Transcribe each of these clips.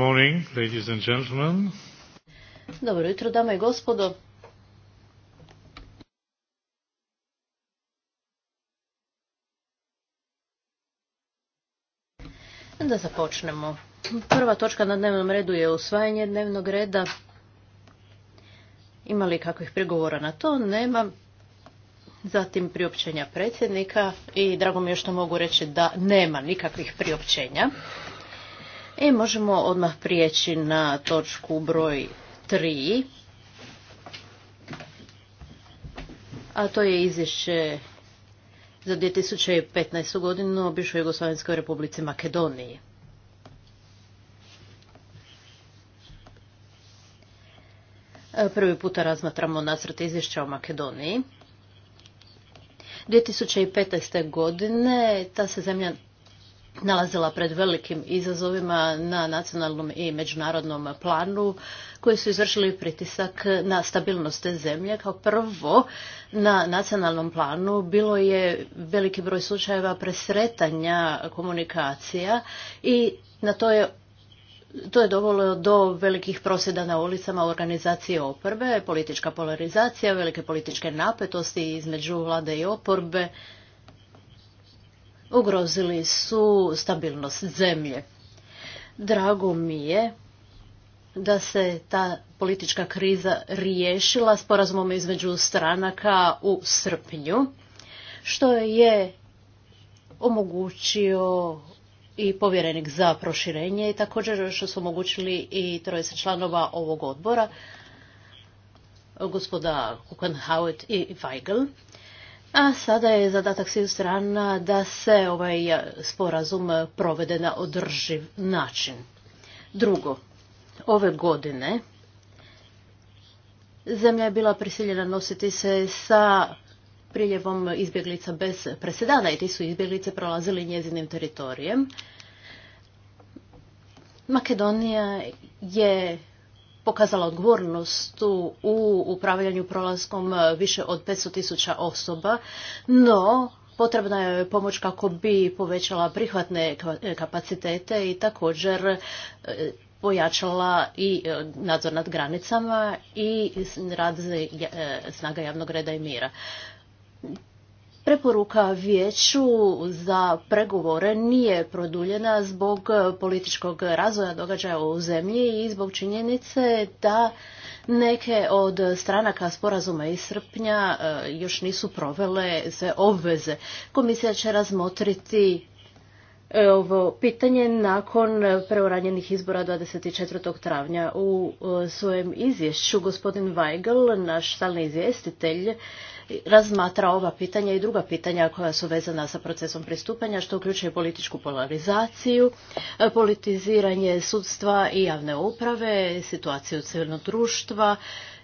morning, ladies and gentlemen. Dobro jutro, dame i gospodo. Da započnemo. Prva točka na dnevnom redu je usvajanje dnevnog reda. Ima li kakvih prigovora na to? Nema. Zatim priopćenja predsjednika i drago mi je što mogu reći da nema nikakvih priopćenja. I e, možemo odmah prijeći na točku broj 3. A to je izvješće za 2015. godinu o bivšoj Jugoslavenskoj republici Makedoniji. E, prvi puta razmatramo nacrt izvješća o Makedoniji. 2015. godine ta se zemlja nalazila pred velikim izazovima na nacionalnom i međunarodnom planu koji su izvršili pritisak na stabilnost te zemlje. Kao prvo, na nacionalnom planu bilo je veliki broj slučajeva presretanja komunikacija i na to je to je dovelo do velikih prosjeda na ulicama organizacije oporbe, politička polarizacija, velike političke napetosti između vlade i oporbe, ugrozili su stabilnost zemlje. Drago mi je da se ta politička kriza riješila sporazumom između stranaka u srpnju, što je omogućio i povjerenik za proširenje i također što su omogućili i se članova ovog odbora, gospoda Kukenhaut i Weigel. A sada je zadatak svih strana da se ovaj sporazum provede na održiv način. Drugo, ove godine zemlja je bila prisiljena nositi se sa priljevom izbjeglica bez presedana i ti su izbjeglice prolazili njezinim teritorijem. Makedonija je pokazala odgovornost u upravljanju prolaskom e, više od 500 tisuća osoba, no potrebna je pomoć kako bi povećala prihvatne e, kapacitete i također e, pojačala i nadzor nad granicama i rad snaga javnog reda i mira. Preporuka vijeću za pregovore nije produljena zbog političkog razvoja događaja u zemlji i zbog činjenice da neke od stranaka sporazuma iz srpnja e, još nisu provele sve obveze. Komisija će razmotriti e, ovo pitanje nakon preuranjenih izbora 24. travnja. U e, svojem izvješću gospodin Weigel, naš stalni izvjestitelj, razmatra ova pitanja i druga pitanja koja su vezana sa procesom pristupanja, što uključuje političku polarizaciju, e, politiziranje sudstva i javne uprave, situaciju civilnog društva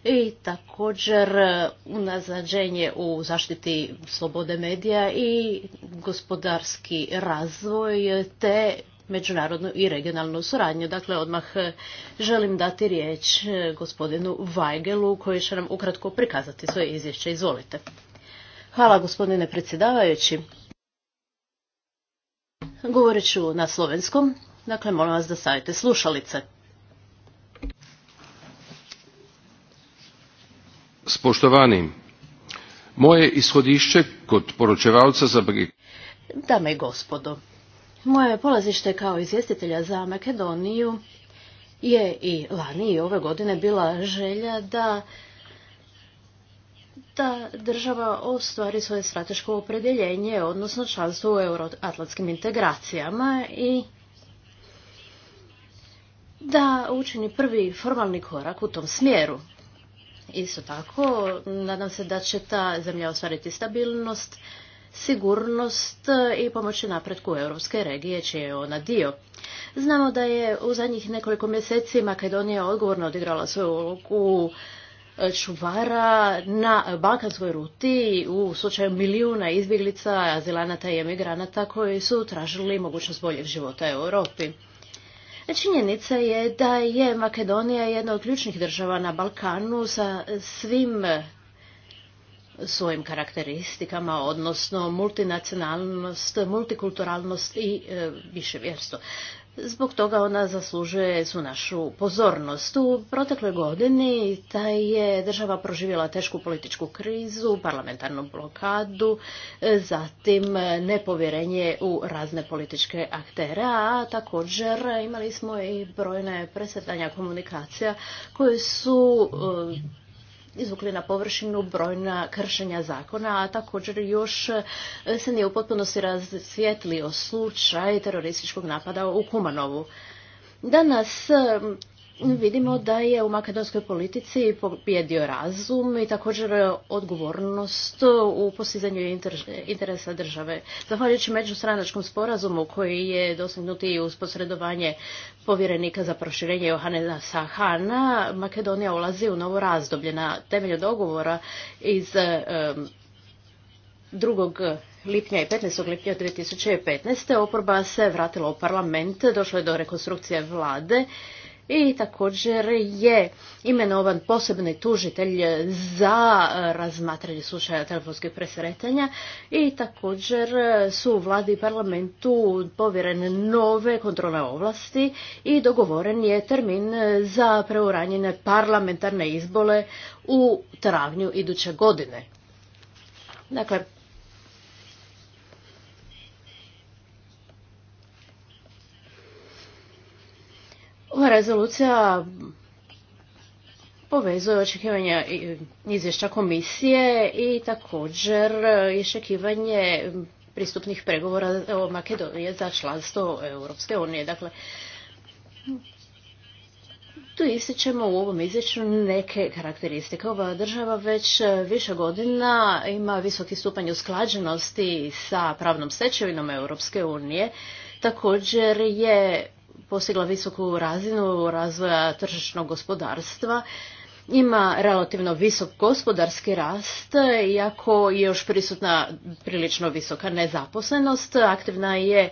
i također e, unazađenje u zaštiti slobode medija i gospodarski razvoj te međunarodnu i regionalnu suradnju. Dakle, odmah e, želim dati riječ e, gospodinu Vajgelu koji će nam ukratko prikazati svoje izvješće. Izvolite. Hvala gospodine predsjedavajući. Govorit ću na slovenskom, dakle molim vas da stavite slušalice. Spoštovani, moje ishodišće kod poročevalca za... Dame i gospodo, moje polazište kao izvjestitelja za Makedoniju je i lani i ove godine bila želja da da država ostvari svoje strateško opredjeljenje, odnosno članstvo u euroatlantskim integracijama i da učini prvi formalni korak u tom smjeru. Isto tako, nadam se da će ta zemlja ostvariti stabilnost, sigurnost e, i pomoći napretku europske regije, čije je ona dio. Znamo da je u zadnjih nekoliko mjeseci Makedonija odgovorno odigrala svoju ulogu e, čuvara na balkanskoj ruti u slučaju milijuna izbjeglica, azilanata i emigranata koji su tražili mogućnost boljeg života u Europi. Činjenica je da je Makedonija jedna od ključnih država na Balkanu sa svim svojim karakteristikama, odnosno multinacionalnost, multikulturalnost i e, više vjerstvo. Zbog toga ona zaslužuje su našu pozornost. U protekloj godini ta je država proživjela tešku političku krizu, parlamentarnu blokadu, e, zatim nepovjerenje u razne političke aktere, a također imali smo i brojne presretanja komunikacija koje su e, izvukli na površinu brojna kršenja zakona, a također još e, se nije u potpunosti razsvijetlio slučaj terorističkog napada u Kumanovu. Danas vidimo da je u makedonskoj politici pobjedio razum i također odgovornost u postizanju interesa države. Zahvaljujući međustranačkom sporazumu koji je dosegnuti i uz posredovanje povjerenika za proširenje Johanena Sahana, Makedonija ulazi u novo razdoblje. Na temelju dogovora iz 2 lipnja i 15. lipnja 2015. oporba se vratila u parlament, došlo je do rekonstrukcije vlade i također je imenovan posebni tužitelj za razmatranje slučaja telefonskih presretanja i također su vladi i parlamentu povjerene nove kontrole ovlasti i dogovoren je termin za preuranjene parlamentarne izbole u travnju iduće godine. Dakle, rezolucija povezuje očekivanja izvješća komisije i također iščekivanje pristupnih pregovora o Makedonije za članstvo Europske unije. Dakle, tu ističemo u ovom izvješću neke karakteristike. Ova država već više godina ima visoki stupanj usklađenosti sa pravnom stečevinom Europske unije. Također je postigla visoku razinu razvoja tržišnog gospodarstva, ima relativno visok gospodarski rast, iako je još prisutna prilično visoka nezaposlenost, aktivna je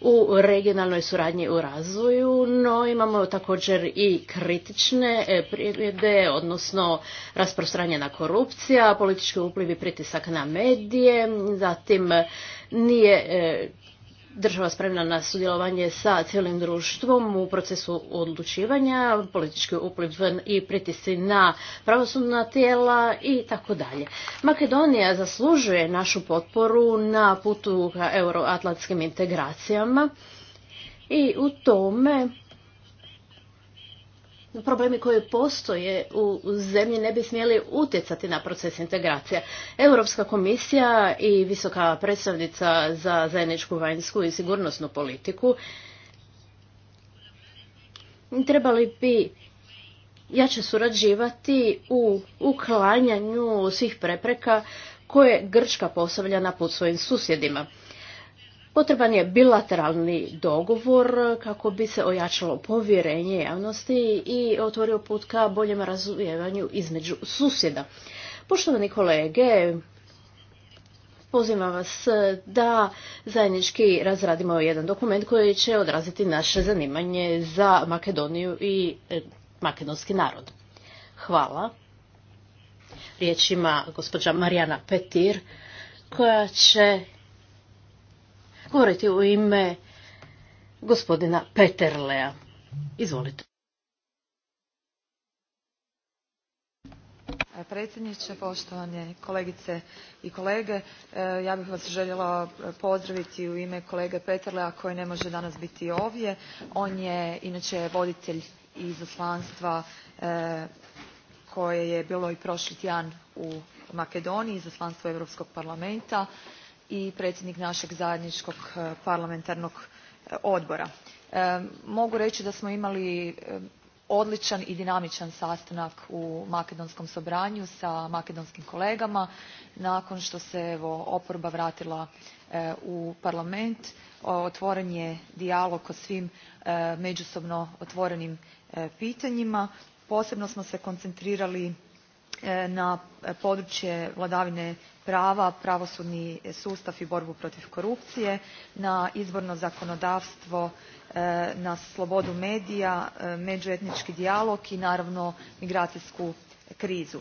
u regionalnoj suradnji u razvoju, no imamo također i kritične e, prijede, odnosno rasprostranjena korupcija, politički uplivi pritisak na medije, zatim nije e, država spremna na sudjelovanje sa cijelim društvom u procesu odlučivanja, politički upliv i pritisci na pravosudna tijela i tako dalje. Makedonija zaslužuje našu potporu na putu ka euroatlantskim integracijama i u tome problemi koji postoje u zemlji ne bi smjeli utjecati na proces integracije. Europska komisija i visoka predstavnica za zajedničku vanjsku i sigurnosnu politiku trebali bi jače surađivati u uklanjanju svih prepreka koje Grčka postavlja na put svojim susjedima. Potreban je bilateralni dogovor kako bi se ojačalo povjerenje javnosti i otvorio put ka boljem razumijevanju između susjeda. Poštovani kolege, pozivam vas da zajednički razradimo jedan dokument koji će odraziti naše zanimanje za Makedoniju i e, makedonski narod. Hvala. Riječ ima gospođa Marijana Petir koja će govoriti u ime gospodina Peterlea. Izvolite. E, predsjedniče, poštovane kolegice i kolege. E, ja bih vas željela pozdraviti u ime kolege Peterlea koji ne može danas biti ovdje. On je inače voditelj izaslanstva e, koje je bilo i prošli tjan u Makedoniji, izaslanstvo Europskog parlamenta i predsjednik našeg zajedničkog e, parlamentarnog e, odbora. E, mogu reći da smo imali odličan i dinamičan sastanak u makedonskom sobranju sa makedonskim kolegama nakon što se evo oporba vratila u parlament otvoren je dijalog o svim međusobno otvorenim pitanjima posebno smo se koncentrirali E, na područje vladavine prava, pravosudni sustav i borbu protiv korupcije, na izborno zakonodavstvo, e, na slobodu medija, e, međuetnički dijalog i naravno migracijsku krizu.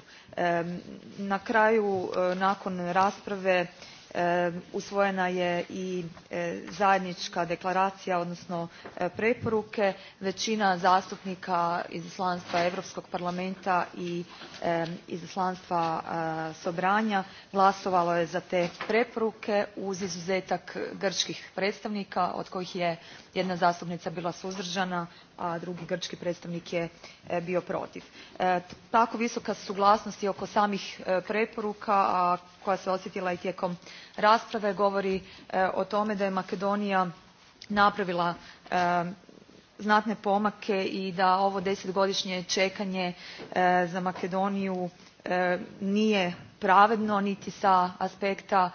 Na kraju nakon rasprave E, usvojena je i e, zajednička deklaracija odnosno e, preporuke većina zastupnika izaslanstva europskog parlamenta i izaslanstva sobranja glasovalo je za te preporuke uz izuzetak grčkih predstavnika od kojih je jedna zastupnica bila suzdržana a drugi grčki predstavnik je bio protiv. tako visoka suglasnost i oko samih preporuka a koja se osjetila i tijekom rasprave govori e, o tome da je makedonija napravila e, znatne pomake i da ovo desetgodišnje čekanje e, za makedoniju nije pravedno niti sa aspekta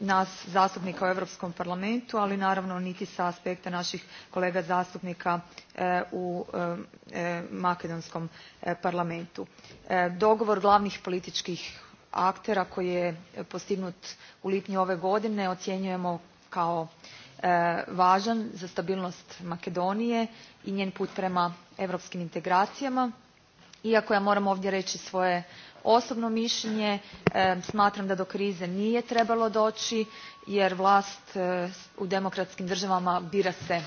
nas zastupnika u europskom parlamentu ali naravno niti sa aspekta naših kolega zastupnika u makedonskom parlamentu. dogovor glavnih političkih aktera koji je postignut u lipnju ove godine ocjenjujemo kao e, važan za stabilnost makedonije i njen put prema europskim integracijama iako ja moram ovdje reći svoje osobno mišljenje e, smatram da do krize nije trebalo doći jer vlast e, u demokratskim državama bira se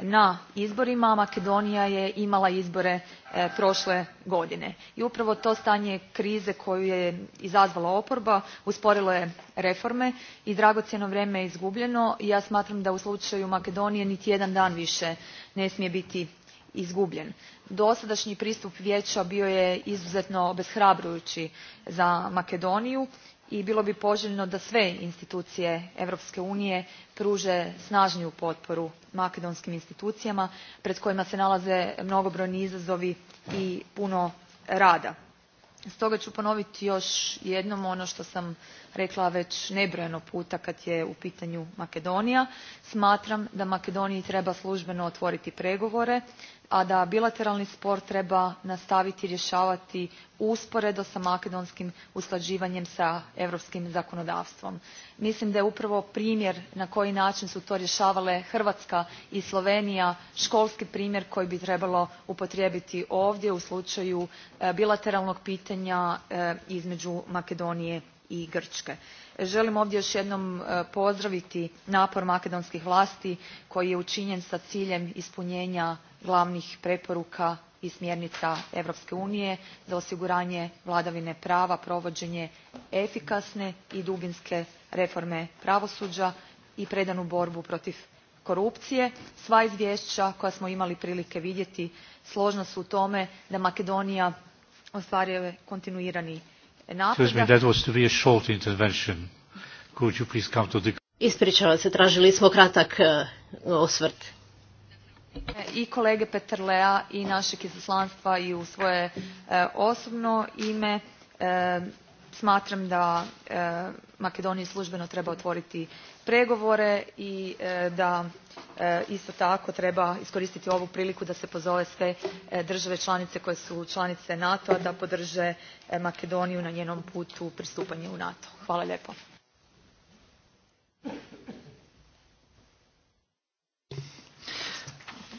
na izborima makedonija je imala izbore e, prošle godine i upravo to stanje krize koju je izazvala oporba usporilo je reforme i dragocjeno vrijeme je izgubljeno i ja smatram da u slučaju makedonije niti jedan dan više ne smije biti izgubljen. dosadašnji pristup vijeća bio je izuzetno obeshrabrujući za makedoniju i bilo bi poželjno da sve institucije europske unije pruže snažniju potporu makedonskim institucijama pred kojima se nalaze mnogobrojni izazovi i puno rada. stoga ću ponoviti još jednom ono što sam rekla već nebrojeno puta kad je u pitanju makedonija smatram da makedoniji treba službeno otvoriti pregovore a da bilateralni spor treba nastaviti rješavati usporedo sa makedonskim usklađivanjem s europskim zakonodavstvom. mislim da je upravo primjer na koji način su to rješavale hrvatska i slovenija školski primjer koji bi trebalo upotrijebiti ovdje u slučaju e, bilateralnog pitanja e, između makedonije i grčke. želim ovdje još jednom e, pozdraviti napor makedonskih vlasti koji je učinjen s ciljem ispunjenja glavnih preporuka i smjernica europske unije za osiguranje vladavine prava provođenje efikasne i dubinske reforme pravosuđa i predanu borbu protiv korupcije. sva izvješća koja smo imali prilike vidjeti složna su u tome da makedonija ostvaruje kontinuirani napredak. ispričavam se tražili smo kratak eh, osvrt i kolege Peterlea i našeg izaslanstva i u svoje e, osobno ime e, smatram da e, Makedoniji službeno treba otvoriti pregovore i da isto tako treba iskoristiti ovu priliku da se pozove sve države članice koje su članice NATO-a da podrže Makedoniju na njenom putu pristupanje u NATO. Hvala lijepo.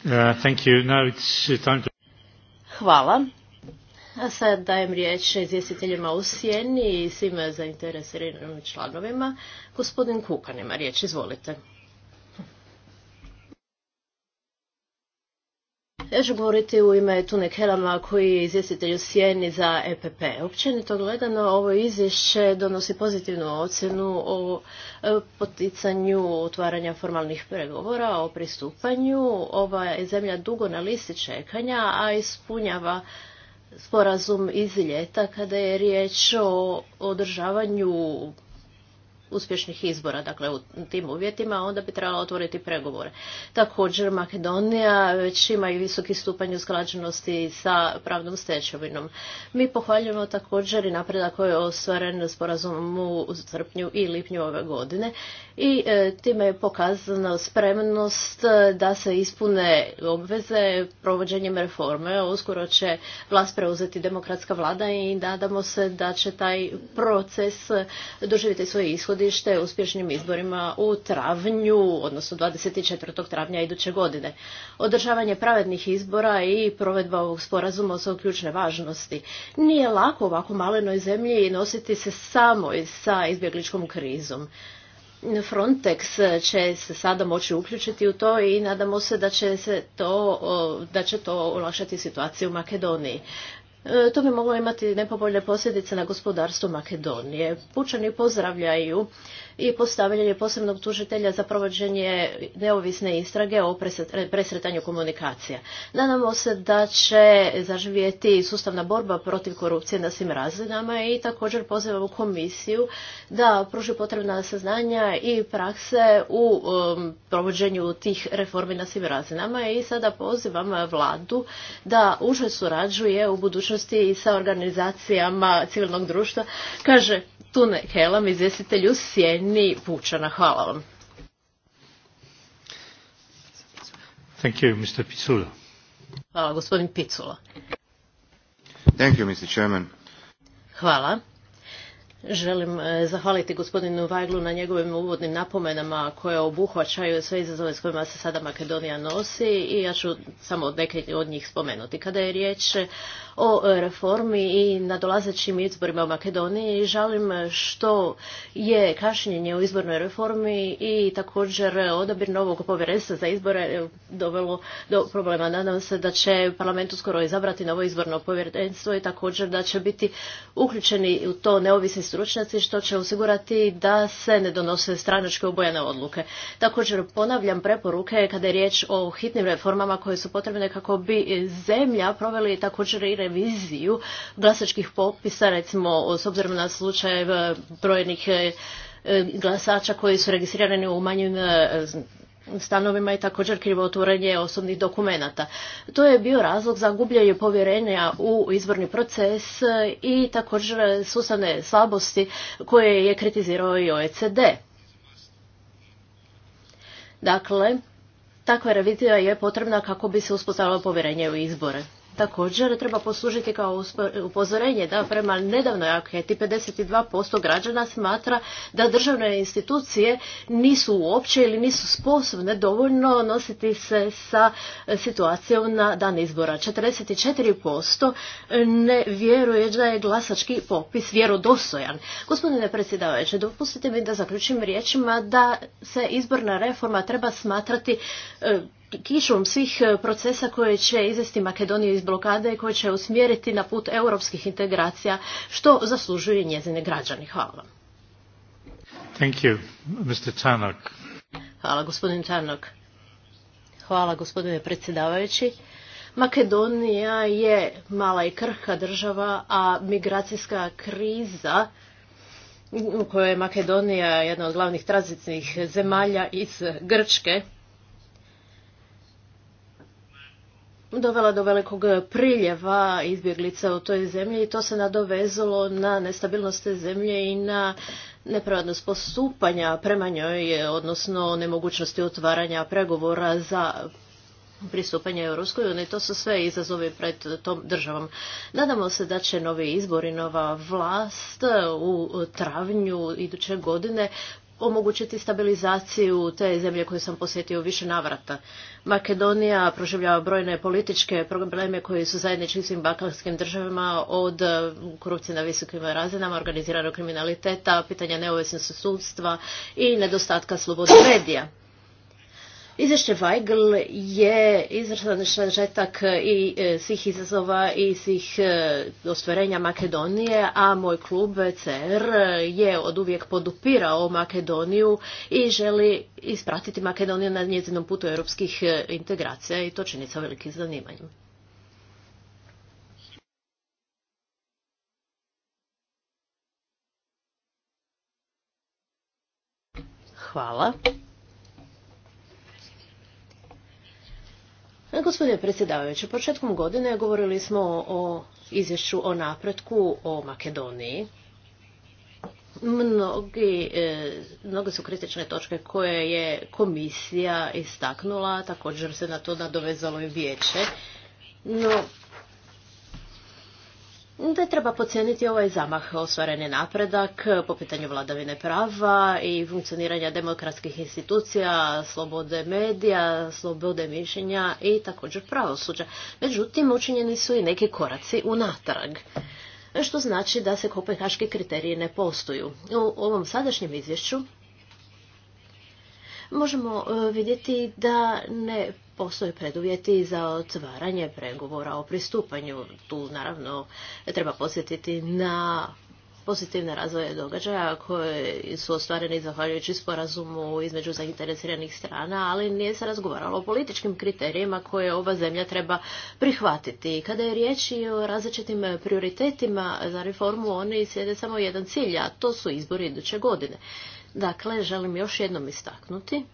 Uh, Hvala. A sad dajem riječ izvjestiteljima u sjeni i svima zainteresiranim članovima. Gospodin Kukan ima riječ, izvolite. Ja ću govoriti u ime Tune Kelama koji je izvjestitelj u Sijeni za EPP. Općenito gledano ovo izvješće donosi pozitivnu ocjenu o e, poticanju otvaranja formalnih pregovora, o pristupanju. Ova je zemlja dugo na listi čekanja, a ispunjava sporazum iz ljeta kada je riječ o održavanju uspješnih izbora, dakle u tim uvjetima, onda bi trebala otvoriti pregovore. Također Makedonija već ima i visoki stupanj usklađenosti sa pravnom stečevinom. Mi pohvaljujemo također i napredak koji je ostvaren sporazumom u srpnju i lipnju ove godine i e, time je pokazana spremnost e, da se ispune obveze provođenjem reforme. Uskoro će vlast preuzeti demokratska vlada i nadamo se da će taj proces doživjeti svoj ishode ishodište uspješnim izborima u travnju, odnosno 24. travnja iduće godine. Održavanje pravednih izbora i provedba ovog sporazuma su ključne važnosti. Nije lako ovako malenoj zemlji nositi se samo sa izbjegličkom krizom. Frontex će se sada moći uključiti u to i nadamo se da će, se to, da će to olakšati situaciju u Makedoniji. E, to bi moglo imati nepovoljne posljedice na gospodarstvo Makedonije. Pučani pozdravljaju i postavljanje posebnog tužitelja za provođenje neovisne istrage o presretanju komunikacija. Nadamo se da će zaživjeti sustavna borba protiv korupcije na svim razinama i također pozivamo komisiju da pruži potrebna saznanja i prakse u um, provođenju tih reformi na svim razinama i sada pozivam vladu da uže surađuje u budućnosti mogućnosti i sa organizacijama civilnog društva, kaže Tune Helam, izvjestitelju Sjeni Pučana. Hvala vam. Thank you, Mr. Picula. Hvala, gospodin Picula. Thank you, Mr. Chairman. Hvala. Želim eh, zahvaliti gospodinu Vajglu na njegovim uvodnim napomenama koje obuhvaćaju sve izazove s kojima se sada Makedonija nosi i ja ću samo neke od njih spomenuti. Kada je riječ o e, reformi i nadolazećim izborima u Makedoniji. Žalim e, što je kašnjenje u izbornoj reformi i također e, odabir novog povjerenstva za izbore dovelo do problema. Nadam se da će parlament uskoro izabrati novo izborno povjerenstvo i također da će biti uključeni u to neovisni stručnjaci što će osigurati da se ne donose stranačke obojene odluke. Također ponavljam preporuke kada je riječ o hitnim reformama koje su potrebne kako bi zemlja proveli također i reviziju glasačkih popisa, recimo s obzirom na slučaj e, brojnih e, e, glasača koji su registrirani u manjim stanovima i također krivotvorenje osobnih dokumenata. To je bio razlog za gubljenje povjerenja u izborni proces i također sustavne slabosti koje je kritizirao i OECD. Dakle, takva revizija je potrebna kako bi se uspostavilo povjerenje u izbore. Također treba poslužiti kao upozorenje da prema nedavnoj anketi 52% građana smatra da državne institucije nisu uopće ili nisu sposobne dovoljno nositi se sa e, situacijom na dan izbora. 44% ne vjeruje da je glasački popis vjerodostojan. Gospodine predsjedavajući, dopustite mi da zaključim riječima da se izborna reforma treba smatrati e, kišom svih e, procesa koje će izvesti Makedoniju iz blokade i koje će usmjeriti na put europskih integracija što zaslužuju njezine građani. Hvala vam. Thank you, Mr. Hvala gospodin Hvala gospodine predsjedavajući. Makedonija je mala i krhka država, a migracijska kriza u kojoj je Makedonija jedna od glavnih tranzitnih zemalja iz Grčke dovela do velikog priljeva izbjeglica u toj zemlji i to se nadovezalo na nestabilnost te zemlje i na nepravednost postupanja prema njoj, odnosno nemogućnosti otvaranja pregovora za pristupanje Europskoj uniji. To su sve izazovi pred tom državom. Nadamo se da će novi izbori, nova vlast u travnju iduće godine omogućiti stabilizaciju te zemlje koje sam posjetio više navrata. Makedonija proživljava brojne političke probleme koji su zajednički svim balkanskim državama od e, korupcije na visokim razinama, organiziranog kriminaliteta, pitanja neovisnosti sudstva i nedostatka slobode medija. Izvješće Weigl je izvrstan sažetak i e, svih izazova i svih e, ostvarenja Makedonije, a moj klub CR je od uvijek podupirao Makedoniju i želi ispratiti Makedoniju na njezinom putu europskih e, integracija i to čini sa velikim zanimanjem. Hvala. E, gospodine predsjedavajući, početkom godine govorili smo o izvješću o napretku o Makedoniji. Mnogi, e, mnoge su kritične točke koje je komisija istaknula, također se na to nadovezalo i vijeće. No, da treba pocijeniti ovaj zamah, ostvareni napredak po pitanju vladavine prava i funkcioniranja demokratskih institucija, slobode medija, slobode mišljenja i također pravosuđa. Međutim, učinjeni su i neki koraci unatrag što znači da se kopenhaški kriteriji ne postoju. U ovom sadašnjem izvješću možemo e, vidjeti da ne postoje preduvjeti za otvaranje pregovora o pristupanju. Tu naravno treba posjetiti na pozitivne razvoje događaja koje su ostvareni zahvaljujući sporazumu između zainteresiranih strana, ali nije se razgovaralo o političkim kriterijima koje ova zemlja treba prihvatiti. Kada je riječ i o različitim prioritetima za reformu, oni sjede samo jedan cilj, a to su izbori iduće godine. Dakle, želim još jednom istaknuti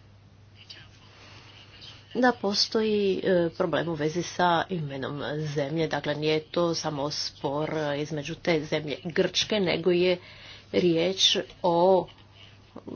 da postoji e, problem u vezi sa imenom zemlje. Dakle, nije to samo spor e, između te zemlje Grčke, nego je riječ o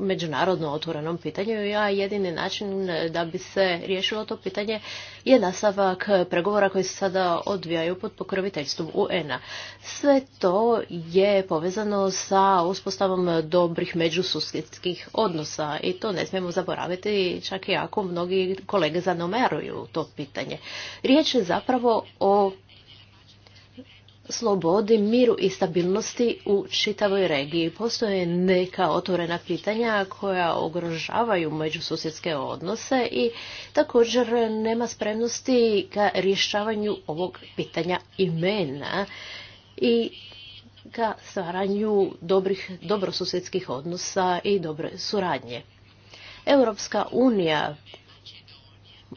međunarodno otvorenom pitanju, ja jedini način e, da bi se riješilo to pitanje je nastavak pregovora koji se sada odvijaju pod pokroviteljstvom UN-a. Sve to je povezano sa uspostavom dobrih međususjedskih odnosa i to ne smijemo zaboraviti čak i ako mnogi kolege zanomeruju to pitanje. Riječ je zapravo o slobodi, miru i stabilnosti u čitavoj regiji. Postoje neka otvorena pitanja koja ugrožavaju međususjedske odnose i također nema spremnosti ka rješavanju ovog pitanja imena i ka stvaranju dobrih, dobrosusjedskih odnosa i dobre suradnje. Europska unija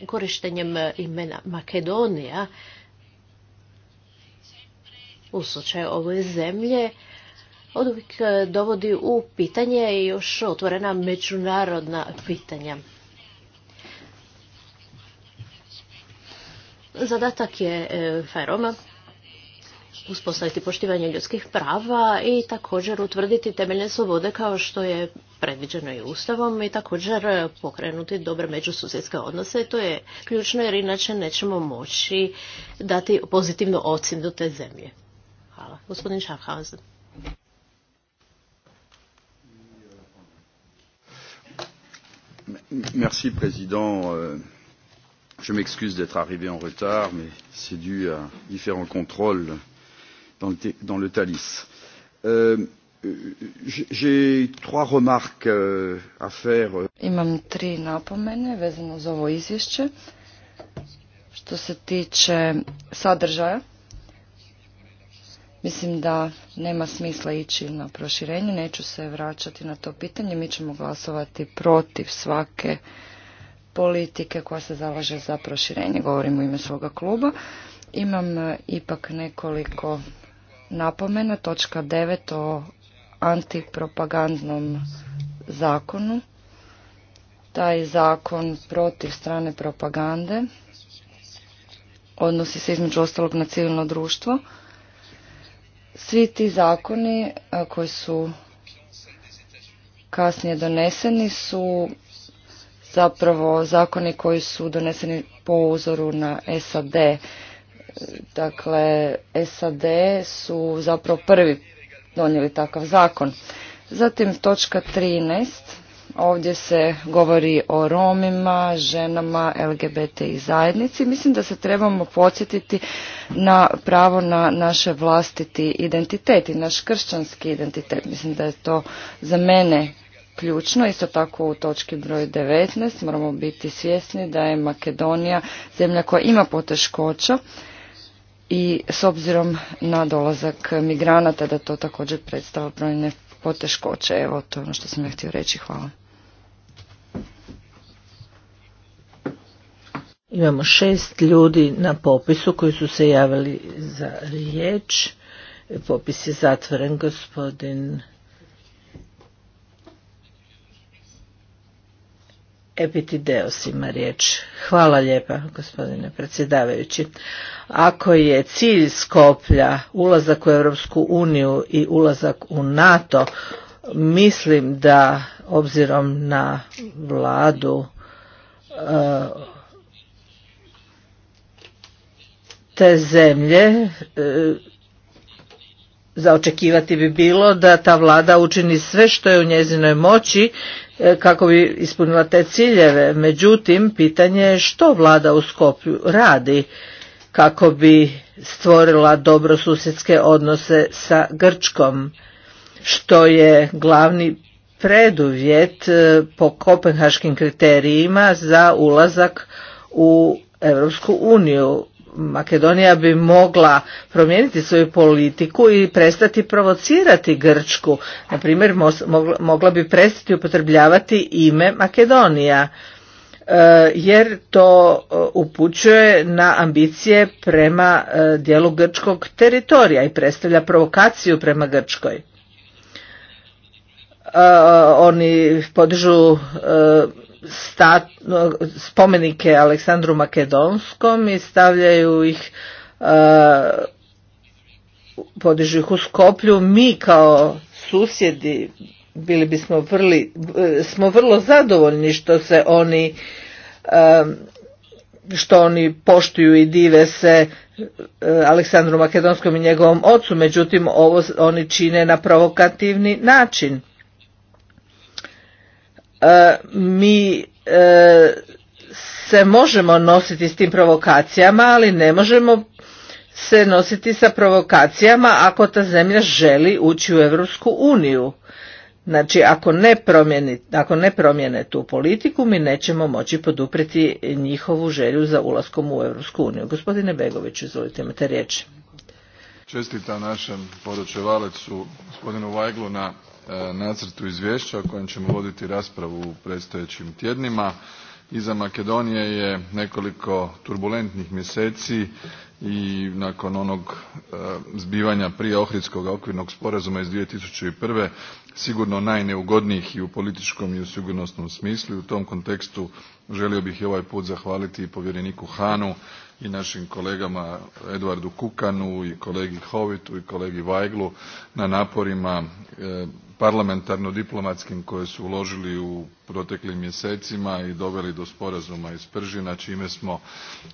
korištenjem imena Makedonija u slučaju ove zemlje od uvijek e, dovodi u pitanje i još otvorena međunarodna pitanja. Zadatak je e, Feroma uspostaviti poštivanje ljudskih prava i također utvrditi temeljne slobode kao što je predviđeno i Ustavom i također pokrenuti dobre međususjedske odnose. To je ključno jer inače nećemo moći dati pozitivnu ocjenu te zemlje. Hvala. Gospodin Schaffhausen. Merci, Président. Euh, je m'excuse d'être arrivé en retard, mais c'est dû à différents contrôles dans le, dans le Thalys. Euh, J'ai trois remarques euh, à faire. Euh. Imam tri napomene vezano za ovo izvješće. Što se tiče sadržaja, Mislim da nema smisla ići na proširenje, neću se vraćati na to pitanje. Mi ćemo glasovati protiv svake politike koja se zalaže za proširenje, govorim u ime svoga kluba. Imam e, ipak nekoliko napomena, točka 9 o antipropagandnom zakonu. Taj zakon protiv strane propagande odnosi se između ostalog na civilno društvo svi ti zakoni koji su kasnije doneseni su zapravo zakoni koji su doneseni po uzoru na SAD. Dakle, SAD su zapravo prvi donijeli takav zakon. Zatim točka 13 Ovdje se govori o Romima, ženama, LGBT i zajednici. Mislim da se trebamo podsjetiti na pravo na naše vlastiti identitet i naš kršćanski identitet. Mislim da je to za mene ključno. Isto tako u točki broj 19 moramo biti svjesni da je Makedonija zemlja koja ima poteškoća i s obzirom na dolazak migranata da to također predstava brojne poteškoće. Evo to je ono što sam ja htio reći. Hvala. Imamo šest ljudi na popisu koji su se javili za riječ. Popis je zatvoren, gospodin Epitideos ima riječ. Hvala lijepa, gospodine predsjedavajući. Ako je cilj Skoplja ulazak u Europsku uniju i ulazak u NATO, mislim da obzirom na vladu e, te zemlje e, očekivati bi bilo da ta vlada učini sve što je u njezinoj moći e, kako bi ispunila te ciljeve. Međutim, pitanje je što vlada u Skopju radi kako bi stvorila dobrosusjedske odnose sa Grčkom, što je glavni preduvjet e, po kopenhaškim kriterijima za ulazak u Europsku uniju. Makedonija bi mogla promijeniti svoju politiku i prestati provocirati Grčku. Na primjer, mogla bi prestati upotrebljavati ime Makedonija e, jer to e, upućuje na ambicije prema e, dijelu grčkog teritorija i predstavlja provokaciju prema Grčkoj. Oni podižu stat, spomenike Aleksandru Makedonskom i stavljaju ih e, podižu ih u Skoplju. Mi kao susjedi bili bismo vrli, e, smo vrlo zadovoljni što se oni e, što oni poštuju i dive se Aleksandru Makedonskom i njegovom ocu, međutim ovo oni čine na provokativni način. E, mi e, se možemo nositi s tim provokacijama, ali ne možemo se nositi sa provokacijama ako ta zemlja želi ući u Europsku uniju. Znači, ako ne, ako ne promijene tu politiku, mi nećemo moći poduprijeti njihovu želju za ulaskom u Europsku uniju. Gospodine Begović, izvolite, imate riječ. Čestita našem poručevalecu, gospodinu Vajglu, na E, nacrtu izvješća o kojem ćemo voditi raspravu u predstojećim tjednima. Iza Makedonije je nekoliko turbulentnih mjeseci i nakon onog e, zbivanja prije Ohridskog okvirnog sporazuma iz 2001. sigurno najneugodnijih i u političkom i u sigurnosnom smislu u tom kontekstu želio bih i ovaj put zahvaliti povjereniku Hanu i našim kolegama Eduardu Kukanu i kolegi Hovitu i kolegi Vajglu na naporima e, parlamentarno-diplomatskim koje su uložili u proteklim mjesecima i doveli do sporazuma iz Pržina čime smo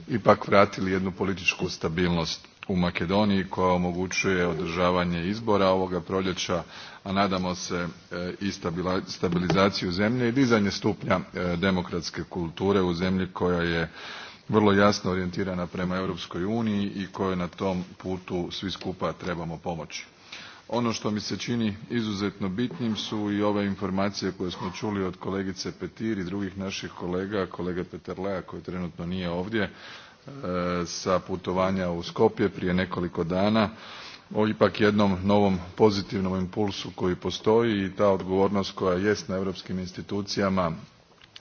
ipak vratili jednu političku stabilnost u Makedoniji koja omogućuje održavanje izbora ovoga proljeća, a nadamo se e, i stabilizaciju zemlje i dizanje stupnja e, demokratske kulture u zemlji koja je vrlo jasno orijentirana prema Europskoj uniji i kojoj na tom putu svi skupa trebamo pomoći. Ono što mi se čini izuzetno bitnim su i ove informacije koje smo čuli od kolegice Petir i drugih naših kolega, kolege Peterlea koji trenutno nije ovdje, e, sa putovanja u Skopje prije nekoliko dana o ipak jednom novom pozitivnom impulsu koji postoji i ta odgovornost koja jest na europskim institucijama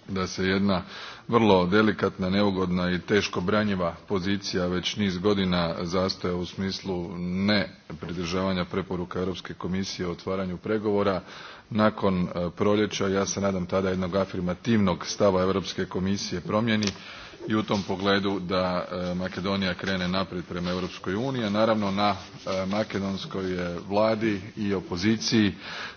da se jedna vrlo delikatna neugodna i teško branjiva pozicija već niz godina zastoja u smislu ne pridržavanja preporuka europske komisije o otvaranju pregovora nakon e, proljeća ja se nadam tada jednog afirmativnog stava europske komisije promijeni i u tom pogledu da e, Makedonija krene naprijed prema Europskoj uniji, a naravno na e, makedonskoj je vladi i opoziciji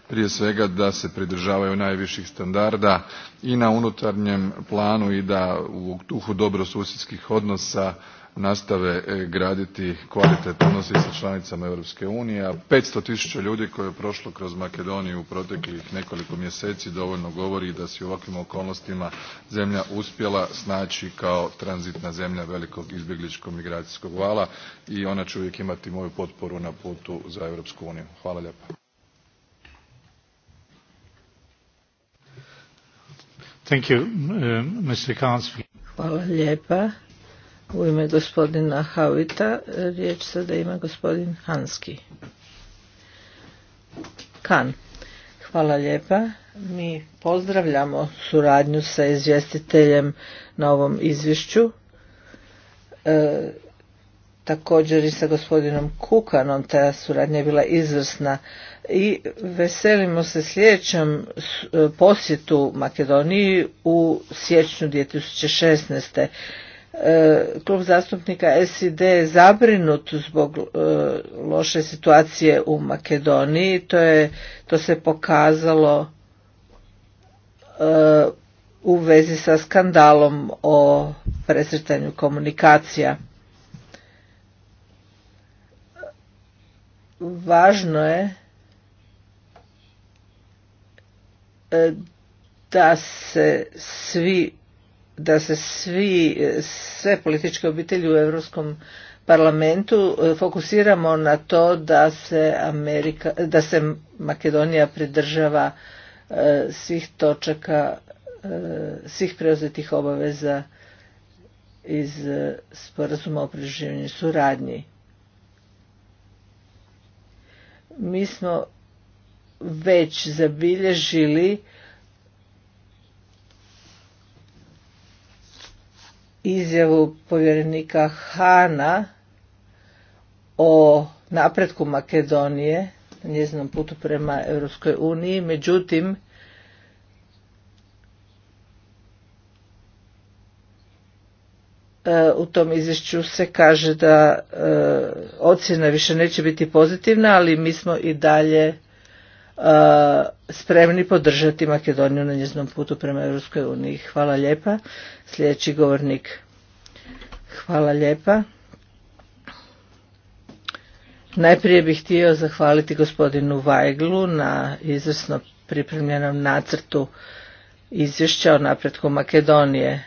prije svega da se pridržavaju najviših standarda i na unutarnjem planu i da u duhu dobrosusjedskih odnosa nastave e, graditi kvalitetne odnose sa članicama Europske unije, a petsto tisuća ljudi koje je prošlo kroz Makedoniju u proteklih nekoliko mjeseci dovoljno govori da se u ovakvim okolnostima zemlja uspjela snaći kao tranzitna zemlja velikog izbjegličkog migracijskog vala i ona će uvijek imati moju potporu na putu za Europsku uniju. Hvala um, Hvala u ime gospodina Havita riječ da ima gospodin Hanski. Kan. Hvala lijepa. Mi pozdravljamo suradnju sa izvjestiteljem na ovom izvješću. E, također i sa gospodinom Kukanom ta suradnja je bila izvrsna i veselimo se sljedećem e, posjetu Makedoniji u siječnju 2016. E, klub zastupnika SID je zabrinut zbog e, loše situacije u Makedoniji. To, je, to se pokazalo e, u vezi sa skandalom o presretanju komunikacija. Važno je da se svi da se svi, sve političke obitelji u Europskom parlamentu e, fokusiramo na to da se, Amerika, da se Makedonija pridržava e, svih točaka, e, svih preuzetih obaveza iz sporazuma o preživljenju suradnji. Mi smo već zabilježili izjavu povjerenika Hana o napretku Makedonije na njezinom putu prema Europskoj uniji, međutim e, u tom izvješću se kaže da e, ocjena više neće biti pozitivna, ali mi smo i dalje spremni podržati Makedoniju na njeznom putu prema Europskoj uniji. Hvala lijepa. Sljedeći govornik. Hvala lijepa. Najprije bih htio zahvaliti gospodinu Vajglu na izvrsno pripremljenom nacrtu izvješća o napretku Makedonije.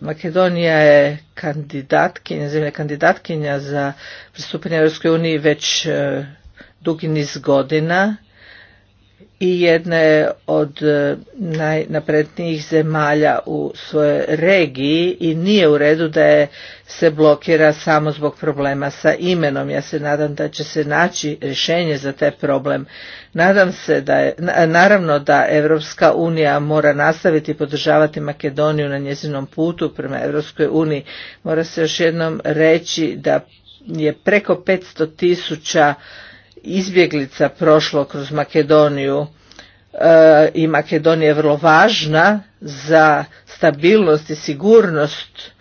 Makedonija je kandidatkinja, zemlja kandidatkinja za pristupanje Europskoj uniji već e, dugi niz godina i jedna je od e, najnaprednijih zemalja u svojoj regiji i nije u redu da je se blokira samo zbog problema sa imenom. Ja se nadam da će se naći rješenje za taj problem. Nadam se da je, naravno da Evropska unija mora nastaviti podržavati Makedoniju na njezinom putu prema Evropskoj uniji. Mora se još jednom reći da je preko 500 tisuća izbjeglica prošlo kroz Makedoniju e, i Makedonija je vrlo važna za stabilnost i sigurnost e,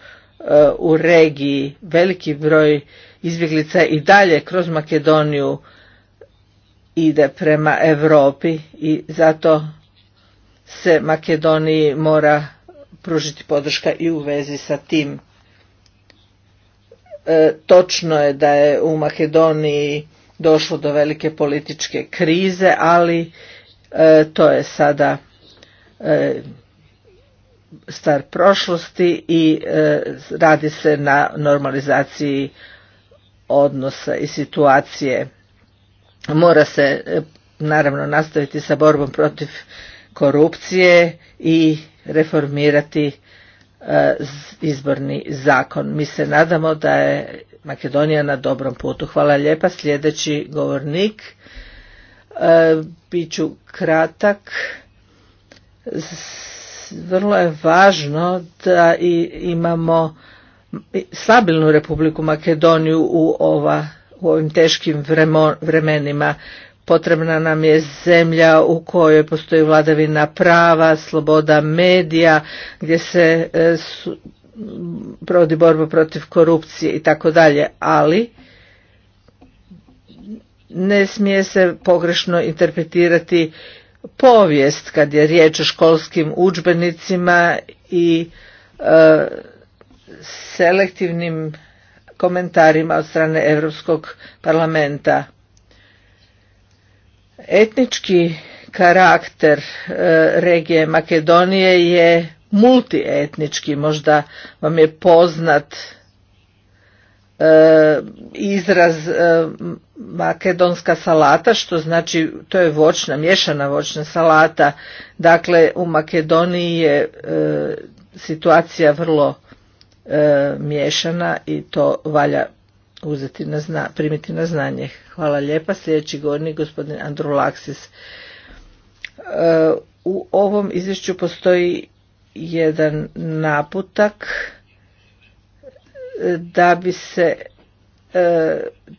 u regiji. Veliki broj izbjeglica i dalje kroz Makedoniju ide prema Europi i zato se Makedoniji mora pružiti podrška i u vezi sa tim. E, točno je da je u Makedoniji došlo do velike političke krize, ali e, to je sada e, star prošlosti i e, radi se na normalizaciji odnosa i situacije. Mora se naravno nastaviti sa borbom protiv korupcije i reformirati izborni zakon. Mi se nadamo da je Makedonija na dobrom putu. Hvala lijepa. Sljedeći govornik. E, Biću kratak. Vrlo je važno da i imamo stabilnu Republiku Makedoniju u, ova, u ovim teškim vremenima. Potrebna nam je zemlja u kojoj postoji vladavina prava, sloboda medija, gdje se e, provodi borbu protiv korupcije i tako dalje, ali ne smije se pogrešno interpretirati povijest kad je riječ o školskim učbenicima i e, selektivnim komentarima od strane Europskog parlamenta. Etnički karakter e, regije Makedonije je multietnički, možda vam je poznat e, izraz e, makedonska salata, što znači to je voćna, mješana voćna salata. Dakle, u Makedoniji je e, situacija vrlo mješana i to valja uzeti na primiti na znanje. Hvala lijepa. Sljedeći govornik gospodin Laxis. U ovom izvješću postoji jedan naputak e, da bi se e,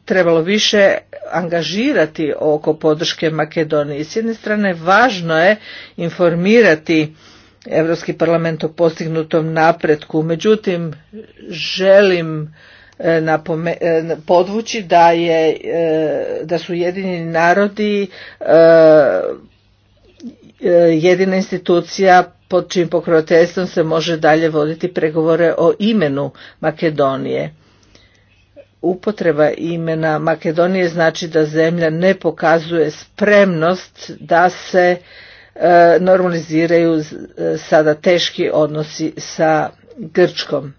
trebalo više angažirati oko podrške Makedoniji. S jedne strane važno je informirati Europski parlament o postignutom napretku, međutim želim e, podvući da, je, da su jedini narodi E, jedina institucija pod čim pokroviteljstvom se može dalje voditi pregovore o imenu Makedonije. Upotreba imena Makedonije znači da zemlja ne pokazuje spremnost da se e, normaliziraju e, sada teški odnosi sa Grčkom.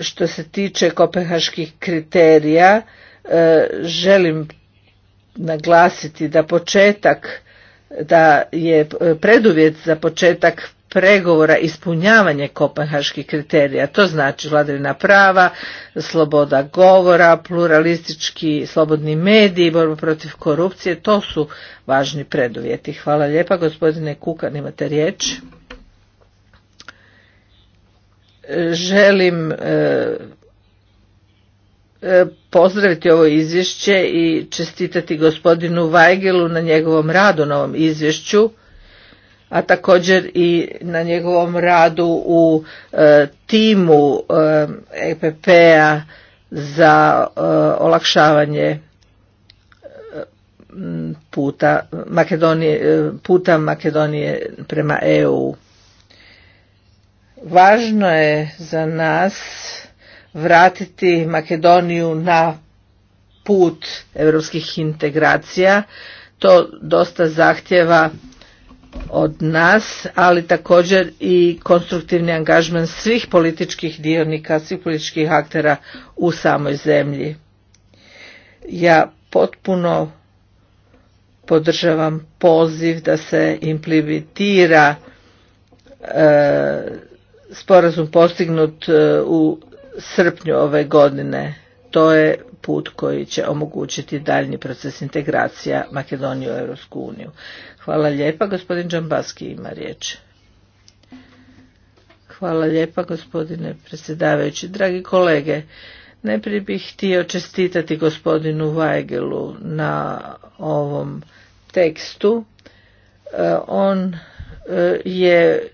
Što se tiče kopenhaških kriterija, želim naglasiti da početak da je preduvjet za početak pregovora ispunjavanje kopenhaških kriterija. To znači vladavina prava, sloboda govora, pluralistički slobodni mediji, borba protiv korupcije. To su važni preduvjeti. Hvala lijepa. Gospodine Kukan, imate riječ. Želim e, E, pozdraviti ovo izvješće i čestitati gospodinu Vajgelu na njegovom radu na ovom izvješću, a također i na njegovom radu u e, timu e, EPP-a za e, olakšavanje puta Makedonije, puta Makedonije prema EU. Važno je za nas vratiti Makedoniju na put europskih integracija. To dosta zahtjeva od nas, ali također i konstruktivni angažman svih političkih dionika, svih političkih aktera u samoj zemlji. Ja potpuno podržavam poziv da se implementira e, sporazum postignut e, u srpnju ove godine. To je put koji će omogućiti daljnji proces integracija Makedonije u Europsku uniju. Hvala lijepa, gospodin Džambaski ima riječ. Hvala lijepa, gospodine predsjedavajući. Dragi kolege, najprije bih htio čestitati gospodinu Vajgelu na ovom tekstu. E, on e, je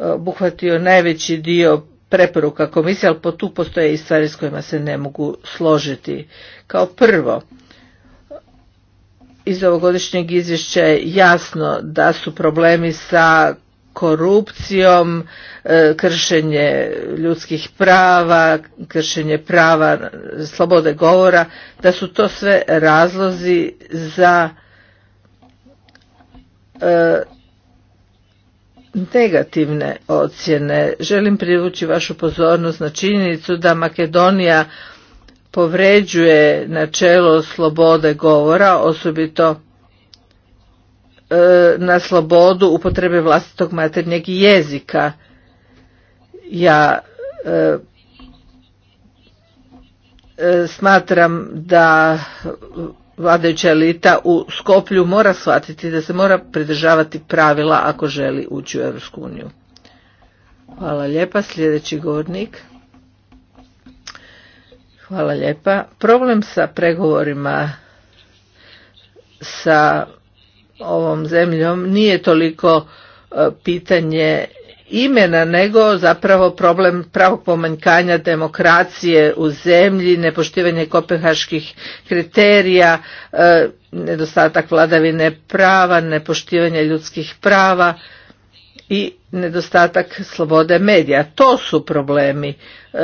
obuhvatio najveći dio preporuka komisije, ali po tu postoje i stvari s kojima se ne mogu složiti. Kao prvo, iz ovogodišnjeg izvješća je jasno da su problemi sa korupcijom, e, kršenje ljudskih prava, kršenje prava slobode govora, da su to sve razlozi za e, negativne ocjene. Želim privući vašu pozornost na činjenicu da Makedonija povređuje načelo slobode govora, osobito e, na slobodu upotrebe vlastitog maternjeg jezika. Ja e, e, smatram da vladajuća elita u Skoplju mora shvatiti da se mora pridržavati pravila ako želi ući u Europsku uniju. Hvala lijepa, sljedeći govornik. Hvala lijepa. Problem sa pregovorima sa ovom zemljom nije toliko e, pitanje imena, nego zapravo problem pravog pomanjkanja demokracije u zemlji, nepoštivanje kopenhaških kriterija, e, nedostatak vladavine prava, nepoštivanje ljudskih prava i nedostatak slobode medija. To su problemi e,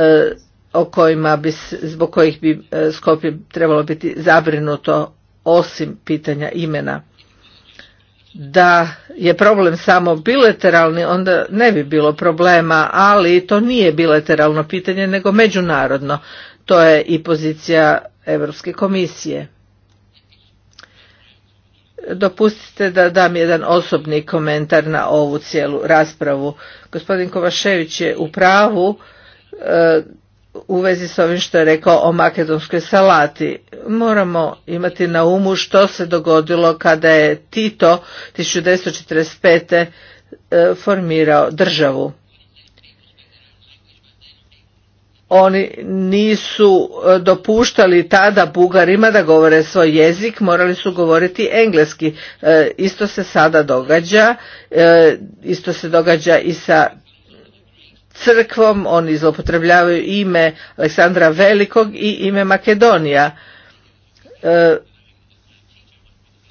o kojima bi, zbog kojih bi e, Skopje trebalo biti zabrinuto osim pitanja imena da je problem samo bilateralni, onda ne bi bilo problema, ali to nije bilateralno pitanje, nego međunarodno. To je i pozicija Europske komisije. Dopustite da dam jedan osobni komentar na ovu cijelu raspravu. Gospodin Kovašević je u pravu, e, u vezi s ovim što je rekao o makedonskoj salati. Moramo imati na umu što se dogodilo kada je Tito 1945. E, formirao državu. Oni nisu e, dopuštali tada Bugarima da govore svoj jezik, morali su govoriti engleski. E, isto se sada događa, isto se događa i sa crkvom, oni zloupotrebljavaju ime Aleksandra Velikog i ime Makedonija. E,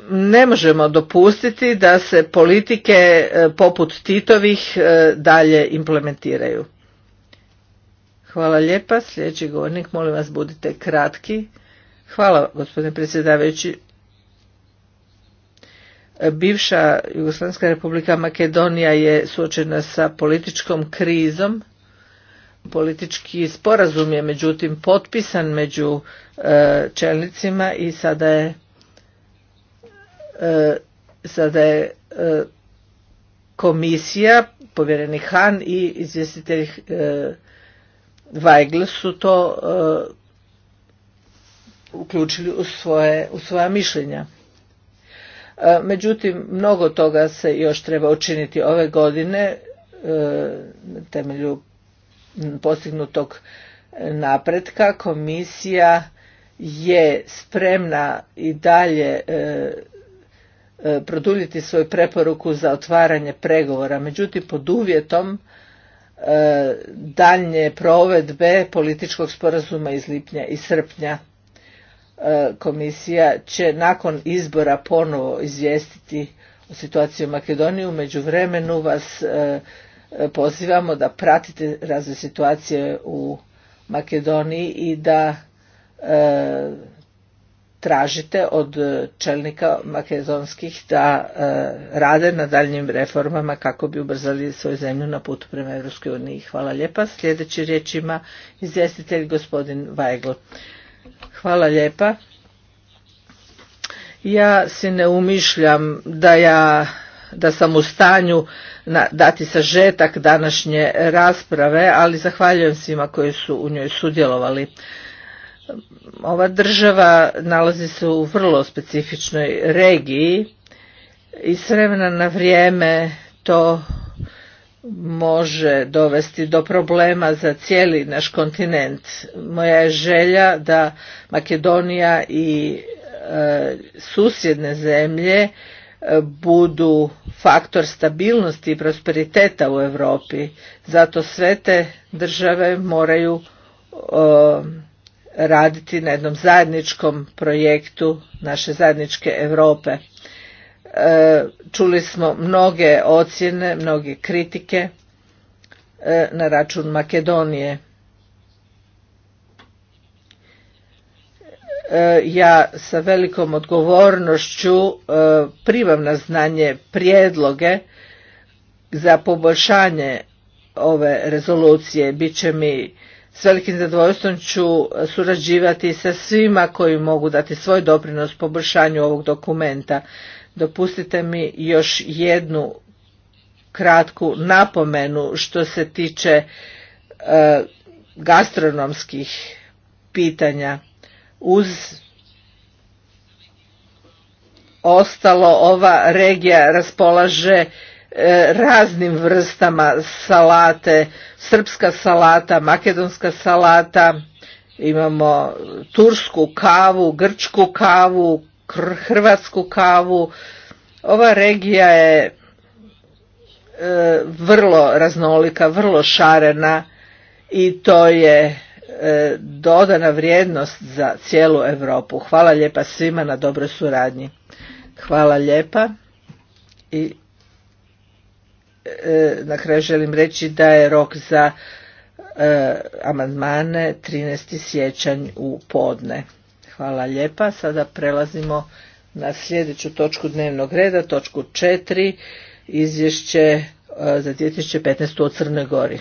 ne možemo dopustiti da se politike e, poput Titovih e, dalje implementiraju. Hvala lijepa. Sljedeći govornik, molim vas budite kratki. Hvala gospodine predsjedavajući. Bivša Jugoslavenska republika Makedonija je suočena sa političkom krizom. Politički sporazum je međutim potpisan među e, čelnicima i sada je e, sada je e, komisija, povjereni Han i izvjestitelj Weigl su to uključili u, svoje, u svoja mišljenja. E, međutim, mnogo toga se još treba učiniti ove godine e, na temelju postignutog napretka. Komisija je spremna i dalje e, produljiti svoju preporuku za otvaranje pregovora, međutim pod uvjetom daljnje provedbe političkog sporazuma iz lipnja i srpnja E, komisija će nakon izbora ponovo izvijestiti o situaciji u Makedoniji. U međuvremenu vas e, e, pozivamo da pratite razne situacije u Makedoniji i da tražite od čelnika makedonskih da rade na daljnjim reformama kako bi ubrzali svoju zemlju na putu prema EU. Hvala lijepa. Sljedeći riječ ima izvjestitelj gospodin Vajgl. Hvala lijepa. Ja si ne umišljam da ja da sam u stanju dati sažetak današnje rasprave, ali zahvaljujem svima koji su u njoj sudjelovali. Ova država nalazi se u vrlo specifičnoj regiji i s vremena na vrijeme to može dovesti do problema za cijeli naš kontinent. Moja je želja da Makedonija i e, susjedne zemlje e, budu faktor stabilnosti i prosperiteta u Europi. Zato sve te države moraju e, raditi na jednom zajedničkom projektu naše zajedničke Europe. E, čuli smo mnoge ocjene, mnoge kritike e, na račun Makedonije. E, ja sa velikom odgovornošću primam na znanje prijedloge za poboljšanje ove rezolucije. Biće mi s velikim zadovoljstvom ću surađivati sa svima koji mogu dati svoj doprinos poboljšanju ovog dokumenta. Dopustite mi još jednu kratku napomenu što se tiče e, gastronomskih pitanja. Uz ostalo ova regija raspolaže e, raznim vrstama salate, srpska salata, makedonska salata, imamo tursku kavu, grčku kavu, hrvatsku kavu. Ova regija je e, vrlo raznolika, vrlo šarena i to je e, dodana vrijednost za cijelu Europu. Hvala lijepa svima na dobroj suradnji. Hvala lijepa i e, na kraju želim reći da je rok za amandmane 13. siječanj u podne. Hvala lijepa. Sada prelazimo na sljedeću točku dnevnog reda, točku 4, izvješće e, za 2015. u Crnoj Gori.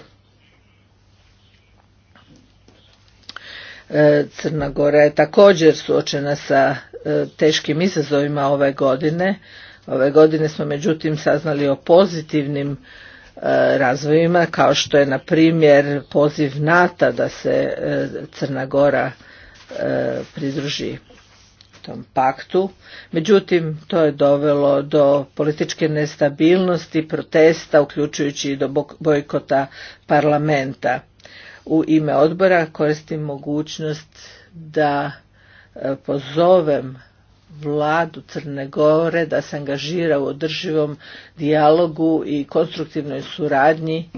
E, Crna Gora je također suočena sa e, teškim izazovima ove godine. Ove godine smo međutim saznali o pozitivnim razvojima kao što je na primjer poziv NATO da se Crna Gora E, pridruži tom paktu. Međutim, to je dovelo do političke nestabilnosti, protesta, uključujući i do bojkota parlamenta. U ime odbora koristim mogućnost da e, pozovem vladu Crne Gore da se angažira u održivom dijalogu i konstruktivnoj suradnji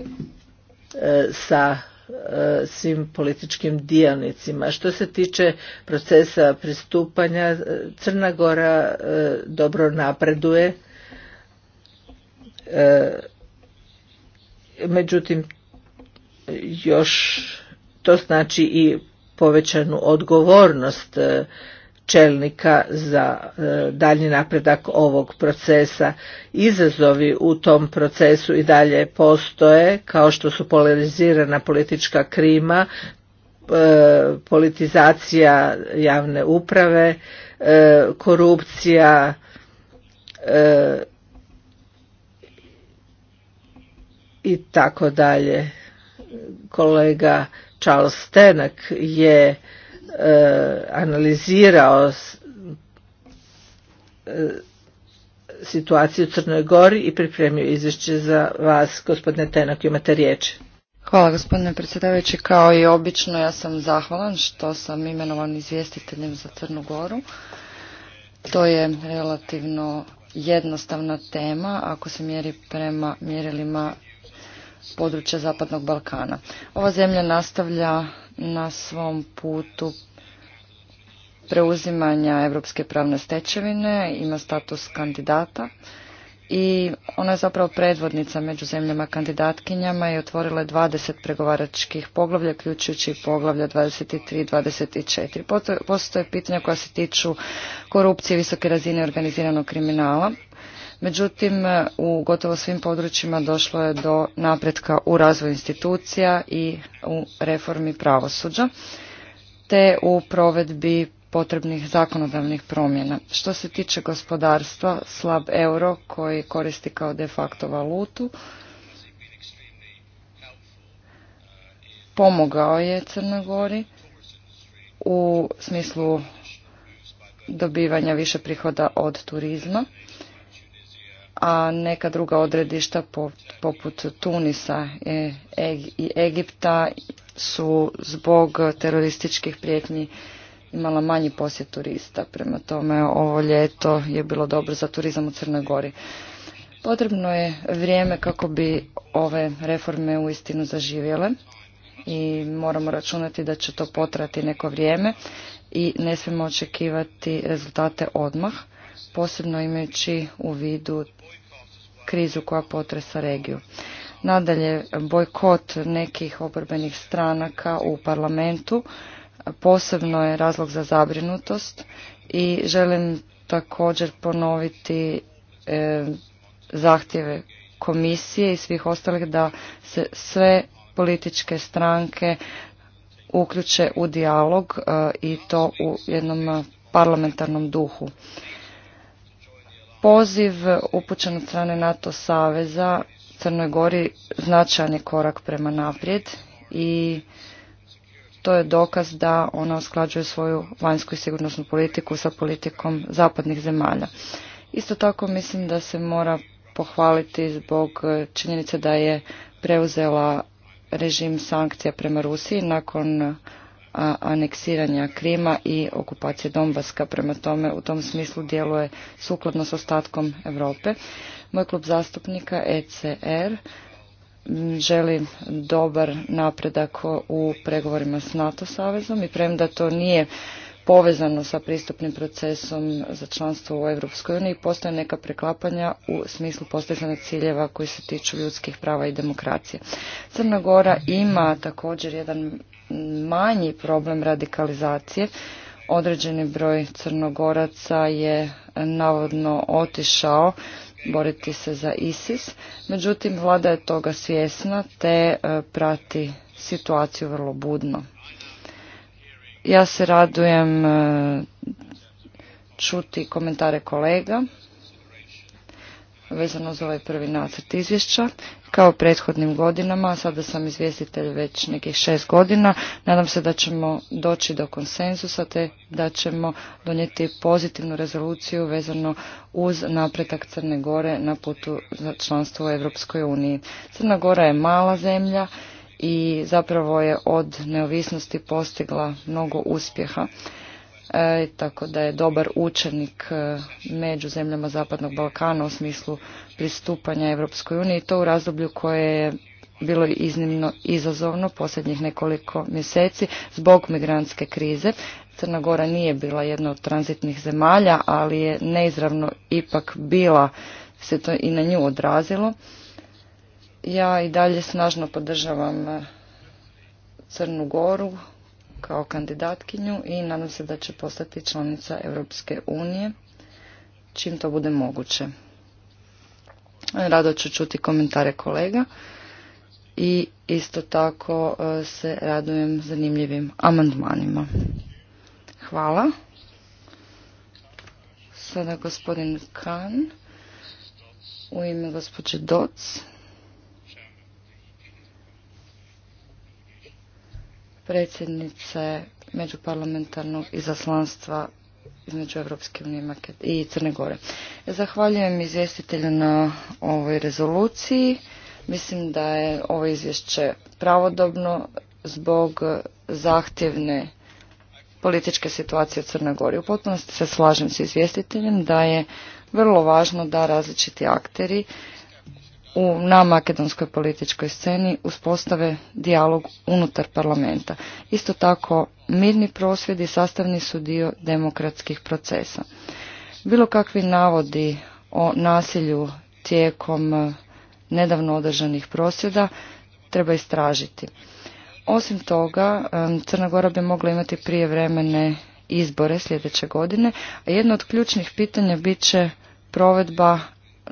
e, sa E, svim političkim dionicima. Što se tiče procesa pristupanja, e, Crna Gora e, dobro napreduje, međutim još to znači i povećanu odgovornost čelnika za e, dalji napredak ovog procesa. Izazovi u tom procesu i dalje postoje, kao što su polarizirana politička krima, e, politizacija javne uprave, e, korupcija, i tako dalje. Kolega Charles Stenak je Eh, analizirao eh, situaciju u Crnoj Gori i pripremio izvješće za vas, gospodine Tenak, imate riječ. Hvala gospodine predsjedavajući, kao i obično ja sam zahvalan što sam imenovan izvjestiteljem za Crnu Goru. To je relativno jednostavna tema ako se mjeri prema mjerilima područja Zapadnog Balkana. Ova zemlja nastavlja na svom putu preuzimanja europske pravne stečevine, ima status kandidata i ona je zapravo predvodnica među zemljama kandidatkinjama i otvorila je 20 pregovaračkih poglavlja, ključujući poglavlja 23 i 24. Postoje pitanja koja se tiču korupcije visoke razine organiziranog kriminala Međutim, e, u gotovo svim područjima došlo je do napretka u razvoju institucija i u reformi pravosuđa, te u provedbi potrebnih zakonodavnih promjena. Što se tiče gospodarstva, slab euro koji koristi kao de facto valutu, pomogao je Crnoj Gori u smislu dobivanja više prihoda od turizma a neka druga odredišta poput Tunisa i Egipta su zbog terorističkih prijetnji imala manji posjet turista. Prema tome ovo ljeto je bilo dobro za turizam u Crnoj Gori. Potrebno je vrijeme kako bi ove reforme uistinu zaživjele i moramo računati da će to potrati neko vrijeme i ne smijemo očekivati rezultate odmah, posebno imajući u vidu krizu koja potresa regiju. Nadalje, bojkot nekih oporbenih stranaka u parlamentu posebno je razlog za zabrinutost i želim također ponoviti e, zahtjeve komisije i svih ostalih da se sve političke stranke uključe u dijalog e, i to u jednom parlamentarnom duhu. Poziv upućen od strane NATO saveza Crnoj Gori značajan je korak prema naprijed i to je dokaz da ona usklađuje svoju vanjsku i sigurnosnu politiku sa politikom zapadnih zemalja. Isto tako mislim da se mora pohvaliti zbog činjenice da je preuzela režim sankcija prema Rusiji nakon aneksiranja Krima i okupacije Donbaska. Prema tome, u tom smislu djeluje sukladno s ostatkom Europe. Moj klub zastupnika ECR želi dobar napredak u pregovorima s NATO savezom i premda to nije povezano sa pristupnim procesom za članstvo u Europskoj uniji postoje neka preklapanja u smislu postizanja ciljeva koji se tiču ljudskih prava i demokracije. Crna Gora ima također jedan manji problem radikalizacije. Određeni broj crnogoraca je navodno otišao boriti se za ISIS. Međutim, vlada je toga svjesna te e, prati situaciju vrlo budno. Ja se radujem e, čuti komentare kolega vezano za ovaj prvi nacrt izvješća. Kao prethodnim godinama, sada sam izvjestitelj već nekih šest godina, nadam se da ćemo doći do konsenzusa te da ćemo donijeti pozitivnu rezoluciju vezano uz napretak Crne Gore na putu za članstvo u Europskoj uniji. Crna Gora je mala zemlja i zapravo je od neovisnosti postigla mnogo uspjeha E, tako da je dobar učenik e, među zemljama Zapadnog Balkana u smislu pristupanja Europskoj uniji i to u razdoblju koje je bilo iznimno izazovno posljednjih nekoliko mjeseci zbog migrantske krize. Crna Gora nije bila jedna od tranzitnih zemalja, ali je neizravno ipak bila, se to i na nju odrazilo. Ja i dalje snažno podržavam e, Crnu Goru kao kandidatkinju i nadam se da će postati članica Europske unije čim to bude moguće. Rado ću čuti komentare kolega i isto tako e, se radujem zanimljivim amandmanima. Hvala. Sada gospodin Kan u ime gospođe Doc. predsjednice međuparlamentarnog izaslanstva između Europske unije i Crne Gore. Zahvaljujem izvjestitelju na ovoj rezoluciji. Mislim da je ovo izvješće pravodobno zbog zahtjevne političke situacije u Crnoj Gori. U potpunosti se slažem s izvjestiteljem da je vrlo važno da različiti akteri u, na makedonskoj političkoj sceni uspostave dijalog unutar parlamenta. Isto tako, mirni prosvjedi sastavni su dio demokratskih procesa. Bilo kakvi navodi o nasilju tijekom eh, nedavno održanih prosvjeda treba istražiti. Osim toga, Crna Gora bi mogla imati prijevremene izbore sljedeće godine, a jedno od ključnih pitanja bit će provedba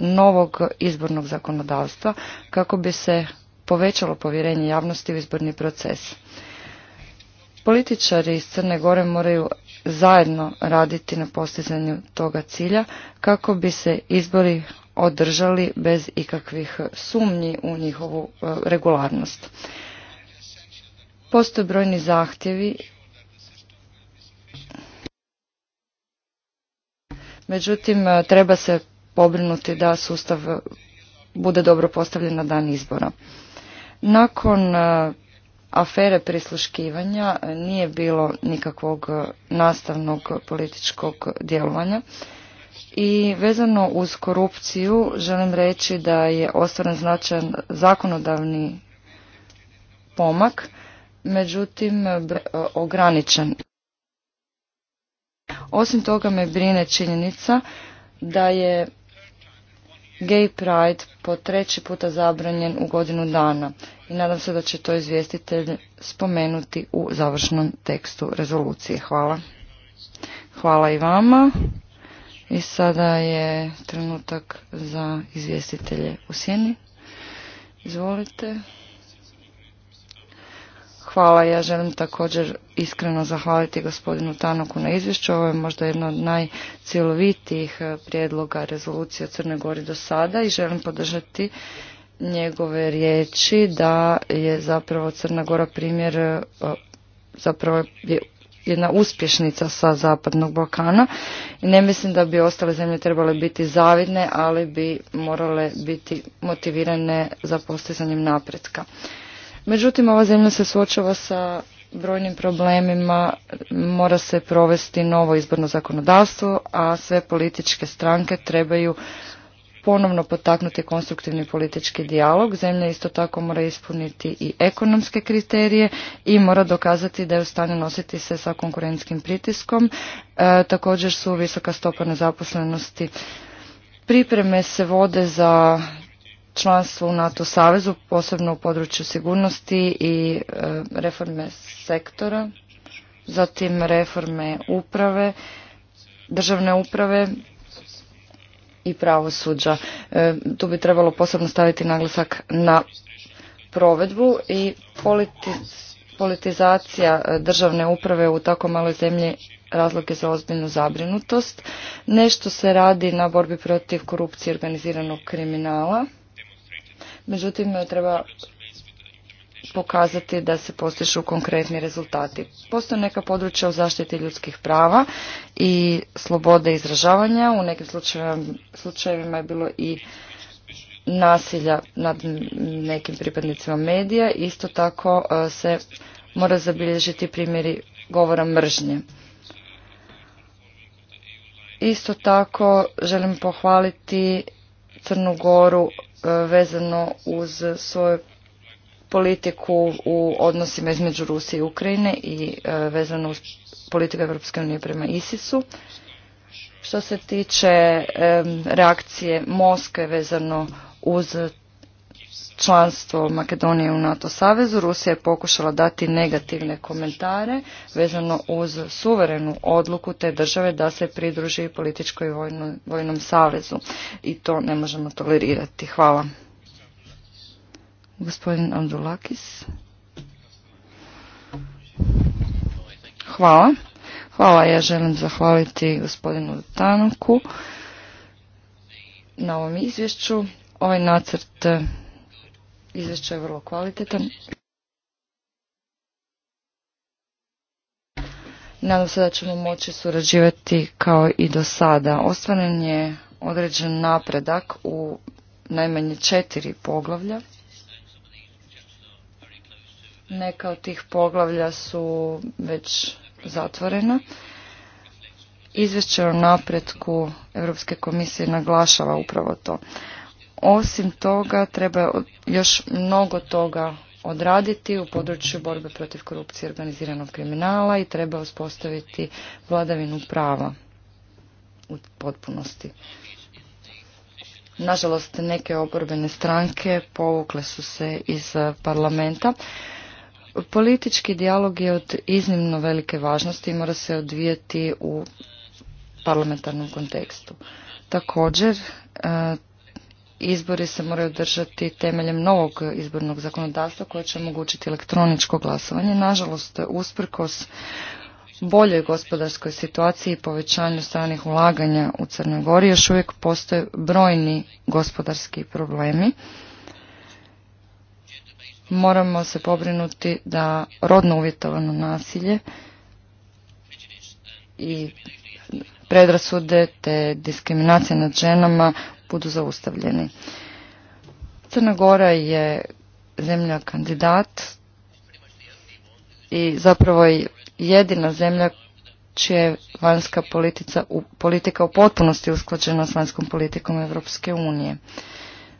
novog izbornog zakonodavstva kako bi se povećalo povjerenje javnosti u izborni proces. Političari iz Crne Gore moraju zajedno raditi na postizanju toga cilja kako bi se izbori održali bez ikakvih sumnji u njihovu e, regularnost. Postoje brojni zahtjevi, međutim e, treba se pobrinuti da sustav bude dobro postavljen na dan izbora. Nakon e, afere prisluškivanja e, nije bilo nikakvog e, nastavnog političkog djelovanja i vezano uz korupciju želim reći da je ostvaren značajan zakonodavni pomak, međutim ograničen. Osim toga me brine činjenica da je gay pride po treći puta zabranjen u godinu dana i nadam se da će to izvjestitelj spomenuti u završnom tekstu rezolucije. Hvala. Hvala i vama. I sada je trenutak za izvjestitelje u sjeni. Izvolite. Hvala, ja želim također iskreno zahvaliti gospodinu Tanoku na izvješću. Ovo je možda jedno od najcjelovitijih e, prijedloga rezolucije o Crnoj Gori do sada i želim podržati njegove riječi da je zapravo Crna Gora primjer e, zapravo je jedna uspješnica sa Zapadnog Balkana. Ne mislim da bi ostale zemlje trebale biti zavidne, ali bi morale biti motivirane za postizanjem napretka. Međutim, ova zemlja se suočava sa brojnim problemima, mora se provesti novo izborno zakonodavstvo, a sve političke stranke trebaju ponovno potaknuti konstruktivni politički dijalog. Zemlja isto tako mora ispuniti i ekonomske kriterije i mora dokazati da je u stanju nositi se sa konkurentskim pritiskom. E, također su visoka stopa nezaposlenosti. Pripreme se vode za članstvo u NATO savezu, posebno u području sigurnosti i e, reforme sektora, zatim reforme uprave, državne uprave i pravosuđa. E, tu bi trebalo posebno staviti naglasak na provedbu i politizacija e, državne uprave u tako maloj zemlji razloge za ozbiljnu zabrinutost. Nešto se radi na borbi protiv korupcije organiziranog kriminala. Međutim, treba pokazati da se postišu konkretni rezultati. Postoje neka područja u zaštiti ljudskih prava i slobode izražavanja. U nekim slučajevima je bilo i nasilja nad nekim pripadnicima medija. Isto tako e, se mora zabilježiti primjeri govora mržnje. Isto tako želim pohvaliti Crnu Goru E, vezano uz svoju politiku u odnosima između Rusije i Ukrajine i e, vezano uz politiku Europske unije prema ISIS-u. Što se tiče reakcije Moskve vezano uz članstvo Makedonije u NATO savezu, Rusija je pokušala dati negativne komentare vezano uz suverenu odluku te države da se pridruži političkoj vojno, vojnom savezu i to ne možemo tolerirati. Hvala. Gospodin Andulakis. Hvala. Hvala, ja želim zahvaliti gospodinu Tanuku na ovom izvješću. Ovaj nacrt Izvješće je vrlo kvalitetan. Nadam se da ćemo moći surađivati kao i do sada. Ostvaren je određen napredak u najmanje četiri poglavlja. Neka od tih poglavlja su već zatvorena. Izvješće o napretku Europske komisije naglašava upravo to. Osim toga, treba još mnogo toga odraditi u području borbe protiv korupcije i organiziranog kriminala i treba uspostaviti vladavinu prava u potpunosti. Nažalost, neke oporbene stranke povukle su se iz parlamenta. Politički dijalog je od iznimno velike važnosti i mora se odvijeti u parlamentarnom kontekstu. Također, e, izbori se moraju držati temeljem novog izbornog zakonodavstva koje će omogućiti elektroničko glasovanje. Nažalost, usprkos boljoj gospodarskoj situaciji i povećanju stranih ulaganja u Crnoj Gori još uvijek postoje brojni gospodarski problemi. Moramo se pobrinuti da rodno uvjetovano nasilje i predrasude te diskriminacije nad ženama budu zaustavljeni. Crna Gora je zemlja kandidat i zapravo je jedina zemlja čija je vanjska politika u potpunosti usklađena s vanjskom politikom Europske unije.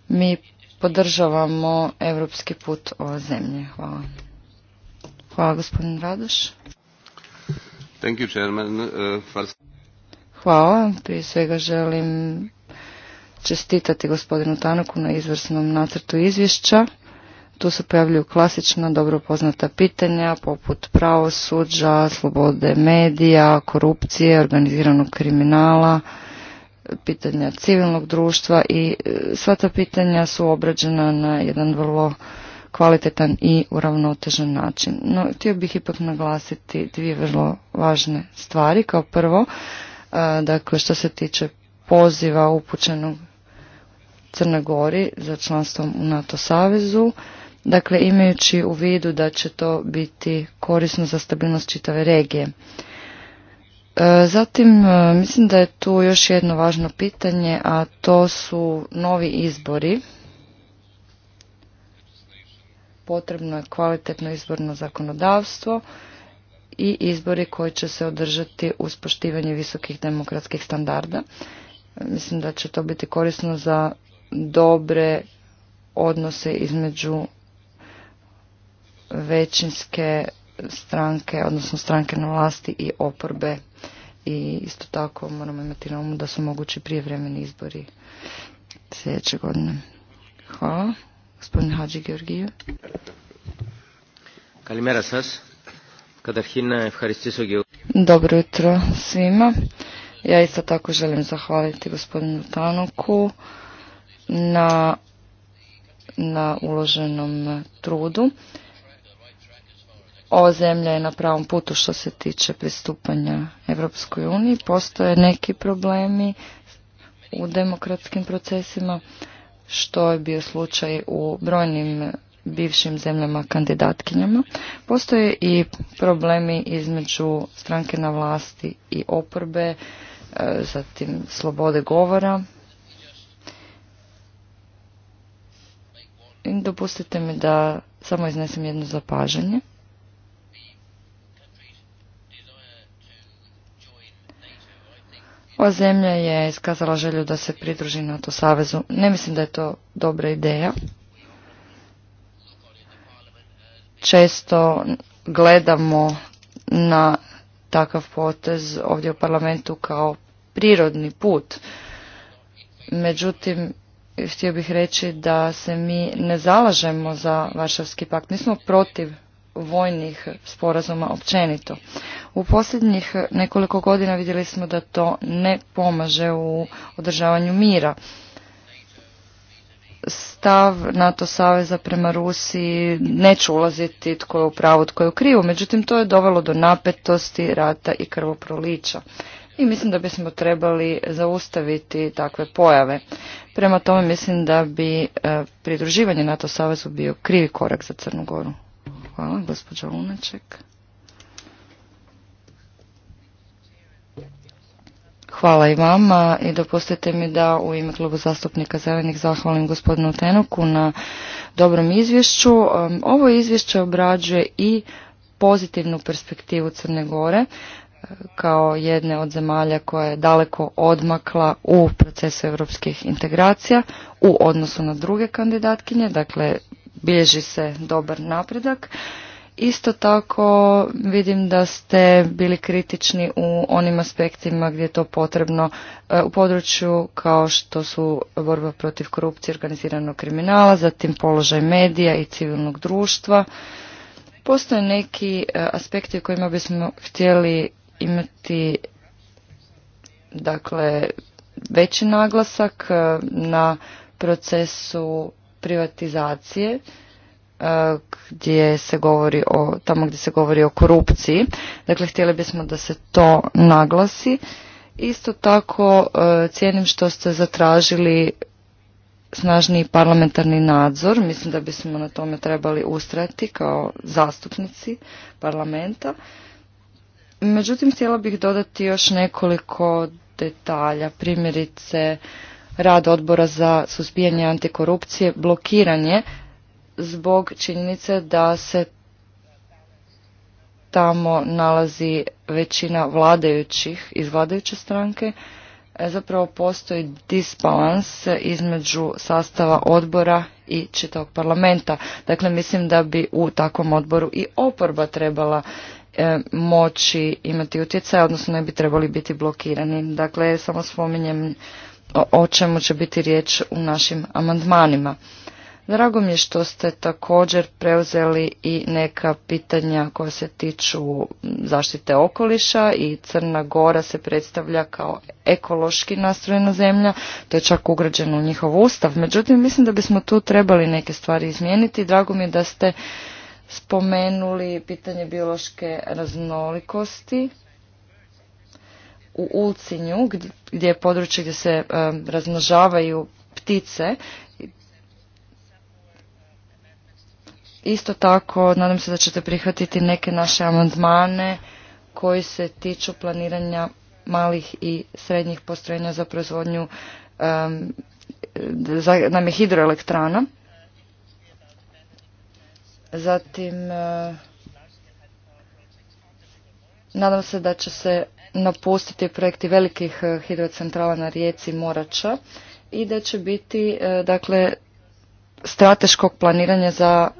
Mi podržavamo europski put ove zemlje. Hvala. Hvala gospodin Radoš. Thank you, uh, Hvala. Prije svega želim čestitati gospodinu Tanaku na izvrsnom nacrtu izvješća. Tu se pojavljuju klasična, dobro poznata pitanja poput pravosuđa, slobode medija, korupcije, organiziranog kriminala, pitanja civilnog društva i e, sva ta pitanja su obrađena na jedan vrlo kvalitetan i uravnotežen način. No, htio bih ipak naglasiti dvije vrlo važne stvari. Kao prvo, e, dakle, što se tiče poziva upućenog Crne Gori za članstvom u NATO savezu. Dakle, imajući u vidu da će to biti korisno za stabilnost čitave regije. E, zatim, e, mislim da je tu još jedno važno pitanje, a to su novi izbori. Potrebno je kvalitetno izborno zakonodavstvo i izbori koji će se održati uz poštivanje visokih demokratskih standarda. Mislim da će to biti korisno za dobre odnose između većinske stranke, odnosno stranke na vlasti i oporbe i isto tako moramo imati na umu da su mogući prijevremeni izbori sljedeće godine. Hvala. Gospodin Hadži Georgije. Kalimera sas. Dobro jutro svima. Ja isto tako želim zahvaliti gospodinu Tanuku na, na uloženom trudu. Ova zemlja je na pravom putu što se tiče pristupanja Europskoj uniji. Postoje neki problemi u demokratskim procesima, što je bio slučaj u brojnim bivšim zemljama kandidatkinjama. Postoje i problemi između stranke na vlasti i oporbe, e, zatim slobode govora, Dopustite mi da samo iznesem jedno zapažanje. Ova zemlja je iskazala želju da se pridruži NATO savezu. Ne mislim da je to dobra ideja. Često gledamo na takav potez ovdje u parlamentu kao prirodni put. Međutim, htio bih reći da se mi ne zalažemo za Varšavski pakt. nismo protiv vojnih sporazuma općenito. U posljednjih nekoliko godina vidjeli smo da to ne pomaže u održavanju mira. Stav NATO saveza prema Rusiji neću ulaziti tko je u pravu, tko je u krivu, međutim to je dovelo do napetosti, rata i krvoprolića i mislim da bismo trebali zaustaviti takve pojave. Prema tome mislim da bi e, pridruživanje NATO savezu bio krivi korak za Crnu Goru. Hvala, gospođa Lunaček. Hvala i vama i dopustite mi da u ime klubu zastupnika Zelenih zahvalim gospodinu Tenoku na dobrom izvješću. E, ovo izvješće obrađuje i pozitivnu perspektivu Crne Gore kao jedne od zemalja koja je daleko odmakla u procesu europskih integracija u odnosu na druge kandidatkinje, dakle bilježi se dobar napredak. Isto tako vidim da ste bili kritični u onim aspektima gdje je to potrebno e, u području kao što su borba protiv korupcije, organiziranog kriminala, zatim položaj medija i civilnog društva. Postoje neki e, aspekti u kojima bismo htjeli imati dakle veći naglasak e, na procesu privatizacije e, gdje se govori o tamo gdje se govori o korupciji. Dakle htjeli bismo da se to naglasi. Isto tako e, cijenim što ste zatražili snažni parlamentarni nadzor. Mislim da bismo na tome trebali ustrati kao zastupnici parlamenta. Međutim, htjela bih dodati još nekoliko detalja, primjerice rad odbora za suzbijanje antikorupcije, blokiranje zbog činjenice da se tamo nalazi većina vladajućih iz vladajuće stranke. E, zapravo postoji disbalans između sastava odbora i čitavog parlamenta. Dakle, mislim da bi u takvom odboru i oporba trebala E, moći imati utjecaj, odnosno ne bi trebali biti blokirani. Dakle, samo spominjem o čemu će biti riječ u našim amandmanima. Drago mi je što ste također preuzeli i neka pitanja koja se tiču zaštite okoliša i Crna Gora se predstavlja kao ekološki nastrojena zemlja, to je čak ugrađeno u njihov ustav. Međutim, mislim da bismo tu trebali neke stvari izmijeniti. Drago mi je da ste spomenuli pitanje biološke raznolikosti u Ulcinju, gdje je područje gdje se e, razmnožavaju ptice. Isto tako, nadam se da ćete prihvatiti neke naše amandmane koji se tiču planiranja malih i srednjih postrojenja za proizvodnju e, nam je hidroelektrana. Zatim, e, nadam se da će se napustiti projekti velikih e, hidrocentrala na rijeci Morača i da će biti e, dakle, strateškog planiranja za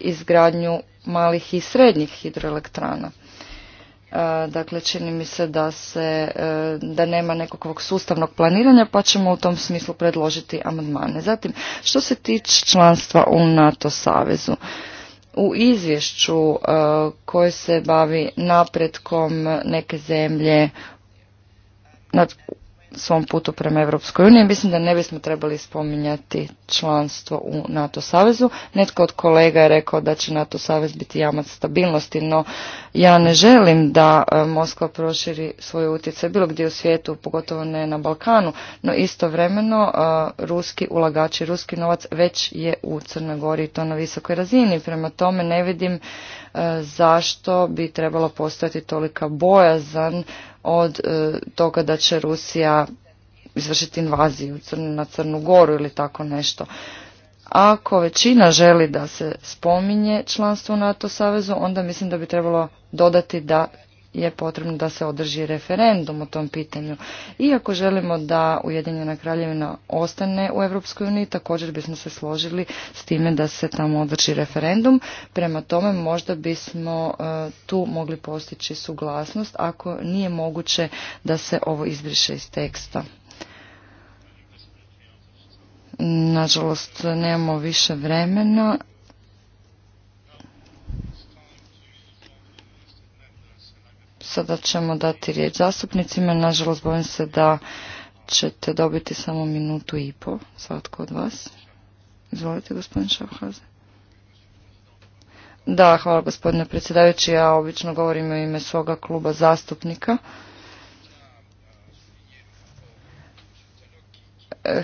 izgradnju malih i srednjih hidroelektrana. Dakle, čini mi se da, se da nema nekakvog sustavnog planiranja, pa ćemo u tom smislu predložiti amandmane. Zatim, što se tiče članstva u NATO savezu, u izvješću e, koje se bavi napretkom neke zemlje svom putu prema Europskoj uniji. Mislim da ne bismo trebali spominjati članstvo u NATO savezu. Netko od kolega je rekao da će NATO savez biti jamac stabilnosti, no ja ne želim da e, Moskva proširi svoj utjecaj bilo gdje u svijetu, pogotovo ne na Balkanu, no istovremeno e, ruski ulagači, ruski novac već je u Crnoj Gori i to na visokoj razini. Prema tome ne vidim e, zašto bi trebalo postojati tolika bojazan od e, toga da će Rusija izvršiti invaziju na Crnu Goru ili tako nešto. Ako većina želi da se spominje članstvo u NATO savezu, onda mislim da bi trebalo dodati da je potrebno da se održi referendum o tom pitanju. Iako želimo da Ujedinjena kraljevina ostane u Europskoj uniji, također bismo se složili s time da se tamo održi referendum. Prema tome možda bismo e, tu mogli postići suglasnost ako nije moguće da se ovo izbriše iz teksta. Nažalost, nemamo više vremena Sada ćemo dati riječ zastupnicima. Nažalost, bojim se da ćete dobiti samo minutu i po, svatko od vas. Izvolite, gospodin Šavhaze. Da, hvala gospodine predsjedavajući. Ja obično govorim u ime svoga kluba zastupnika.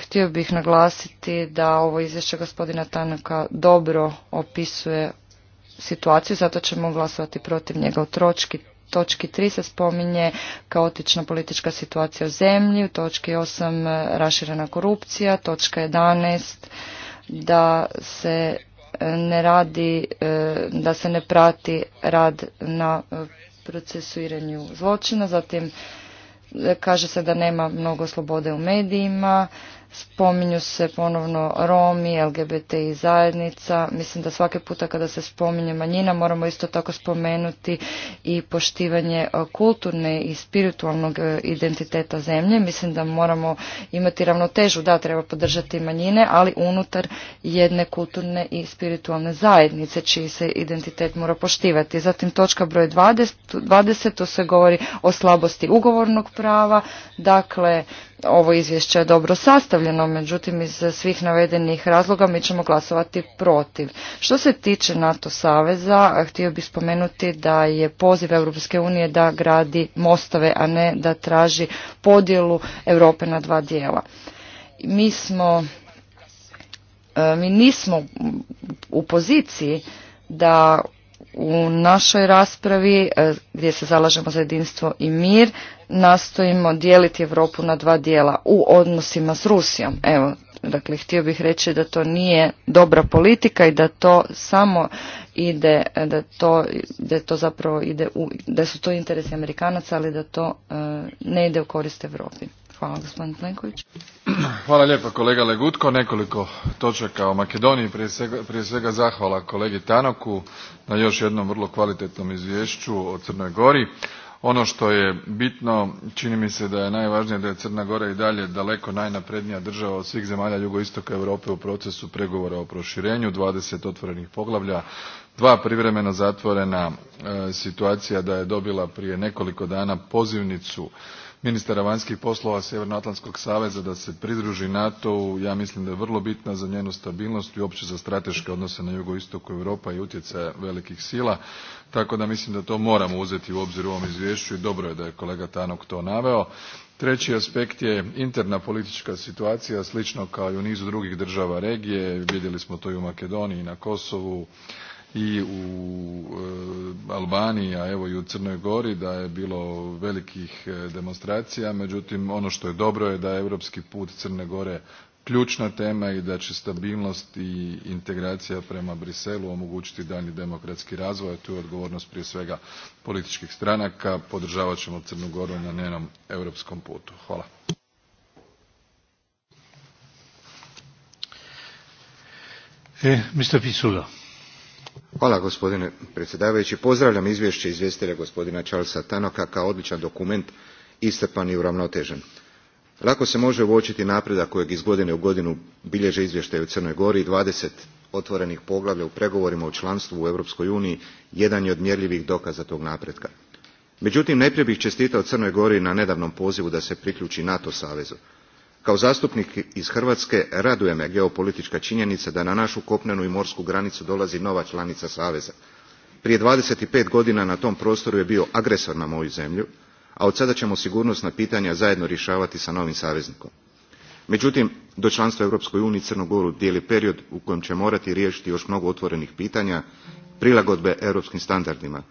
Htio bih naglasiti da ovo izvješće gospodina Tanaka dobro opisuje situaciju, zato ćemo glasovati protiv njega u tročki točki 3 se spominje kaotična politička situacija u zemlji, u točki 8 e, raširena korupcija, točka 11 da se e, ne radi, e, da se ne prati rad na procesuiranju zločina, zatim kaže se da nema mnogo slobode u medijima, spominju se ponovno Romi, i zajednica. Mislim da svake puta kada se spominje manjina moramo isto tako spomenuti i poštivanje e, kulturne i spiritualnog e, identiteta zemlje. Mislim da moramo imati ravnotežu, da treba podržati manjine, ali unutar jedne kulturne i spiritualne zajednice čiji se identitet mora poštivati. Zatim točka broj 20, 20 to se govori o slabosti ugovornog prava, dakle ovo izvješće je dobro sastavljeno, međutim iz svih navedenih razloga mi ćemo glasovati protiv. Što se tiče NATO saveza, htio bih spomenuti da je poziv Europske unije da gradi mostove, a ne da traži podjelu Europe na dva dijela. Mi smo e, mi nismo u poziciji da u našoj raspravi e, gdje se zalažemo za jedinstvo i mir nastojimo dijeliti Europu na dva dijela u odnosima s Rusijom. Evo, dakle, htio bih reći da to nije dobra politika i da to samo ide, da to, da to zapravo ide, u, da su to interesi Amerikanaca, ali da to e, ne ide u korist Europi. Hvala gospodin Plenković. Hvala lijepa kolega Legutko. Nekoliko točaka o Makedoniji. Prije svega, prije svega zahvala kolegi Tanoku na još jednom vrlo kvalitetnom izvješću o Crnoj Gori ono što je bitno čini mi se da je najvažnije da je crna gora i dalje daleko najnaprednija država od svih zemalja jugoistoka europe u procesu pregovora o proširenju 20 otvorenih poglavlja dva privremeno zatvorena e, situacija da je dobila prije nekoliko dana pozivnicu ministara vanjskih poslova Sjevernoatlantskog saveza da se pridruži NATO-u, ja mislim da je vrlo bitna za njenu stabilnost i uopće za strateške odnose na jugoistoku Europa i utjecaja velikih sila, tako da mislim da to moramo uzeti u obzir u ovom izvješću i dobro je da je kolega Tanok to naveo. Treći aspekt je interna politička situacija, slično kao i u nizu drugih država regije, vidjeli smo to i u Makedoniji i na Kosovu, i u e, Albaniji, a evo i u Crnoj Gori, da je bilo velikih e, demonstracija. Međutim, ono što je dobro je da je europski put Crne Gore ključna tema i da će stabilnost i integracija prema Briselu omogućiti dalji demokratski razvoj, tu je odgovornost prije svega političkih stranaka. Podržavat ćemo Crnu Goru na njenom europskom putu. Hvala. E, Pisula. Hvala gospodine predsjedavajući. Pozdravljam izvješće izvjestitelja gospodina Charlesa Tanoka kao odličan dokument, iscrpan i uravnotežen. Lako se može uočiti napredak kojeg iz godine u godinu bilježe izvještaje u Crnoj Gori, 20 otvorenih poglavlja u pregovorima o članstvu u Europskoj uniji jedan je od mjerljivih dokaza tog napretka. Međutim, najprije bih čestitao Crnoj Gori na nedavnom pozivu da se priključi NATO savezu kao zastupnik iz hrvatske raduje me geopolitička činjenica da na našu kopnenu i morsku granicu dolazi nova članica saveza. prije dvadeset pet godina na tom prostoru je bio agresor na moju zemlju a od sada ćemo sigurnosna pitanja zajedno rješavati sa novim saveznikom. međutim do članstva u europskoj uniji crnu goru dijeli period u kojem će morati riješiti još mnogo otvorenih pitanja prilagodbe europskim standardima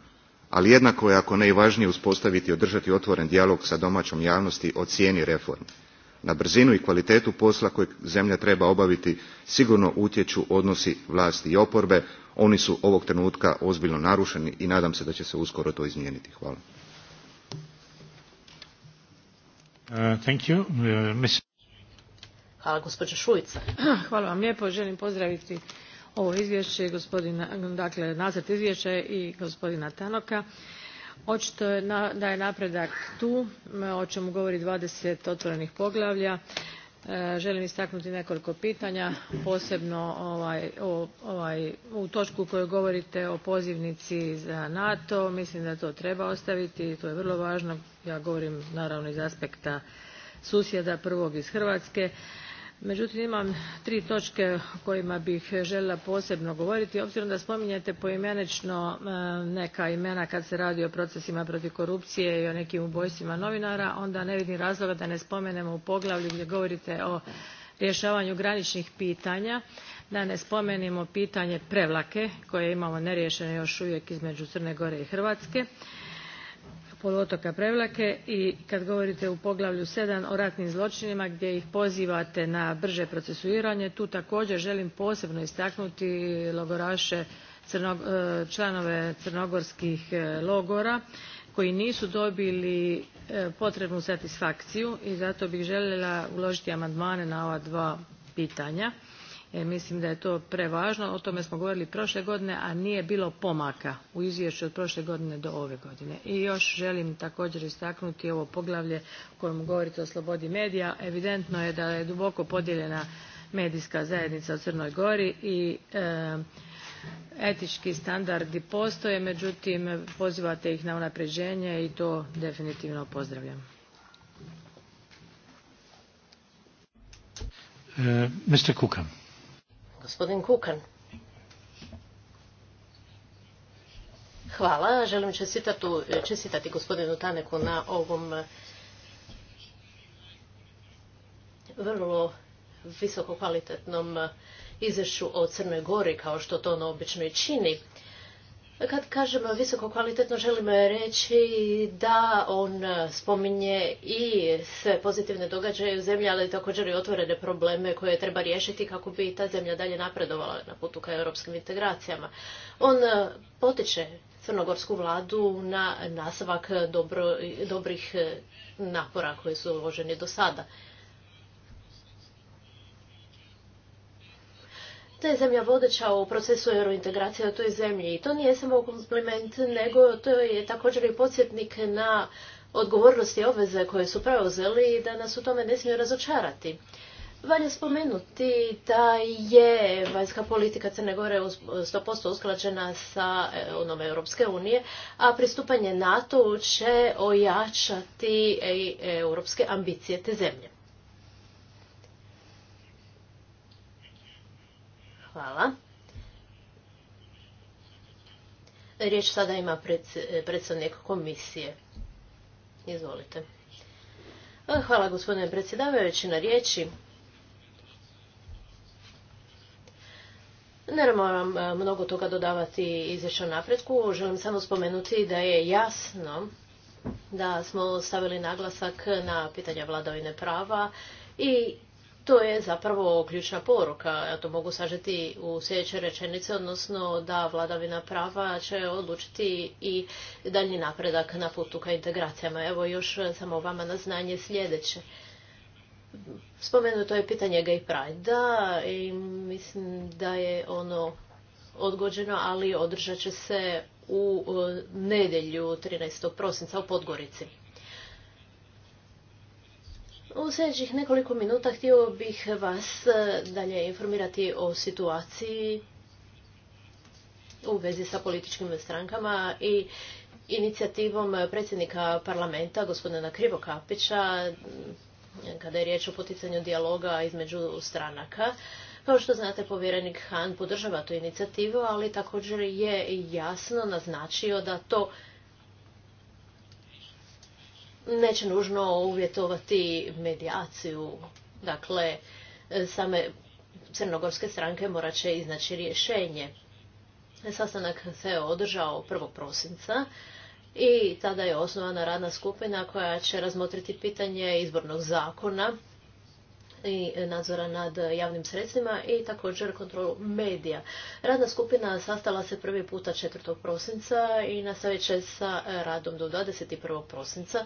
ali jednako je ako ne i važnije uspostaviti i održati otvoren dijalog sa domaćom javnosti o cijeni reformi na brzinu i kvalitetu posla kojeg zemlja treba obaviti sigurno utječu odnosi vlasti i oporbe oni su ovog trenutka ozbiljno narušeni i nadam se da će se uskoro to izmijeniti hvala uh, thank uh, Hvala, vam lijepo. Želim pozdraviti ovo izvješće, gospodina, dakle nacrt izvješća i gospodina Tanoka očito je da je napredak tu o čemu govori dvadeset otvorenih poglavlja. E, želim istaknuti nekoliko pitanja posebno ovaj, ovaj, u točku u kojoj govorite o pozivnici za nato mislim da to treba ostaviti i to je vrlo važno ja govorim naravno iz aspekta susjeda prvog iz hrvatske međutim imam tri točke o kojima bih žela posebno govoriti obzirom da spominjete poimenično e, neka imena kad se radi o procesima protiv korupcije i o nekim ubojstvima novinara onda ne vidim razloga da ne spomenemo u poglavlju gdje govorite o rješavanju graničnih pitanja da ne spomenemo pitanje prevlake koje imamo neriješeno još uvijek između crne gore i hrvatske poluotoka prevlake i kad govorite u poglavlju seven o ratnim zločinima gdje ih pozivate na brže procesuiranje tu također želim posebno istaknuti logoraše e, članove crnogorskih e, logora koji nisu dobili e, potrebnu satisfakciju i zato bih željela uložiti amandmane na ova dva pitanja. E, mislim da je to prevažno o tome smo govorili prošle godine a nije bilo pomaka u izvješću od prošle godine do ove godine i još želim također istaknuti ovo poglavlje u kojem govorite o slobodi medija evidentno je da je duboko podijeljena medijska zajednica u crnoj gori i e, etički standardi postoje međutim pozivate ih na unapređenje i to definitivno pozdravljam e, gospodin Kukan. Hvala. Želim čestitati gospodinu Taneku na ovom eh, vrlo visoko kvalitetnom eh, izvješću o Crnoj Gori, kao što to ono obično i čini. Kad kažem visoko kvalitetno, želim reći da on spominje i sve pozitivne događaje u zemlji, ali također i otvorene probleme koje treba riješiti kako bi ta zemlja dalje napredovala na putu ka europskim integracijama. On potiče crnogorsku vladu na nastavak dobrih napora koji su uloženi do sada. To je zemlja vodeća u procesu eurointegracije u toj zemlji i to nije samo kompliment, nego to je također i podsjetnik na odgovornosti i obveze koje su preuzeli i da nas u tome ne smiju razočarati. Valja spomenuti da je vanjska politika Crne Gore 100% usklađena sa e, onom Europske unije, a pristupanje NATO će ojačati e, europske ambicije te zemlje. Hvala. Riječ sada ima predstavnik komisije. Izvolite. Hvala gospodine predsjedavajući na riječi. Ne moram mnogo toga dodavati izvješću napretku. Želim samo spomenuti da je jasno da smo stavili naglasak na pitanja vladavine prava i to je zapravo ključna poruka. Ja to mogu sažeti u sljedeće rečenice, odnosno da vladavina prava će odlučiti i dalji napredak na putu ka integracijama. Evo još samo vama na znanje sljedeće. Spomenuto je pitanje gay pride i mislim da je ono odgođeno, ali održat će se u e, nedjelju 13. prosinca u Podgorici. U sljedećih nekoliko minuta htio bih vas e, dalje informirati o situaciji u vezi sa političkim strankama i inicijativom predsjednika parlamenta, gospodina Krivokapića, kada je riječ o poticanju dijaloga između stranaka. Kao što znate, povjerenik Han podržava tu inicijativu, ali također je jasno naznačio da to neće nužno uvjetovati medijaciju. Dakle, same crnogorske stranke morat će iznaći rješenje. Sastanak se održao 1. prosinca i tada je osnovana radna skupina koja će razmotriti pitanje izbornog zakona i nadzora nad javnim sredstvima i također kontrolu medija. Radna skupina sastala se prvi puta 4. prosinca i nastavit će sa radom do 21. prosinca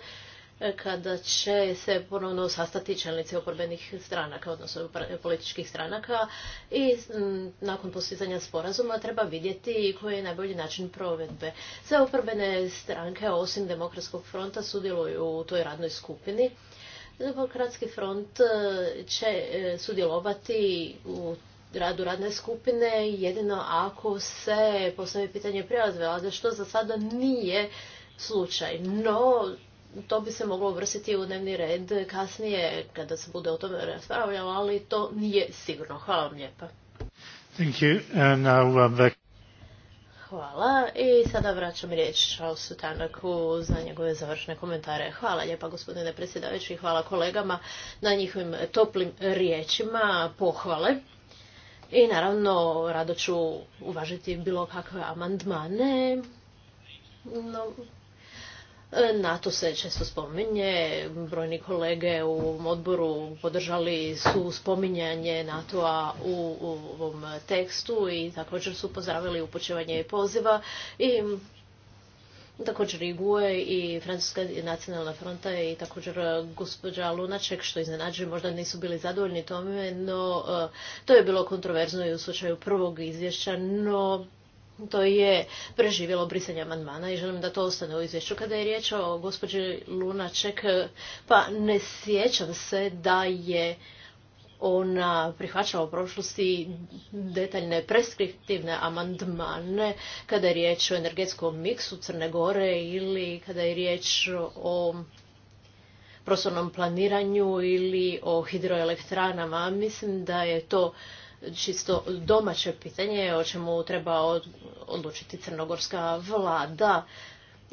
kada će se ponovno sastati čelnici oporbenih stranaka, odnosno političkih stranaka i nakon postizanja sporazuma treba vidjeti koji je najbolji način provedbe. Sve oporbene stranke, osim Demokratskog fronta, sudjeluju u toj radnoj skupini Demokratski front e, će e, sudjelovati u radu radne skupine jedino ako se postavi pitanje ali što za sada nije slučaj. No, to bi se moglo uvrstiti u dnevni red kasnije kada se bude o tome raspravljalo, ali to nije sigurno. Hvala vam lijepa. Thank you. And uh, Hvala. I sada vraćam riječ o Tanaku za njegove završne komentare. Hvala lijepa gospodine predsjedavajući i hvala kolegama na njihovim toplim riječima, pohvale. I naravno, rado ću uvažiti bilo kakve amandmane. No, E, NATO se često spominje, brojni kolege u odboru podržali su spominjanje NATO-a u, ovom tekstu i također su pozdravili upućivanje poziva i također i GUE i Francuska nacionalna fronta i također gospođa Lunaček, što iznenađuje, možda nisu bili zadovoljni tome, no e, to je bilo kontroverzno i u slučaju prvog izvješća, no to je preživjelo brisanje amandmana i želim da to ostane u izvješću. Kada je riječ o gospođi Lunaček, pa ne sjećam se da je ona prihvaćala u prošlosti detaljne preskriptivne amandmane kada je riječ o energetskom miksu Crne Gore ili kada je riječ o prostornom planiranju ili o hidroelektranama. Mislim da je to čisto domaće pitanje o čemu treba odlučiti crnogorska vlada.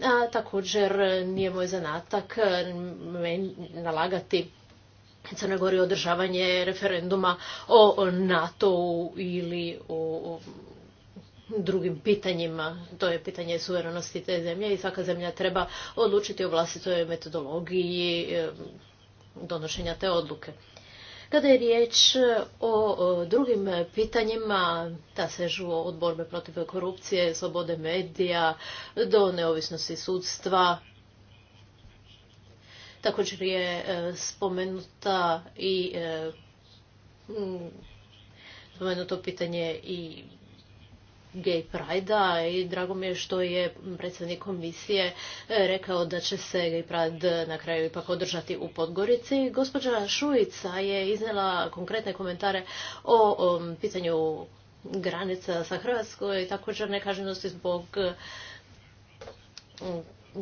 A također nije moj zanatak mm, nalagati crnogori održavanje referenduma o NATO ili o drugim pitanjima. To je pitanje suverenosti te zemlje i svaka zemlja treba odlučiti o vlastitoj metodologiji donošenja te odluke. Kada je riječ e, o drugim pitanjima, ta sežu od borbe protiv korupcije, slobode medija, do neovisnosti sudstva, također je e, spomenuta i e, spomenuto pitanje i gay pride i drago mi je što je predsjednik komisije e, rekao da će se gay pride na kraju ipak održati u Podgorici. Gospođa Šujica je iznijela konkretne komentare o, pitanju granica sa Hrvatskoj i također nekaženosti zbog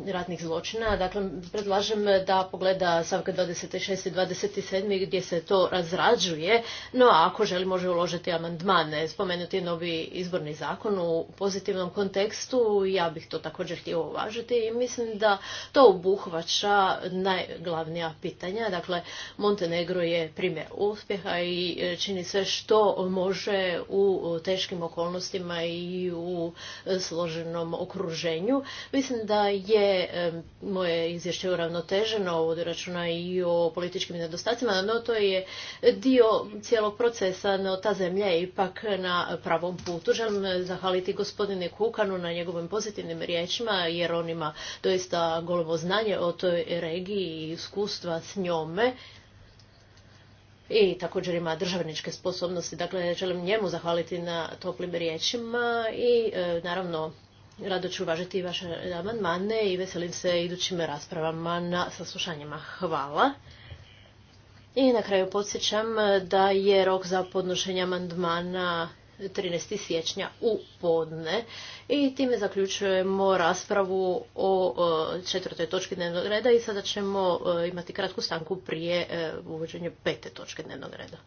ratnih zločina. Dakle, predlažem da pogleda Savka 26 i 27 gdje se to razrađuje, no a ako želi može uložiti amandmane. Spomenuti novi izborni zakon u pozitivnom kontekstu, ja bih to također htio uvažiti i mislim da to obuhvaća najglavnija pitanja. Dakle, Montenegro je primjer uspjeha i čini sve što može u teškim okolnostima i u složenom okruženju. Mislim da je je moje izvješće uravnoteženo, vodi računa i o političkim nedostacima, no to je dio cijelog procesa, no ta zemlja je ipak na pravom putu. Želim zahvaliti gospodine Kukanu na njegovim pozitivnim riječima, jer on ima doista golovo znanje o toj regiji i iskustva s njome i također ima državničke sposobnosti. Dakle, želim njemu zahvaliti na toplim riječima i e, naravno Rado ću uvažiti vaše amandmane i veselim se idućim raspravama na saslušanjima. Hvala. I na kraju podsjećam da je rok za podnošenje amandmana 13. siječnja u podne i time zaključujemo raspravu o četvrtoj točki dnevnog reda i sada ćemo e, imati kratku stanku prije e, uvođenja pete točke dnevnog reda.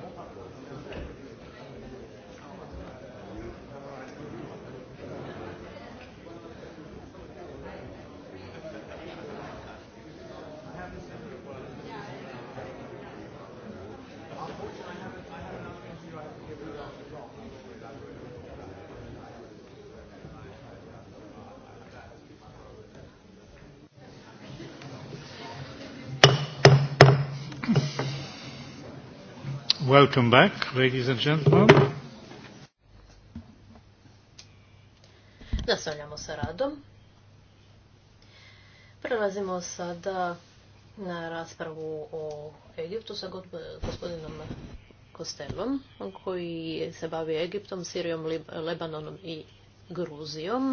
Hvala Welcome back, ladies and gentlemen. Nastavljamo sa radom. Prelazimo sada na raspravu o Egiptu sa gospodinom Kostelom, koji se bavi Egiptom, Sirijom, Lebanonom i Gruzijom.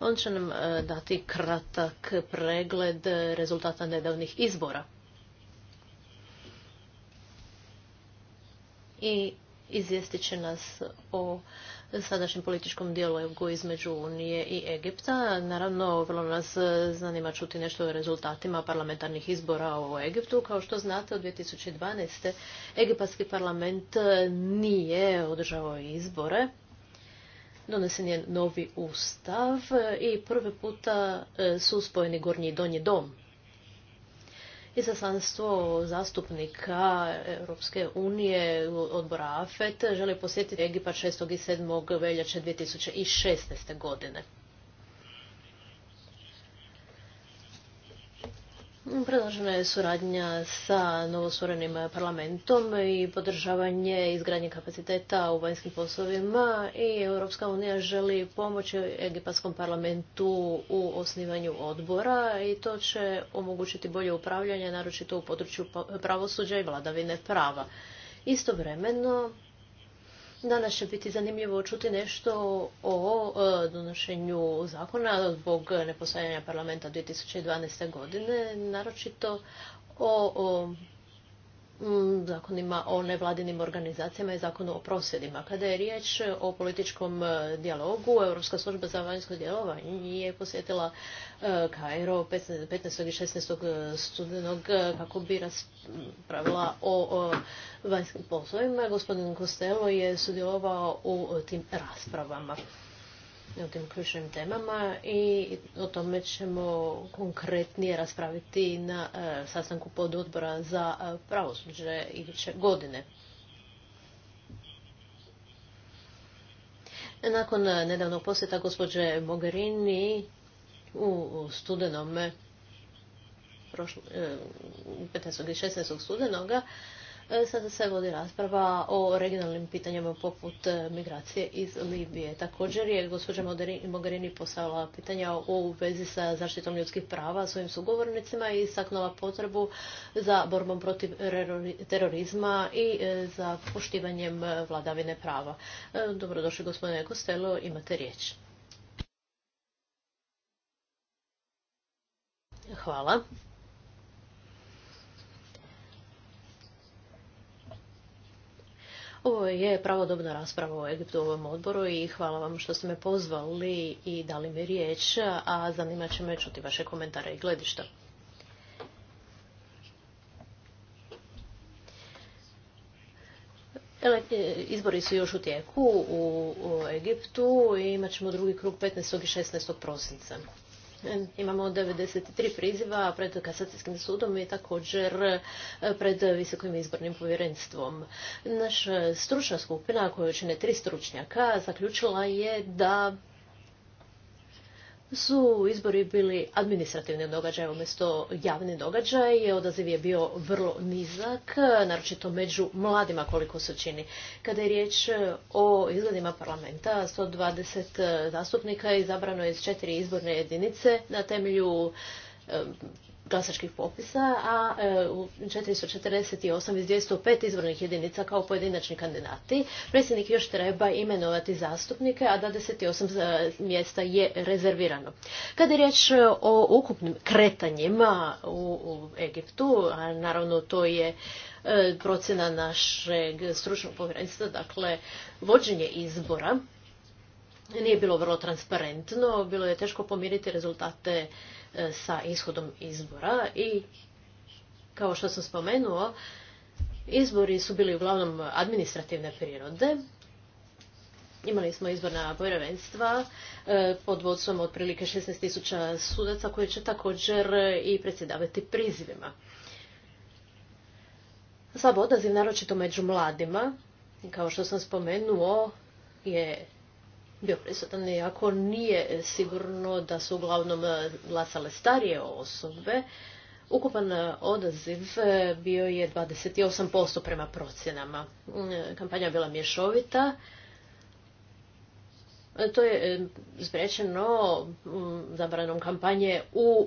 On će nam eh, dati kratak pregled rezultata nedavnih izbora. i izvijestit će nas o sadašnjem političkom dijalogu između Unije i Egipta. Naravno, vrlo nas zanima čuti nešto o rezultatima parlamentarnih izbora u Egiptu. Kao što znate, od 2012. Egipatski parlament nije održao izbore. Donesen je novi ustav i prvi puta su spojeni gornji i donji dom Izaslanstvo zastupnika Europske unije odbora AFET želi posjetiti Egipat 6. i 7. veljače 2016. godine. Predložena je suradnja sa novosvorenim parlamentom i podržavanje izgradnje kapaciteta u vanjskim poslovima i Europska unija želi pomoći Egipatskom parlamentu u osnivanju odbora i to će omogućiti bolje upravljanje, naročito u području pravosuđa i vladavine prava. Istovremeno, Danas će biti zanimljivo čuti nešto o e, donošenju zakona zbog nepostojanja parlamenta 2012. godine, naročito o Mm, zakonima o nevladinim organizacijama i zakonu o prosvjedima. Kada je riječ o političkom e, dijalogu, Europska služba za vanjsko djelovanje je posjetila e, Kairo 15. i 16. E, studenog kako bi raspravila o vanjskim poslovima. Gospodin Kostelo je sudjelovao u tim raspravama o tim ključnim temama i o tome ćemo konkretnije raspraviti na e, sastanku pododbora za e, pravosuđe iduće godine. Nakon e, nedavnog posjeta gospođe Mogherini u studenome 15. i 16. studenoga E, sada se vodi rasprava o regionalnim pitanjima poput e, migracije iz Libije. Također je gospođa Mogherini postavila pitanja u vezi sa zaštitom ljudskih prava svojim sugovornicima i istaknula potrebu za borbom protiv terorizma i e, za poštivanjem vladavine prava. Dobrodošli gospodine Kostelo, imate riječ. Hvala. Ovo je pravodobna rasprava o ovom odboru i hvala vam što ste me pozvali i dali mi riječ, a zanimat će me čuti vaše komentare i gledišta. E, izbori su još u tijeku u, Egiptu i imat ćemo drugi krug 15. i 16. prosinca. Imamo 93 priziva pred kasacijskim sudom i također e, pred Visokim izbornim povjerenstvom. Naša stručna skupina koju čine tri stručnjaka zaključila je da su izbori bili administrativni događaj umjesto javni događaj. Odaziv je bio vrlo nizak, naročito među mladima koliko se čini. Kada je riječ e, o izgledima parlamenta, 120 zastupnika je izabrano iz četiri izborne jedinice na temelju e, glasačkih popisa, a e, u 448 iz 205 izvornih jedinica kao pojedinačni kandidati. Predsjednik još treba imenovati zastupnike, a 28 e, mjesta je rezervirano. Kada je riječ e, o ukupnim kretanjima u Egiptu, a naravno to je procjena našeg stručnog povjerenstva, dakle vođenje izbora, nije bilo vrlo transparentno, bilo je teško pomiriti rezultate E, sa ishodom izbora i kao što sam spomenuo, izbori su bili uglavnom administrativne prirode. Imali smo izborna povjerenstva e, pod vodstvom otprilike 16.000 sudaca koji će također i predsjedavati prizivima. Slab odaziv, naročito među mladima, kao što sam spomenuo, je bio prisutan i ako nije sigurno da su uglavnom e, glasale starije osobe, Ukupan e, odaziv e, bio je 28% prema procjenama. Mm, kampanja bila mješovita. To je sprečeno mm, zabranom kampanje u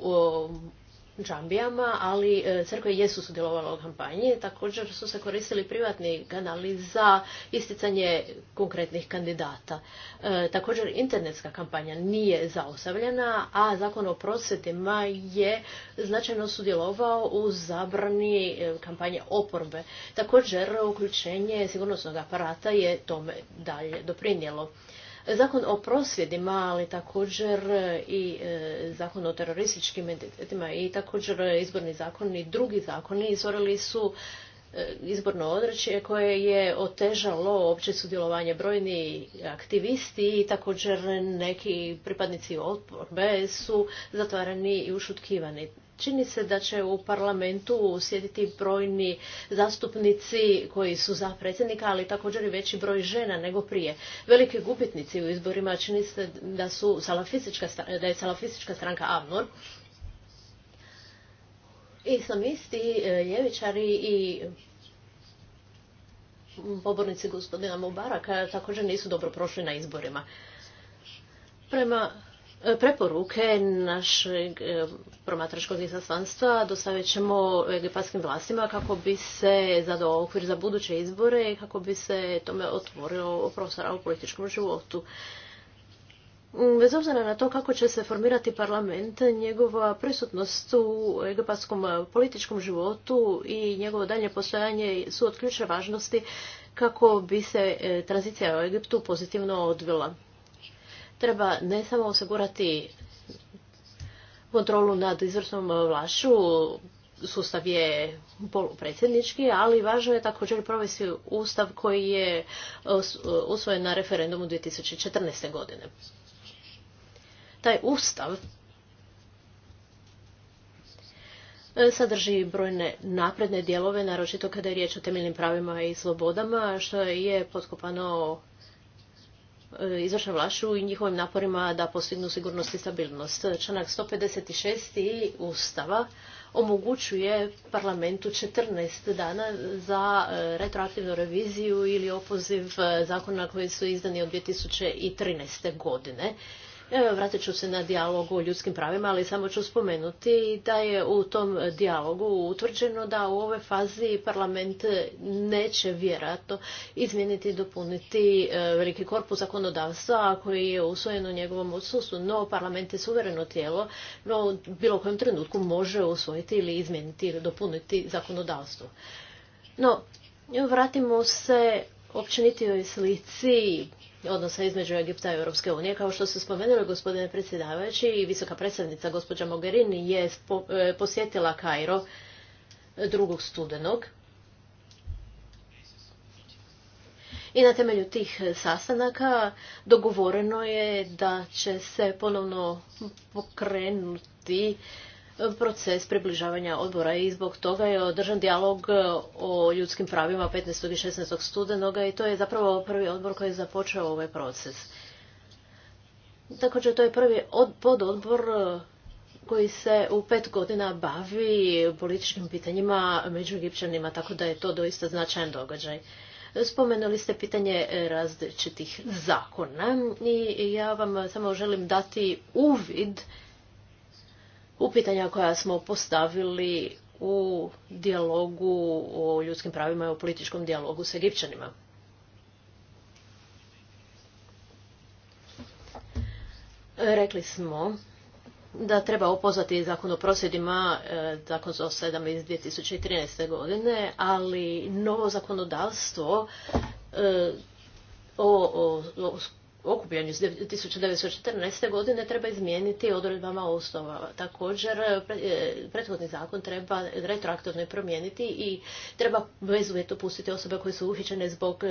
džambijama, ali e, crkve jesu sudjelovale u kampanji. Također su se koristili privatni kanali za isticanje konkretnih kandidata. E, također internetska kampanja nije zaosavljena, a zakon o prosvjetima je značajno sudjelovao u zabrani e, kampanje oporbe. Također uključenje sigurnosnog aparata je tome dalje doprinijelo zakon o prosvjedima, ali također i e, zakon o terorističkim entitetima i također izborni zakon i drugi zakoni izvorili su e, izborno odreće koje je otežalo opće sudjelovanje brojni aktivisti i također neki pripadnici oporbe su zatvarani i ušutkivani. Čini se da će u parlamentu sjediti brojni zastupnici koji su za predsjednika, ali također i veći broj žena nego prije. Veliki gubitnici u izborima čini se da, su salafistička, da je salafistička stranka Avnor, isti e, ljevičari i pobornici gospodina Mubaraka također nisu dobro prošli na izborima. Prema Preporuke našeg e, promatračkog izaslanstva dostavit ćemo egipatskim vlastima kako bi se zadao okvir za buduće izbore i kako bi se tome otvorilo profesora u političkom životu. Bez obzira na to kako će se formirati parlament, njegova prisutnost u egipatskom političkom životu i njegovo dalje postojanje su od ključne važnosti kako bi se e, tranzicija u Egiptu pozitivno odvila treba ne samo osigurati kontrolu nad izvršnom vlašću, sustav je polupredsjednički, ali važno je također provesti ustav koji je usvojen na referendumu 2014. godine. Taj ustav e, sadrži brojne napredne dijelove, naročito kada je riječ o temeljnim pravima i slobodama, što je potkopano Eh, izvršnom vlašu i njihovim naporima da postignu sigurnost i stabilnost. Članak 156. Ustava omogućuje parlamentu 14 dana za eh, retroaktivnu reviziju ili opoziv eh, zakona koji su izdani od 2013. godine. Vratit ću se na dijalog o ljudskim pravima, ali samo ću spomenuti da je u tom dijalogu utvrđeno da u ovoj fazi parlament neće vjerojatno izmijeniti i dopuniti e, veliki korpus zakonodavstva koji je usvojen u njegovom odsustvu, no parlament je suvereno tijelo, no u bilo kojem trenutku može usvojiti ili izmijeniti ili dopuniti zakonodavstvo. No, vratimo se općenitoj slici odnosa između Egipta i Europske unije. Kao što su spomenuli gospodine predsjedavajući i visoka predsjednica gospođa Mogherini je e, posjetila Kairo drugog studenog. I na temelju tih sastanaka dogovoreno je da će se ponovno pokrenuti proces približavanja odbora i zbog toga je održan dijalog e, o ljudskim pravima 15. i 16. studenoga i to je zapravo prvi odbor koji je započeo ovaj proces. Također to je prvi pododbor e, koji se u pet godina bavi političkim pitanjima među Egipćanima, tako da je to doista značajan događaj. Spomenuli ste pitanje različitih zakona i ja vam samo želim dati uvid u pitanja koja smo postavili u dijalogu o ljudskim pravima i o političkom dijalogu s Egipćanima. Rekli smo da treba upoznati zakon o prosvjedima, e, zakon za 7 iz 2013. godine, ali novo zakonodavstvo e, o, o okupljanju iz 1914. godine treba izmijeniti odredbama osnova. Također, e, prethodni zakon treba retroaktivno promijeniti i treba bezuvjetno pustiti osobe koje su uhićene zbog e,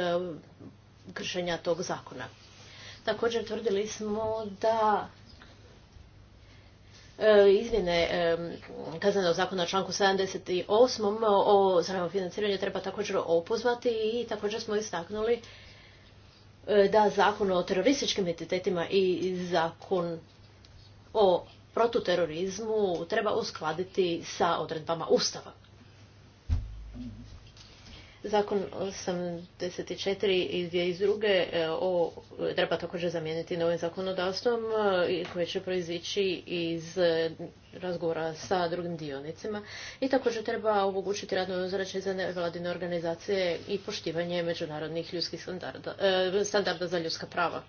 kršenja tog zakona. Također, tvrdili smo da e, izmjene kaznenog zakona članku 78. o zravo financiranju treba također opozvati i također smo istaknuli E, da zakon o terorističkim entitetima i zakon o protuterorizmu treba uskladiti sa odredbama Ustava. Zakon 84 iz 2002. E, o, treba također zamijeniti novim zakonodavstvom e, koje će proizići iz razgovora sa drugim dionicima i također treba omogućiti radno ozračje za nevladine organizacije i poštivanje međunarodnih ljudskih standarda, e, standarda za ljudska prava.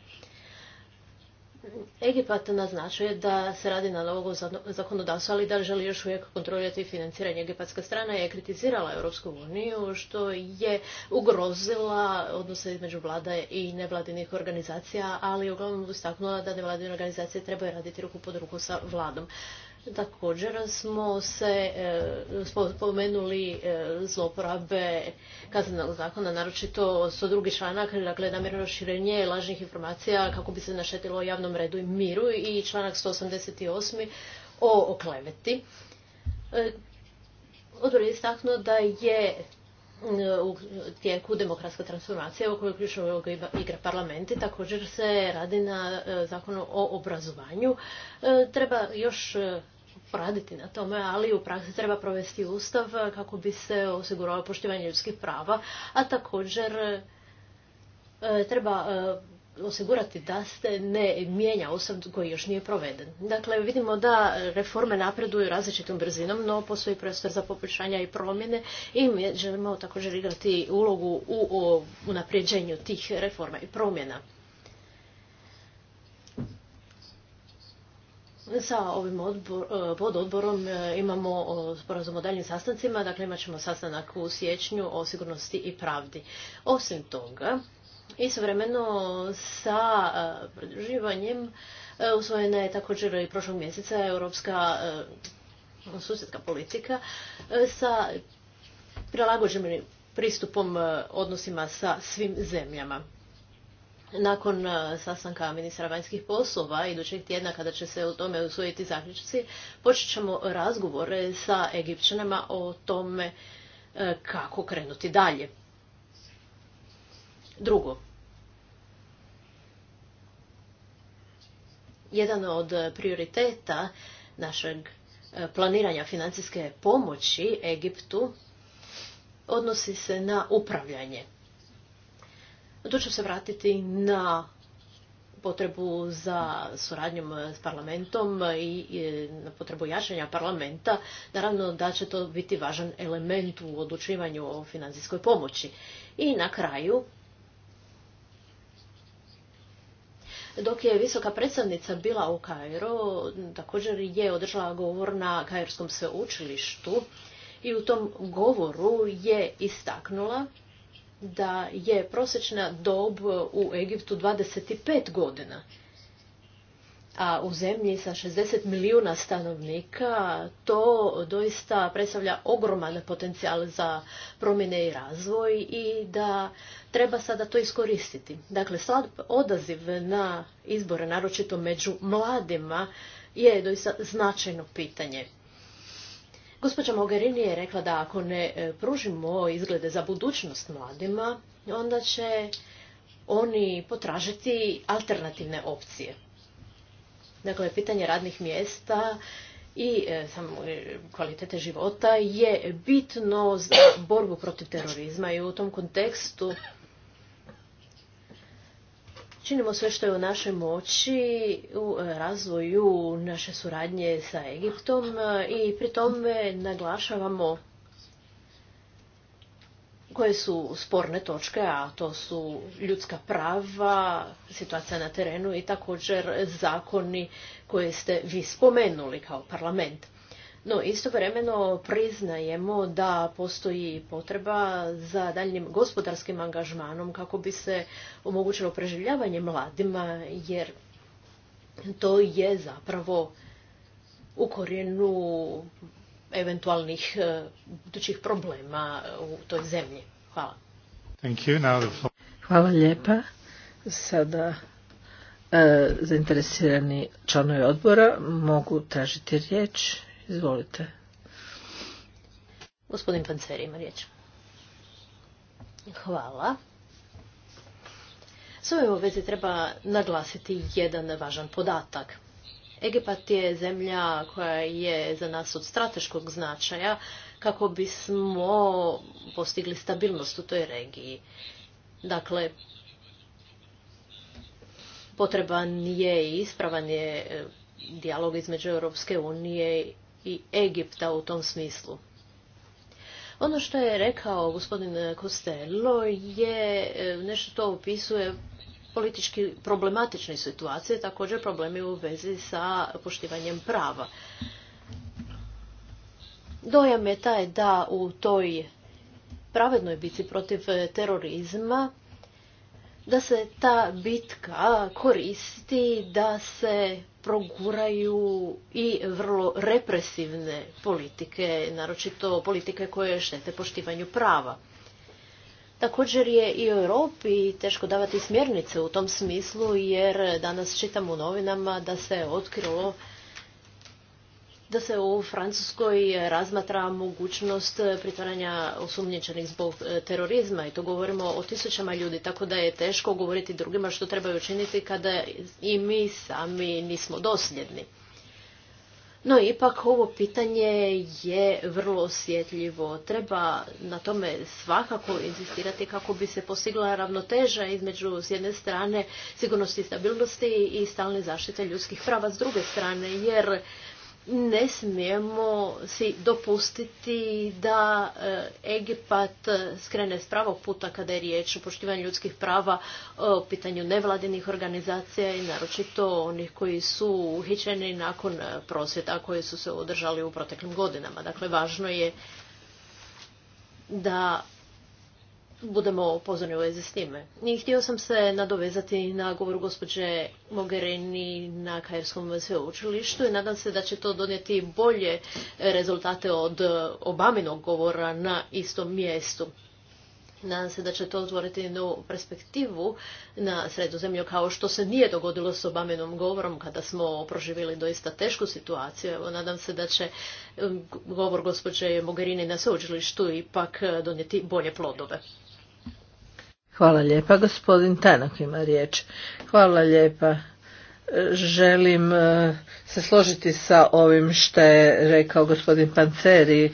Egipat naznačuje da se radi na novog zakonodavstva, ali da želi još uvijek kontrolirati financiranje. Egipatska strana je kritizirala Europsku uniju, što je ugrozila odnose između vlada i nevladinih organizacija, ali uglavnom istaknula da nevladine organizacije trebaju raditi ruku pod ruku sa vladom. Također smo se e, spomenuli e, zloporabe kaznenog zakona, naročito su drugi članak, dakle namjerno širenje lažnih informacija kako bi se našetilo javnom redu i miru i članak 188. o okleveti. E, odbor je istaknuo da je u tijeku demokratska transformacija u kojoj ključno igra parlamenti također se radi na zakonu o obrazovanju. Treba još poraditi na tome, ali u praksi treba provesti ustav kako bi se osiguralo poštivanje ljudskih prava, a također e, treba e, osigurati da se ne mijenja ustav koji još nije proveden. Dakle, vidimo da reforme napreduju različitom brzinom, no postoji prostor za poboljšanja i promjene i mi želimo također igrati ulogu u unapređenju tih reforma i promjena. sa ovim odbor, e, pododborom e, imamo sporazum o daljnjim sastancima, dakle imat ćemo sastanak u siječnju o sigurnosti i pravdi. Osim toga, istovremeno sa e, pridruživanjem usvojena je također i prošlog mjeseca europska susjedska politika sa prilagođenim pristupom odnosima sa svim zemljama. Nakon e, sastanka ministra vanjskih poslova idućeg tjedna kada će se o tome usvojiti zaključci, počet ćemo razgovore sa Egipćanima o tome e, kako krenuti dalje. Drugo, jedan od prioriteta našeg e, planiranja financijske pomoći Egiptu odnosi se na upravljanje. Tu ću se vratiti na potrebu za suradnjom s parlamentom i na potrebu jačanja parlamenta. Naravno da će to biti važan element u odlučivanju o financijskoj pomoći. I na kraju, Dok je visoka predstavnica bila u Kairu, također je održala govor na Kairskom sveučilištu i u tom govoru je istaknula da je prosječna dob u Egiptu 25 godina. A u zemlji sa 60 milijuna stanovnika to doista predstavlja ogroman potencijal za promjene i razvoj i da treba sada to iskoristiti. Dakle, slab odaziv na izbore, naročito među mladima, je doista značajno pitanje. Gospođa Mogherini je rekla da ako ne e, pružimo izglede za budućnost mladima, onda će oni potražiti alternativne opcije. Dakle, pitanje radnih mjesta i e, e, kvalitete života je bitno za borbu protiv terorizma i u tom kontekstu činimo sve što je u našoj moći u razvoju naše suradnje sa Egiptom e, i pri tome naglašavamo koje su sporne točke, a to su ljudska prava, situacija na terenu i također zakoni koje ste vi spomenuli kao parlament. No, istovremeno priznajemo da postoji potreba za daljnjim gospodarskim angažmanom kako bi se omogućilo preživljavanje mladima, jer to je zapravo u korijenu eventualnih e, budućih problema u toj zemlji. Hvala. Hvala lijepa. Sada e, zainteresirani članovi odbora mogu tražiti riječ Izvolite. Gospodin Pancer ima riječ. Hvala. S ove vezi treba naglasiti jedan važan podatak. Egipat je zemlja koja je za nas od strateškog značaja kako bismo postigli stabilnost u toj regiji. Dakle, potreban je i ispravan je e, dijalog između Europske unije i Egipta u tom smislu. Ono što je rekao gospodin Costello je e, nešto to opisuje politički problematične situacije, također problemi u vezi sa poštivanjem prava. Dojam je taj da u toj pravednoj bici protiv terorizma da se ta bitka koristi da se proguraju i vrlo represivne politike, naročito politike koje štete poštivanju prava. Također je i u Europi teško davati smjernice u tom smislu jer danas čitam u novinama da se otkrilo da se u Francuskoj razmatra mogućnost pritvaranja osumnjičenih zbog e, terorizma i to govorimo o tisućama ljudi, tako da je teško govoriti drugima što trebaju učiniti kada i mi sami nismo dosljedni. No, ipak ovo pitanje je vrlo osjetljivo. Treba na tome svakako insistirati kako bi se postigla ravnoteža između s jedne strane sigurnosti i stabilnosti i stalne zaštite ljudskih prava s druge strane, jer ne smijemo si dopustiti da e, Egipat e, skrene s pravog puta kada je riječ o poštivanju ljudskih prava, o pitanju nevladinih organizacija i naročito onih koji su uhićeni nakon e, prosvjeta koji su se održali u proteklim godinama. Dakle, važno je da budemo pozorni u vezi s time. I htio sam se nadovezati na govor gospođe Mogherini na Kajerskom sveučilištu i nadam se da će to donijeti bolje rezultate od Obaminog govora na istom mjestu. Nadam se da će to otvoriti novu perspektivu na sredozemlju kao što se nije dogodilo s Obamenom govorom kada smo proživjeli doista tešku situaciju. Evo, nadam se da će um, govor gospođe Mogherini na sveučilištu ipak donijeti bolje plodove. Hvala lijepa. Gospodin Tanak ima riječ. Hvala lijepa. E, želim e, se složiti sa ovim što je rekao gospodin Panceri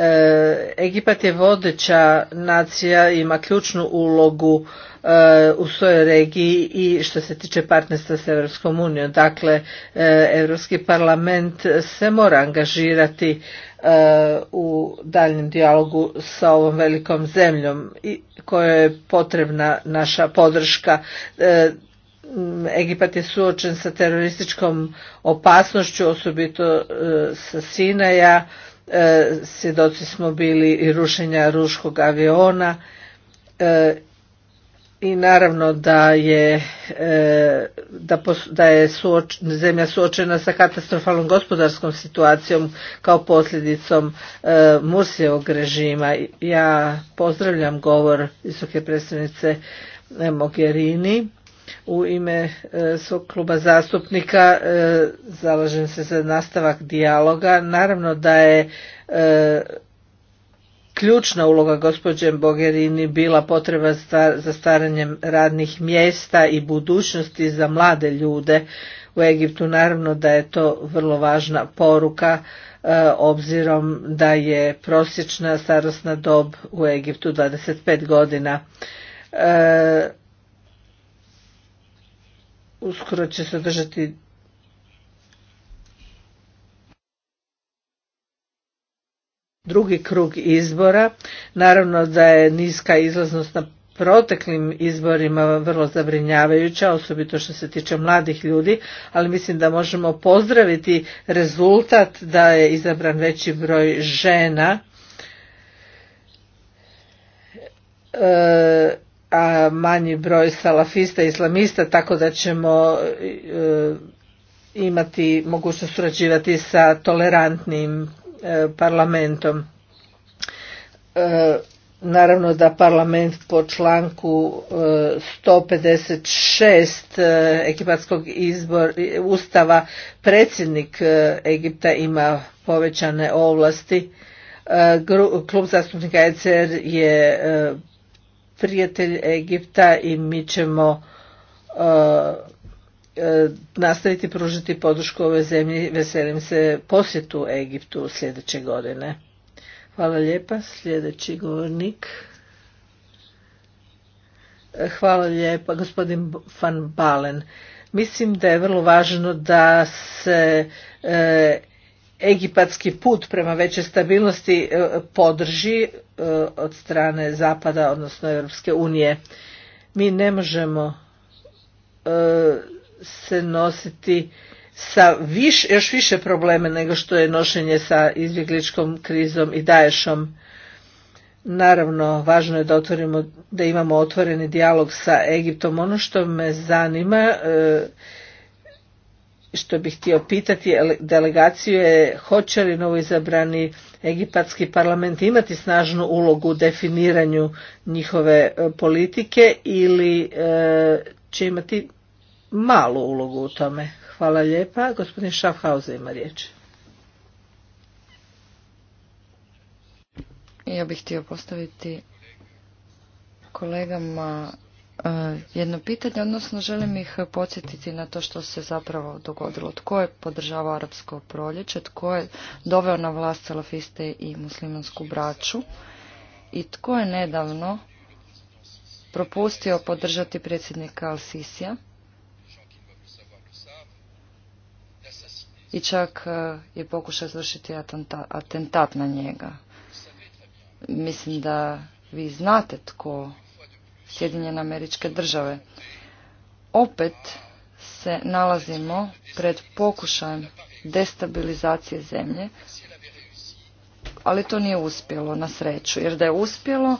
E, Egipat je vodeća nacija, ima ključnu ulogu e, u svojoj regiji i što se tiče partnerstva s Europskom unijom. Dakle, Europski parlament se mora angažirati e, u daljnjem dijalogu sa ovom velikom zemljom kojoj je potrebna naša podrška. Egipat je suočen sa terorističkom opasnošću, osobito sa Sinaja, E, svjedoci smo bili i rušenja ruškog aviona e, i naravno da je, e, da, da je zemlja suočena sa katastrofalnom gospodarskom situacijom kao posljedicom e, Mursijevog režima. Ja pozdravljam govor visoke predstavnice Mogherini u ime e, svog kluba zastupnika e, zalažem se za nastavak dijaloga. Naravno da je e, ključna uloga gospođe Bogerini bila potreba za staranjem radnih mjesta i budućnosti za mlade ljude u Egiptu. Naravno da je to vrlo važna poruka obzirom da je prosječna starosna dob u Egiptu 25 godina uskoro će se održati drugi krug izbora. Naravno da je niska izlaznost na proteklim izborima vrlo zabrinjavajuća, osobito što se tiče mladih ljudi, ali mislim da možemo pozdraviti rezultat da je izabran veći broj žena. E, manji broj salafista i islamista tako da ćemo e, imati mogućnost surađivati sa tolerantnim e, parlamentom. E, naravno da parlament po članku 156 ekipatskog izbor, ustava predsjednik Egipta ima povećane ovlasti. Klub zastupnika ECR je prijatelj Egipta i mi ćemo e, e, nastaviti pružiti podršku ove zemlji. Veselim se posjetu Egiptu sljedeće godine. Hvala lijepa. Sljedeći govornik. E, hvala lijepa gospodin Van Balen. Mislim da je vrlo važno da se egipatski put prema većoj stabilnosti e, podrži e, od strane Zapada, odnosno Europske unije. Mi ne možemo e, se nositi sa viš, još više probleme nego što je nošenje sa izbjegličkom krizom i daješom. Naravno, važno je da, otvorimo, da imamo otvoreni dijalog sa Egiptom. Ono što me zanima, što bih htio pitati delegaciju je hoće li novoizabrani egipatski parlament imati snažnu ulogu u definiranju njihove e, politike ili e, će imati malu ulogu u tome. Hvala lijepa. Gospodin Schaffhauser ima riječ. Ja bih htio postaviti kolegama E, jedno pitanje, odnosno želim ih podsjetiti na to što se zapravo dogodilo. Tko je podržavao arapsko proljeće, tko je doveo na vlast salafiste i muslimansku braću i tko je nedavno propustio podržati predsjednika Al-Sisija i čak e, je pokušao izvršiti atentat na njega. Mislim da vi znate tko Sjedinjene američke države. Opet se nalazimo pred pokušajem destabilizacije zemlje, ali to nije uspjelo na sreću, jer da je uspjelo,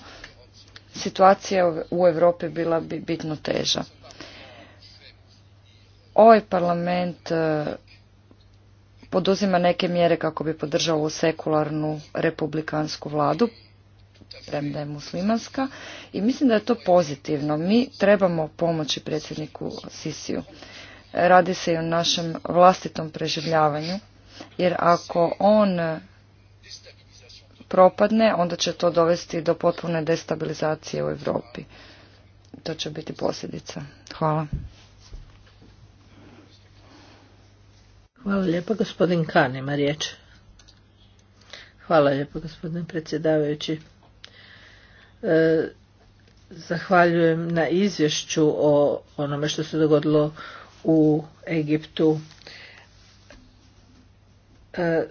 situacija u Europi bila bi bitno teža. Ovaj parlament e, poduzima neke mjere kako bi podržao sekularnu republikansku vladu premda je muslimanska i mislim da je to pozitivno. Mi trebamo pomoći predsjedniku Sisiju. Radi se i o našem vlastitom preživljavanju, jer ako on propadne, onda će to dovesti do potpune destabilizacije u Europi. To će biti posljedica. Hvala. Hvala lijepo, gospodin ima riječ. Hvala lijepo gospodine predsjedavajući. E, zahvaljujem na izvješću o onome što se dogodilo u Egiptu. E,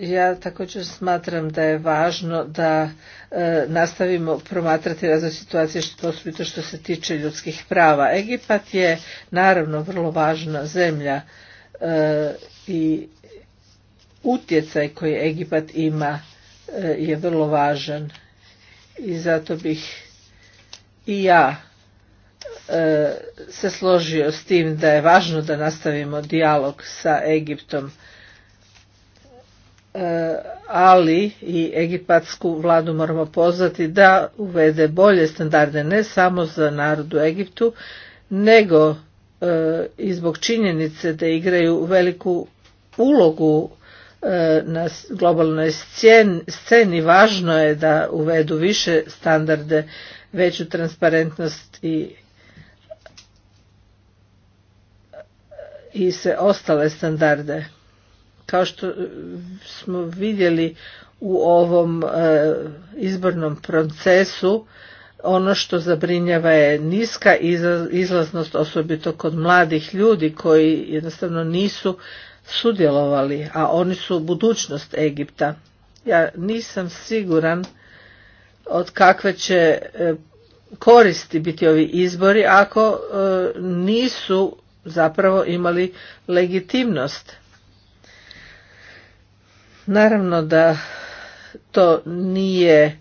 ja također smatram da je važno da e, nastavimo promatrati razvoj situacije osobito što se tiče ljudskih prava. Egipat je naravno vrlo važna zemlja i utjecaj koji Egipat ima je vrlo važan i zato bih i ja e, se složio s tim da je važno da nastavimo dijalog sa Egiptom e, ali i egipatsku vladu moramo pozvati da uvede bolje standarde ne samo za narodu Egiptu nego e, i zbog činjenice da igraju veliku ulogu E, na globalnoj sceni važno je da uvedu više standarde, veću transparentnost i i se ostale standarde. Kao što smo vidjeli u ovom e, izbornom procesu, ono što zabrinjava je niska izlaznost, osobito kod mladih ljudi koji jednostavno nisu sudjelovali, a oni su budućnost Egipta. Ja nisam siguran od kakve će e, koristi biti ovi izbori ako e, nisu zapravo imali legitimnost. Naravno da to nije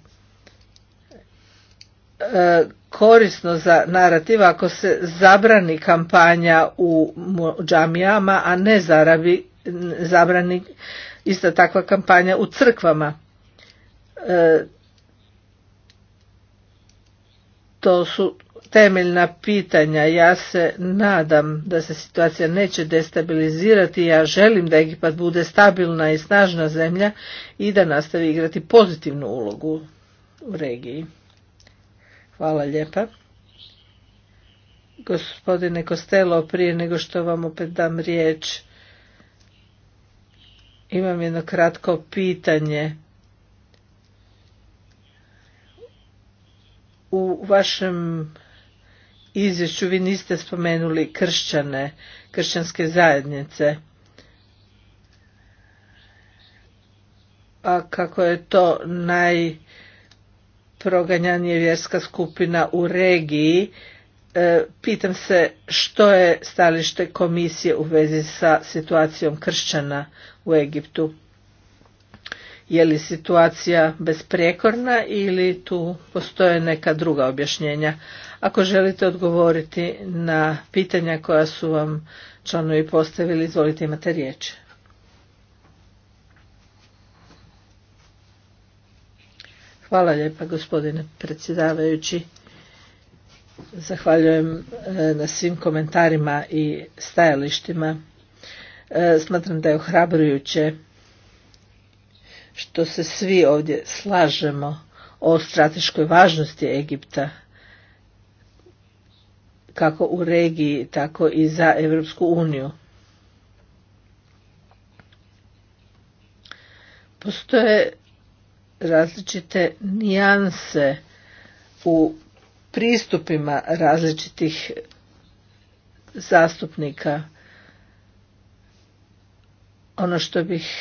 e, korisno za narativ ako se zabrani kampanja u džamijama, a ne zarabi, zabrani ista takva kampanja u crkvama. E, to su temeljna pitanja. Ja se nadam da se situacija neće destabilizirati. Ja želim da Egipat bude stabilna i snažna zemlja i da nastavi igrati pozitivnu ulogu u regiji. Hvala lijepa. Gospodine Kostelo, prije nego što vam opet dam riječ, imam jedno kratko pitanje. U vašem izvješću vi niste spomenuli kršćane, kršćanske zajednice. A kako je to naj proganjan je vjerska skupina u regiji. E, pitam se što je stalište komisije u vezi sa situacijom kršćana u Egiptu. Je li situacija besprekorna ili tu postoje neka druga objašnjenja? Ako želite odgovoriti na pitanja koja su vam članovi postavili, izvolite imate riječ. Hvala lijepa gospodine predsjedavajući. Zahvaljujem e, na svim komentarima i stajalištima. E, smatram da je ohrabrujuće što se svi ovdje slažemo o strateškoj važnosti Egipta kako u regiji tako i za Europsku uniju. Postoje različite nijanse u pristupima različitih zastupnika. Ono što bih,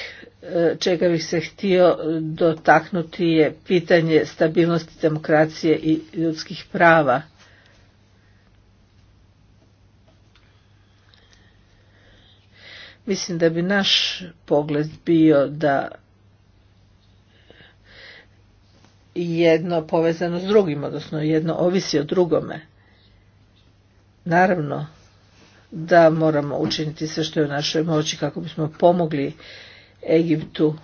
e, čega bih se htio dotaknuti je pitanje stabilnosti demokracije i ljudskih prava. Mislim da bi naš pogled bio da jedno povezano s drugim, odnosno jedno ovisi o drugome. Naravno da moramo učiniti sve što je u našoj moći kako bismo pomogli Egiptu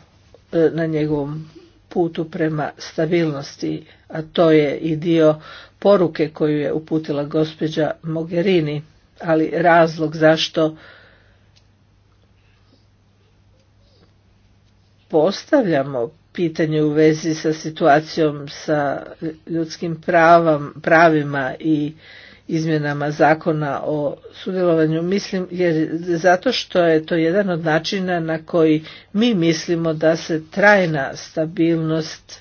e, na njegovom putu prema stabilnosti, a to je i dio poruke koju je uputila gospođa Mogherini, ali razlog zašto postavljamo pitanje u vezi sa situacijom sa ljudskim pravom, pravima i izmjenama zakona o sudjelovanju mislim jer zato što je to jedan od načina na koji mi mislimo da se trajna stabilnost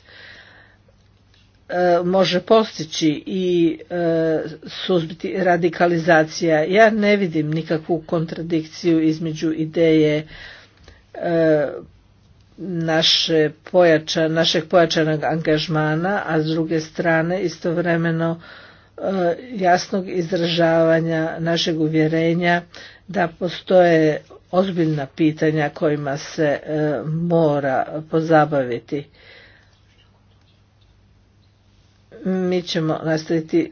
e, može postići i e, suzbiti radikalizacija ja ne vidim nikakvu kontradikciju između ideje e, naše pojača, našeg pojačanog angažmana, a s druge strane istovremeno e, jasnog izražavanja našeg uvjerenja da postoje ozbiljna pitanja kojima se e, mora pozabaviti. Mi ćemo nastaviti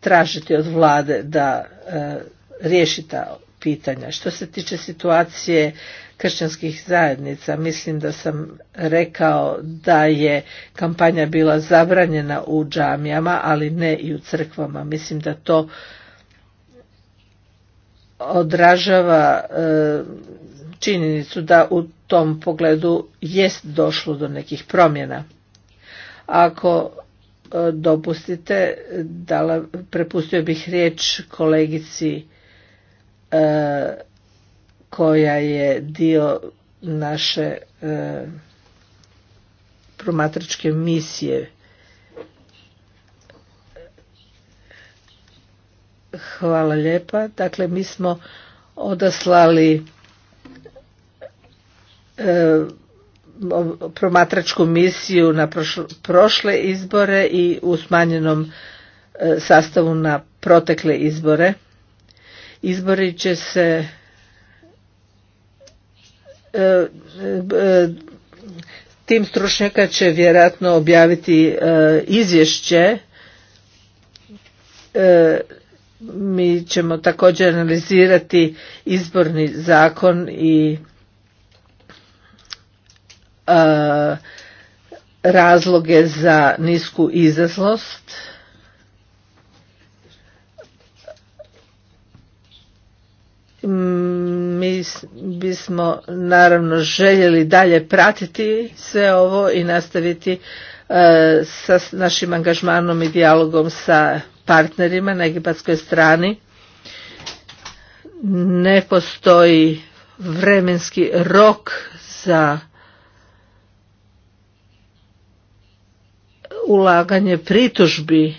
tražiti od vlade da e, riješi ta pitanja. Što se tiče situacije kršćanskih zajednica. Mislim da sam rekao da je kampanja bila zabranjena u džamijama, ali ne i u crkvama. Mislim da to odražava e, činjenicu da u tom pogledu jest došlo do nekih promjena. Ako e, dopustite, prepustio bih riječ kolegici e, koja je dio naše e, promatračke misije. Hvala lijepa. Dakle, mi smo odaslali e, promatračku misiju na prošle izbore i u smanjenom e, sastavu na protekle izbore. Izbori će se E, e, e, tim stručnjaka će vjerojatno objaviti izvješće mi ćemo također analizirati izborni zakon i razloge za nisku izazlost mi bismo naravno željeli dalje pratiti sve ovo i nastaviti e, sa našim angažmanom i dijalogom sa partnerima na egipatskoj strani. Ne postoji vremenski rok za ulaganje pritužbi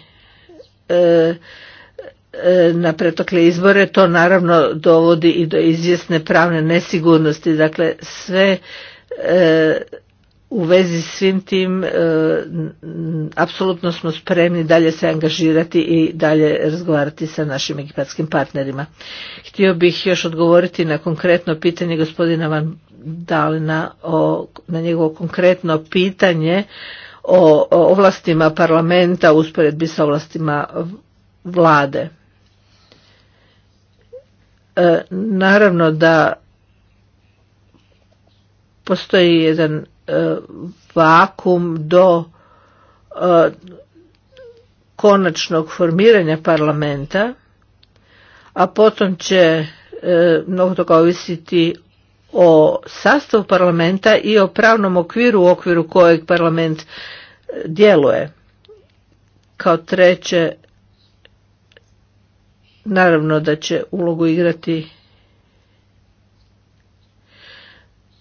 e, E, na pretokle izbore, to naravno dovodi i do izvjesne pravne nesigurnosti. Dakle, sve e, u vezi s svim tim e, apsolutno smo spremni dalje se angažirati i dalje razgovarati sa našim egipatskim partnerima. Htio bih još odgovoriti na konkretno pitanje gospodina Van Dalina o, na njegovo konkretno pitanje o, ovlastima parlamenta usporedbi sa ovlastima vlade. E, naravno da postoji jedan e, vakum do e, konačnog formiranja parlamenta, a potom će mnogo toga ovisiti o sastavu parlamenta i o pravnom okviru u okviru kojeg parlament djeluje. Kao treće, Naravno da će ulogu igrati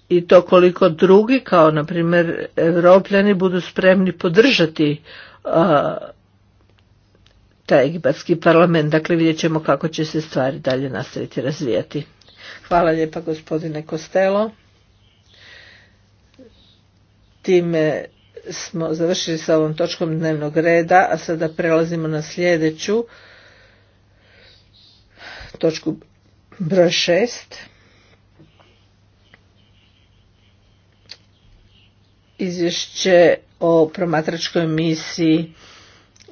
i to koliko drugi, kao na primjer Europljani, budu spremni podržati taj egipatski parlament. Dakle, vidjet ćemo kako će se stvari dalje nastaviti razvijati. Hvala lijepa gospodine Kostelo. Time smo završili sa ovom točkom dnevnog reda, a sada prelazimo na sljedeću točku broj šest Izvješće o promatračkoj misiji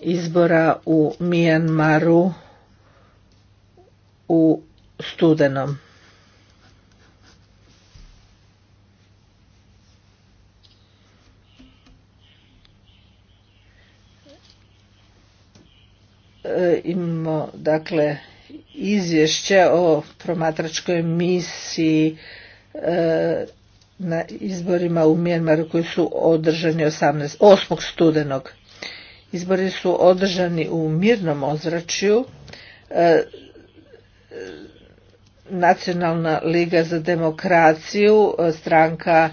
izbora u Mijanmaru u studenom. E, imamo dakle izvješće o promatračkoj misiji e, na izborima u Mijenmaru koji su održani 18, studenog. Izbori su održani u mirnom ozračju. E, Nacionalna liga za demokraciju, e, stranka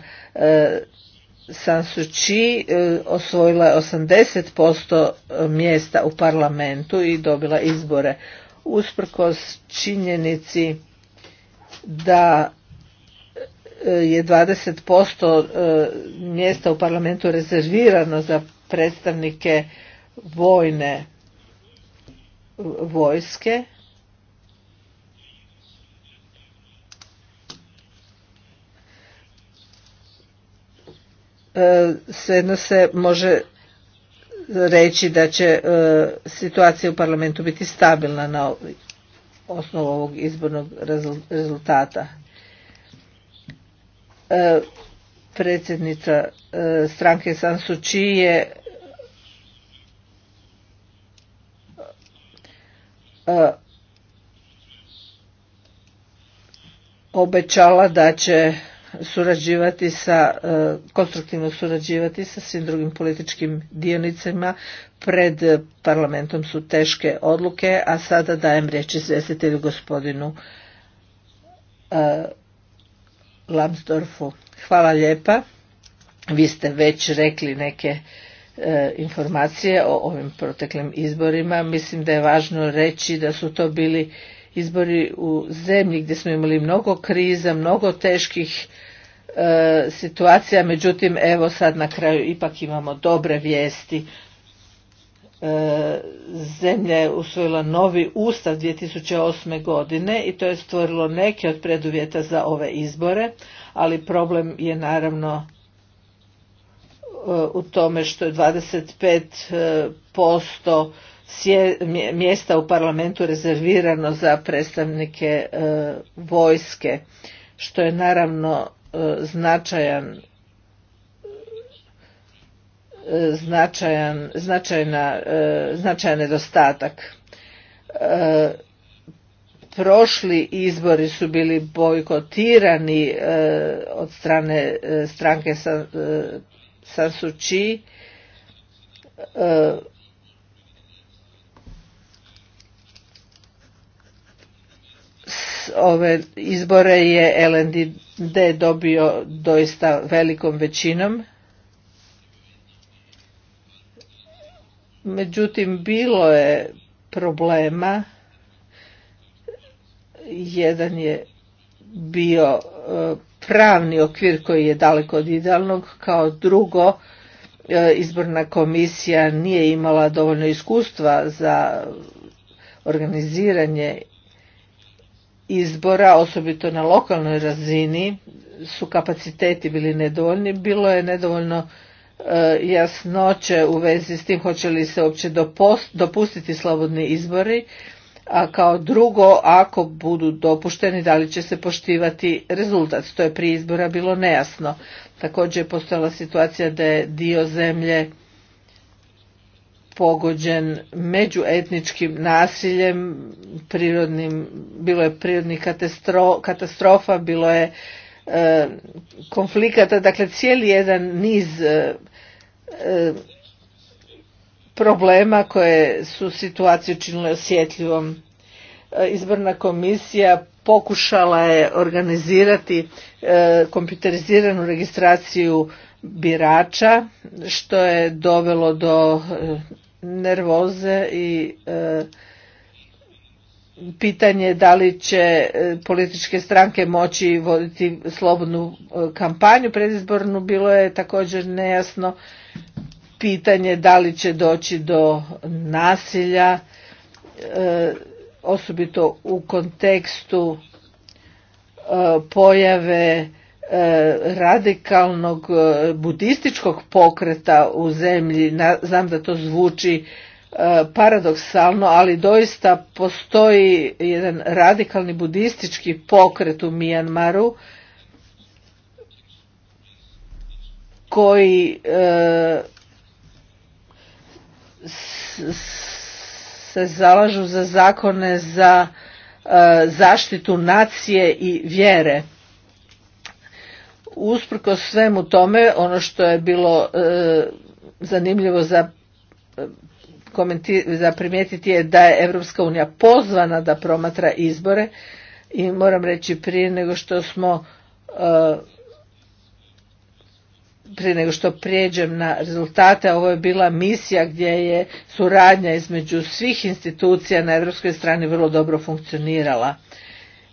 San osvojila je 80% mjesta u parlamentu i dobila izbore usprkos činjenici da e, je 20% e, mjesta u parlamentu rezervirano za predstavnike vojne vojske. E, svejedno se može reći da će e, situacija u parlamentu biti stabilna na osnovu ovog izbornog rezultata. E, predsjednica e, stranke Sansuči je obećala da će surađivati sa, e, konstruktivno surađivati sa svim drugim političkim dionicima. Pred parlamentom su teške odluke, a sada dajem riječ izvjestitelju gospodinu e, Lambsdorfu. Hvala lijepa. Vi ste već rekli neke e, informacije o ovim proteklim izborima. Mislim da je važno reći da su to bili izbori u zemlji gdje smo imali mnogo kriza, mnogo teških e, situacija, međutim evo sad na kraju ipak imamo dobre vijesti. E, zemlja je usvojila novi ustav 2008. godine i to je stvorilo neke od preduvjeta za ove izbore, ali problem je naravno e, u tome što je 25% mjesta u parlamentu rezervirano za predstavnike e, vojske što je naravno e, značajan e, značajan značajna značajan nedostatak prošli izbori su bili bojkotirani od strane stranke Sansuči ove izbore je LND dobio doista velikom većinom. Međutim, bilo je problema. Jedan je bio e, pravni okvir koji je daleko od idealnog, kao drugo e, izborna komisija nije imala dovoljno iskustva za organiziranje izbora, osobito na lokalnoj razini, su kapaciteti bili nedovoljni, bilo je nedovoljno e, jasnoće u vezi s tim hoće li se uopće dopustiti slobodni izbori, a kao drugo ako budu dopušteni da li će se poštivati rezultat. To je prije izbora bilo nejasno. Također je postojala situacija da je dio zemlje pogođen međuetničkim nasiljem, prirodnim, bilo je prirodnih katastrofa, bilo je e, konflikata, dakle cijeli jedan niz e, e, problema koje su situaciju činile osjetljivom. Izborna komisija pokušala je organizirati kompjuteriziranu registraciju birača što je dovelo do nervoze i e, pitanje da li će e, političke stranke moći voditi slobodnu e, kampanju predizbornu bilo je također nejasno pitanje da li će doći do nasilja osobito u kontekstu pojave E, radikalnog e, budističkog pokreta u zemlji, znam da to zvuči e, paradoksalno, ali doista postoji jedan radikalni budistički pokret u Mijanmaru koji se zalažu za zakone za zaštitu nacije i vjere usprkos svemu tome ono što je bilo e, zanimljivo za e, za primijetiti je da je Europska unija pozvana da promatra izbore i moram reći prije nego što smo e, prije nego što prijeđem na rezultate, ovo je bila misija gdje je suradnja između svih institucija na europskoj strani vrlo dobro funkcionirala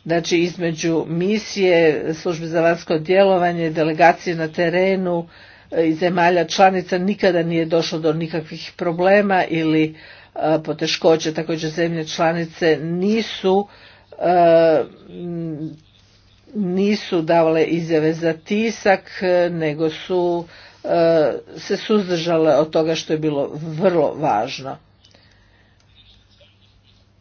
znači između misije službe za vanjsko djelovanje delegacije na terenu e, i zemalja članica nikada nije došlo do nikakvih problema ili e, poteškoće također zemlje članice nisu e, nisu davale izjave za tisak nego su se suzdržale od toga što je bilo vrlo važno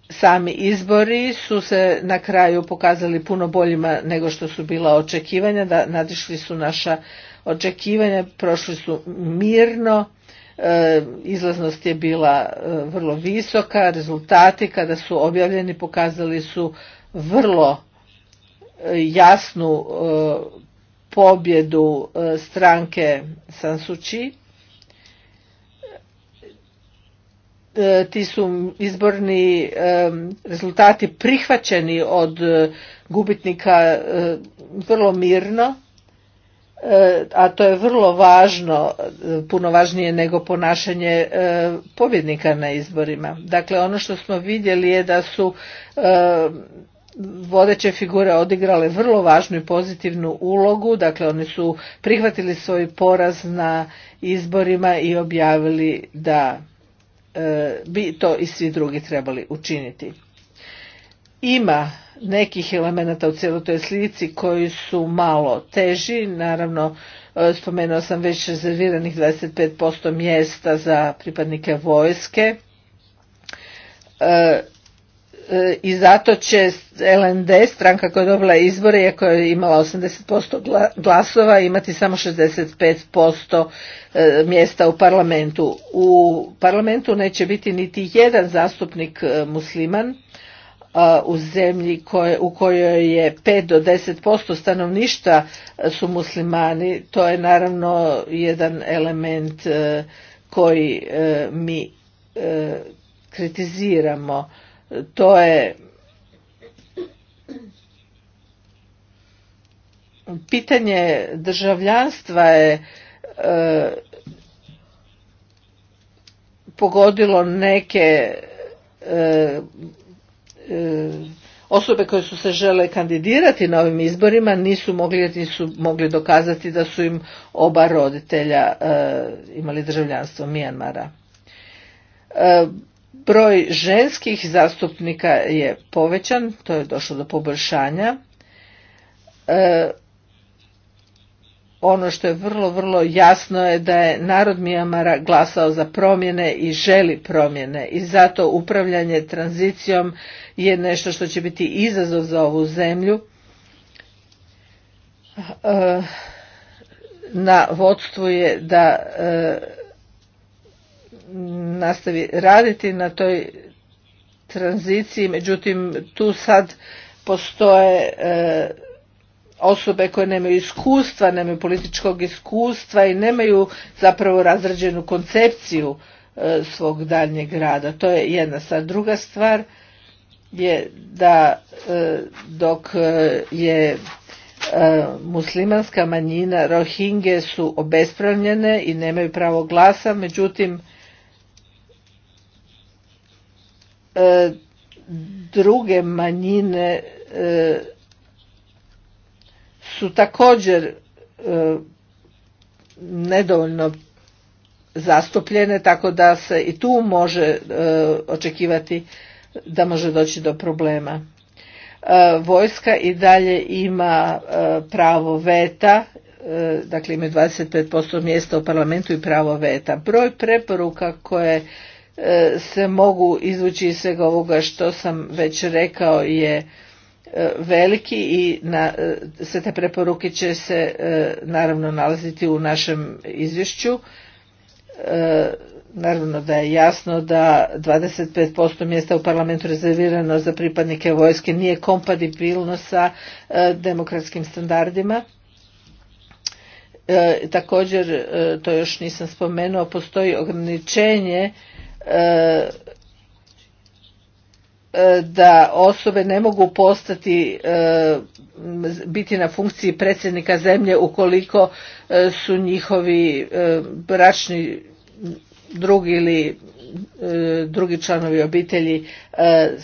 sami izbori su se na kraju pokazali puno boljima nego što su bila očekivanja, da nadišli su naša očekivanja, prošli su mirno, e, izlaznost je bila e, vrlo visoka, rezultati kada su objavljeni pokazali su vrlo e, jasnu pobjedu stranke Sansući. E, ti su izborni e, rezultati prihvaćeni od e, gubitnika vrlo mirno a to je vrlo važno puno važnije nego ponašanje pobjednika na izborima dakle ono što smo vidjeli je da su vodeće figure odigrale vrlo važnu i pozitivnu ulogu dakle oni su prihvatili svoj poraz na izborima i objavili da E, bi to i svi drugi trebali učiniti. Ima nekih elemenata u cijeloj toj slici koji su malo teži, naravno e, spomenuo sam već rezerviranih 25% mjesta za pripadnike vojske. E, E, i zato će LND, stranka koja je dobila izbore, iako je imala 80% glasova, imati samo 65% e, mjesta u parlamentu. U parlamentu neće biti niti jedan zastupnik e, musliman u zemlji u kojoj je 5 do 10% stanovništa su muslimani. To je naravno jedan element koji mi kritiziramo to je pitanje državljanstva je e, pogodilo neke e, e, osobe koje su se žele kandidirati na ovim izborima nisu mogli jer nisu mogli dokazati da su im oba roditelja imali državljanstvo Mijanmara. Broj ženskih zastupnika je povećan, to je došlo do poboljšanja. E, ono što je vrlo, vrlo jasno je da je narod Mijamara glasao za promjene i želi promjene i zato upravljanje tranzicijom je nešto što će biti izazov za ovu zemlju. E, na vodstvu je da e, nastavi raditi na toj tranziciji, međutim tu sad postoje e, osobe koje nemaju iskustva, nemaju političkog iskustva i nemaju zapravo razrađenu koncepciju e, svog daljnjeg rada. To je jedna stvar. Druga stvar je da e, dok je muslimanska manjina Rohingje su obespravljene i nemaju pravo glasa, međutim E, druge manjine e, su također e, nedovoljno zastupljene tako da se i tu može očekivati da može doći do problema vojska i dalje ima pravo veta, dakle ima 25% mjesta u parlamentu i pravo veta. Broj preporuka koje E, se mogu izvući iz svega ovoga što sam već rekao je e, veliki i e, sve te preporuke će se naravno nalaziti u našem izvješću. Naravno da je jasno da 25% mjesta u parlamentu rezervirano za pripadnike vojske nije kompatibilno sa demokratskim standardima. Također, to još nisam spomenuo, postoji ograničenje E, e, da osobe ne mogu postati e, biti na funkciji predsjednika zemlje ukoliko su njihovi bračni drugi ili drugi članovi obitelji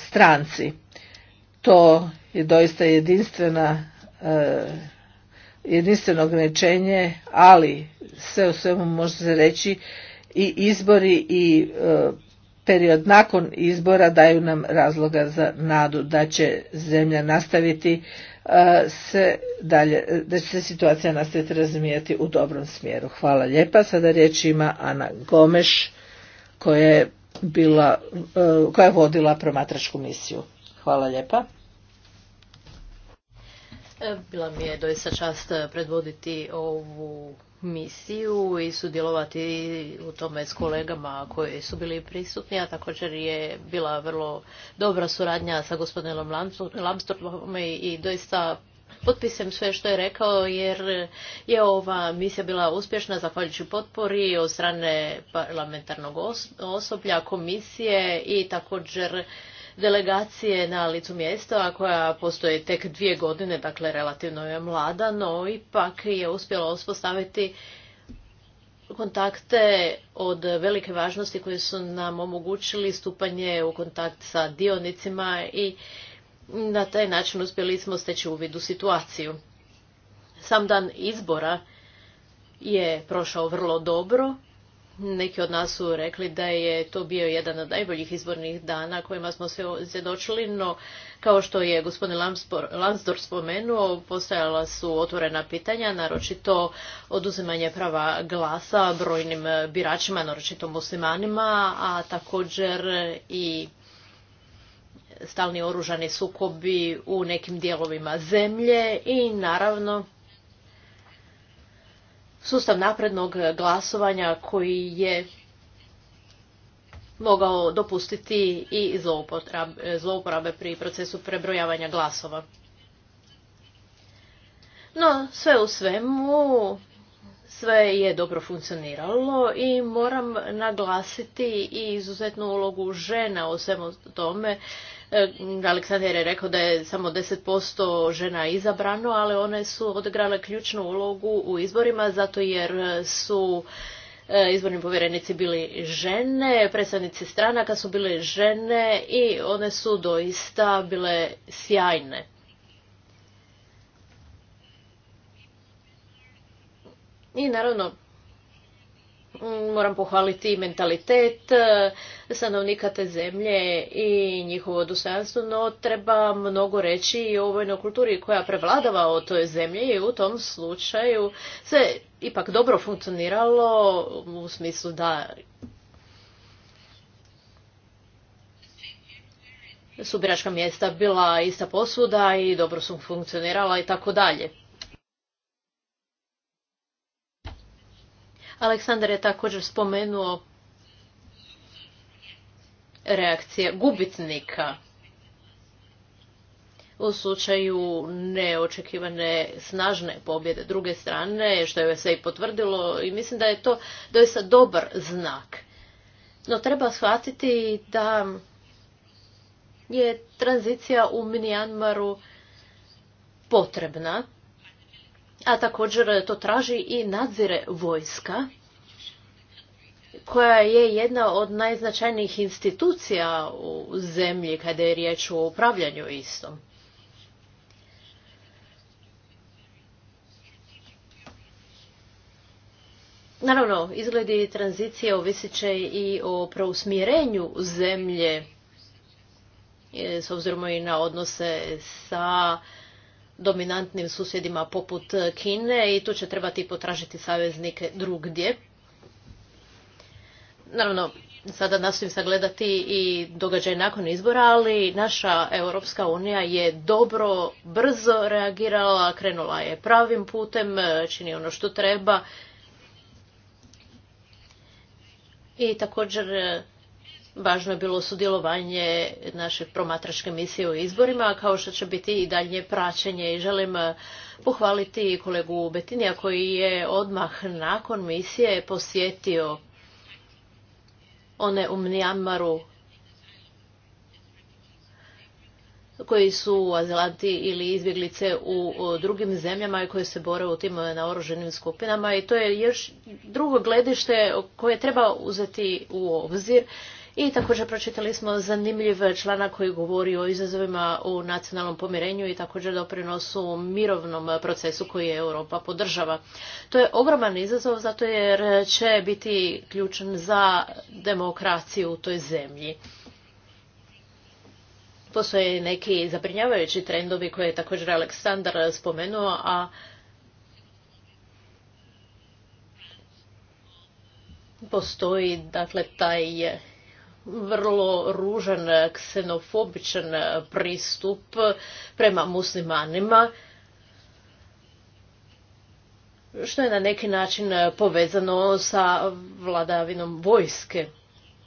stranci to je doista jedinstvena jedinstveno ograničenje ali sve u svemu može se reći i izbori i e, period nakon izbora daju nam razloga za nadu da će zemlja nastaviti e, se dalje, da će se situacija nastaviti razumijeti u dobrom smjeru. Hvala lijepa. Sada riječ ima Ana Gomeš koja je, bila, e, koja je vodila promatračku misiju. Hvala lijepa. Bila mi je doista čast predvoditi ovu misiju i sudjelovati u tome s kolegama koji su bili prisutni, a također je bila vrlo dobra suradnja sa gospodinom Lamstorpom i doista potpisem sve što je rekao jer je ova misija bila uspješna zahvaljujući potpori od strane parlamentarnog osoblja, komisije i također delegacije na licu mjesta koja postoji tek dvije godine, dakle relativno je mlada, no ipak je uspjela uspostaviti kontakte od velike važnosti koji su nam omogućili stupanje u kontakt sa dionicima i na taj način uspjeli smo steći uvid u situaciju. Sam dan izbora je prošao vrlo dobro neki od nas su rekli da je to bio jedan od najboljih izbornih dana kojima smo se svjedočili, no kao što je gospodin Lansdor spomenuo, postojala su otvorena pitanja, naročito oduzimanje prava glasa brojnim biračima, naročito muslimanima, a također i stalni oružani sukobi u nekim dijelovima zemlje i naravno sustav naprednog glasovanja koji je mogao dopustiti i zlouporabe pri procesu prebrojavanja glasova. No, sve u svemu, sve je dobro funkcioniralo i moram naglasiti i izuzetnu ulogu žena u svemu tome E, Aleksandar je rekao da je samo 10% žena izabrano, ali one su odigrale ključnu ulogu u izborima zato jer su e, izborni povjerenici bili žene, predstavnici stranaka su bile žene i one su doista bile sjajne. I naravno, moram pohvaliti mentalitet e, stanovnika te zemlje i njihovo dostojanstvo, no treba mnogo reći i o vojnoj kulturi koja prevladava o toj zemlji i u tom slučaju se ipak dobro funkcioniralo u smislu da su biračka mjesta bila ista posuda i dobro su funkcionirala i tako dalje. Aleksandar je također spomenuo reakcije gubitnika u slučaju neočekivane snažne pobjede druge strane, što je sve i potvrdilo i mislim da je to doista dobar znak. No treba shvatiti da je tranzicija u Minijanmaru potrebna a također to traži i nadzire vojska koja je jedna od najznačajnijih institucija u zemlji kada je riječ o upravljanju istom. Naravno, izgledi tranzicije ovisit će i o preusmjerenju zemlje e, s obzirom i na odnose sa dominantnim susjedima poput Kine i tu će trebati potražiti saveznike drugdje. Naravno, sada nastojim sagledati i događaj nakon izbora, ali naša Europska unija je dobro, brzo reagirala, krenula je pravim putem, čini ono što treba. I također Važno je bilo sudjelovanje naše promatračke misije u izborima, kao što će biti i daljnje praćenje. I želim eh, pohvaliti kolegu Betinija koji je odmah nakon misije posjetio one u Mnijamaru koji su azilanti ili izbjeglice u drugim zemljama i koji se bore u tim eh, naoruženim skupinama i to je još drugo gledište koje treba uzeti u obzir i također pročitali smo zanimljiv članak koji govori o izazovima u nacionalnom pomirenju i također doprinosu mirovnom procesu koji je Europa podržava. To je ogroman izazov zato jer će biti ključan za demokraciju u toj zemlji. Postoje neki zabrinjavajući trendovi koje je također Aleksandar spomenuo, a postoji dakle taj vrlo ružan ksenofobičan pristup prema muslimanima što je na neki način povezano sa vladavinom vojske.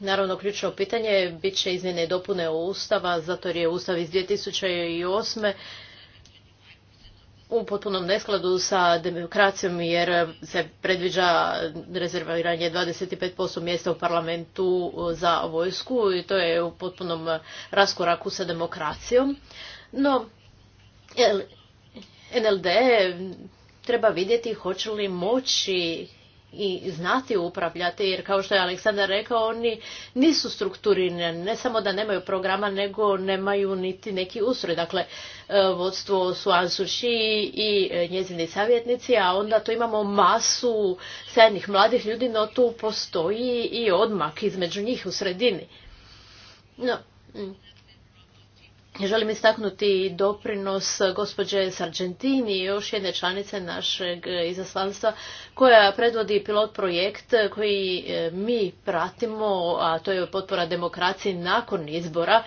Naravno, ključno pitanje bit će izmjene i dopune Ustava, zato jer je Ustav iz 2008 u potpunom neskladu sa demokracijom jer se predviđa rezerviranje 25% mjesta u parlamentu za vojsku i to je u potpunom raskoraku sa demokracijom. No, NLD treba vidjeti hoće li moći i znati upravljati, jer kao što je Aleksandar rekao, oni nisu strukturirani, ne samo da nemaju programa, nego nemaju niti neki ustroj. Dakle, e, vodstvo su Ansuši i e, njezini savjetnici, a onda tu imamo masu sjajnih mladih ljudi, no tu postoji i odmak između njih u sredini. No, Želim istaknuti doprinos gospođe Sargentini i još jedne članice našeg izaslanstva koja predvodi pilot projekt koji e, mi pratimo, a to je potpora demokraciji nakon izbora.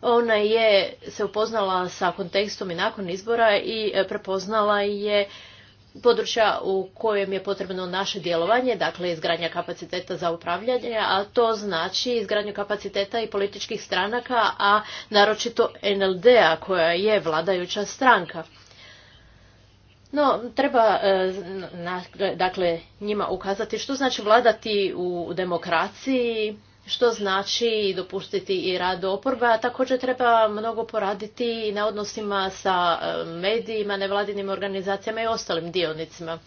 Ona je se upoznala sa kontekstom i nakon izbora i e, prepoznala je područja u kojem je potrebno naše djelovanje, dakle izgradnja kapaciteta za upravljanje, a to znači izgradnju kapaciteta i političkih stranaka, a naročito NLD-a koja je vladajuća stranka. No, treba e, dakle, njima ukazati što znači vladati u demokraciji, što znači dopustiti i rad oporbe, a također treba mnogo poraditi i na odnosima sa e, medijima, nevladinim organizacijama i ostalim dionicima.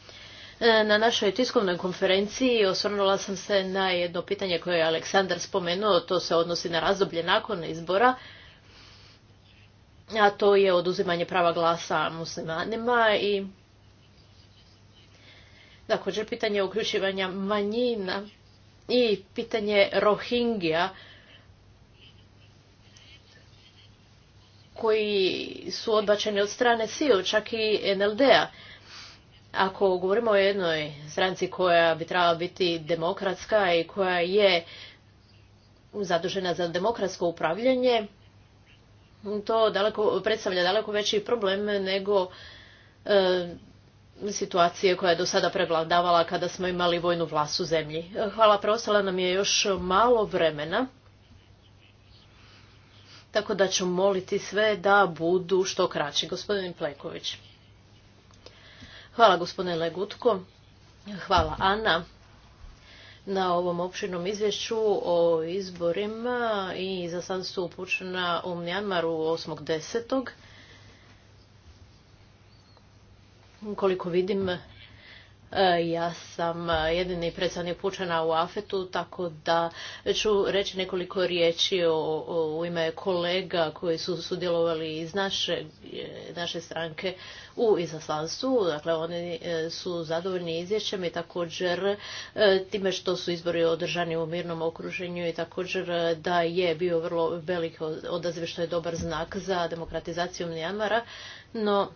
E, na našoj tiskovnoj konferenciji osvrnula sam se na jedno pitanje koje je Aleksandar spomenuo, to se odnosi na razdoblje nakon izbora, a to je oduzimanje prava glasa muslimanima i također pitanje uključivanja manjina i pitanje Rohingija koji su odbačeni od strane SIO, čak i NLD-a. Ako govorimo o jednoj stranci koja bi trebala biti demokratska i koja je zadužena za demokratsko upravljanje, to daleko, predstavlja daleko veći problem nego e, situacije koja je do sada prevladavala kada smo imali vojnu vlast u zemlji. Hvala, preostala nam je još malo vremena, tako da ću moliti sve da budu što kraći. Gospodin Pleković. Hvala gospodine Legutko, hvala Ana na ovom opširnom izvješću o izborima i za sad su upućena u Mnjanmaru 8.10. Koliko vidim, e, ja sam jedini predstavnik Pučana u Afetu, tako da ću reći nekoliko riječi o, u ime kolega koji su sudjelovali iz naše, naše stranke u izaslanstvu. Dakle, oni e, su zadovoljni izvješćem i također e, time što su izbori održani u mirnom okruženju i također da je bio vrlo velik odaziv što je dobar znak za demokratizaciju Mnijamara, no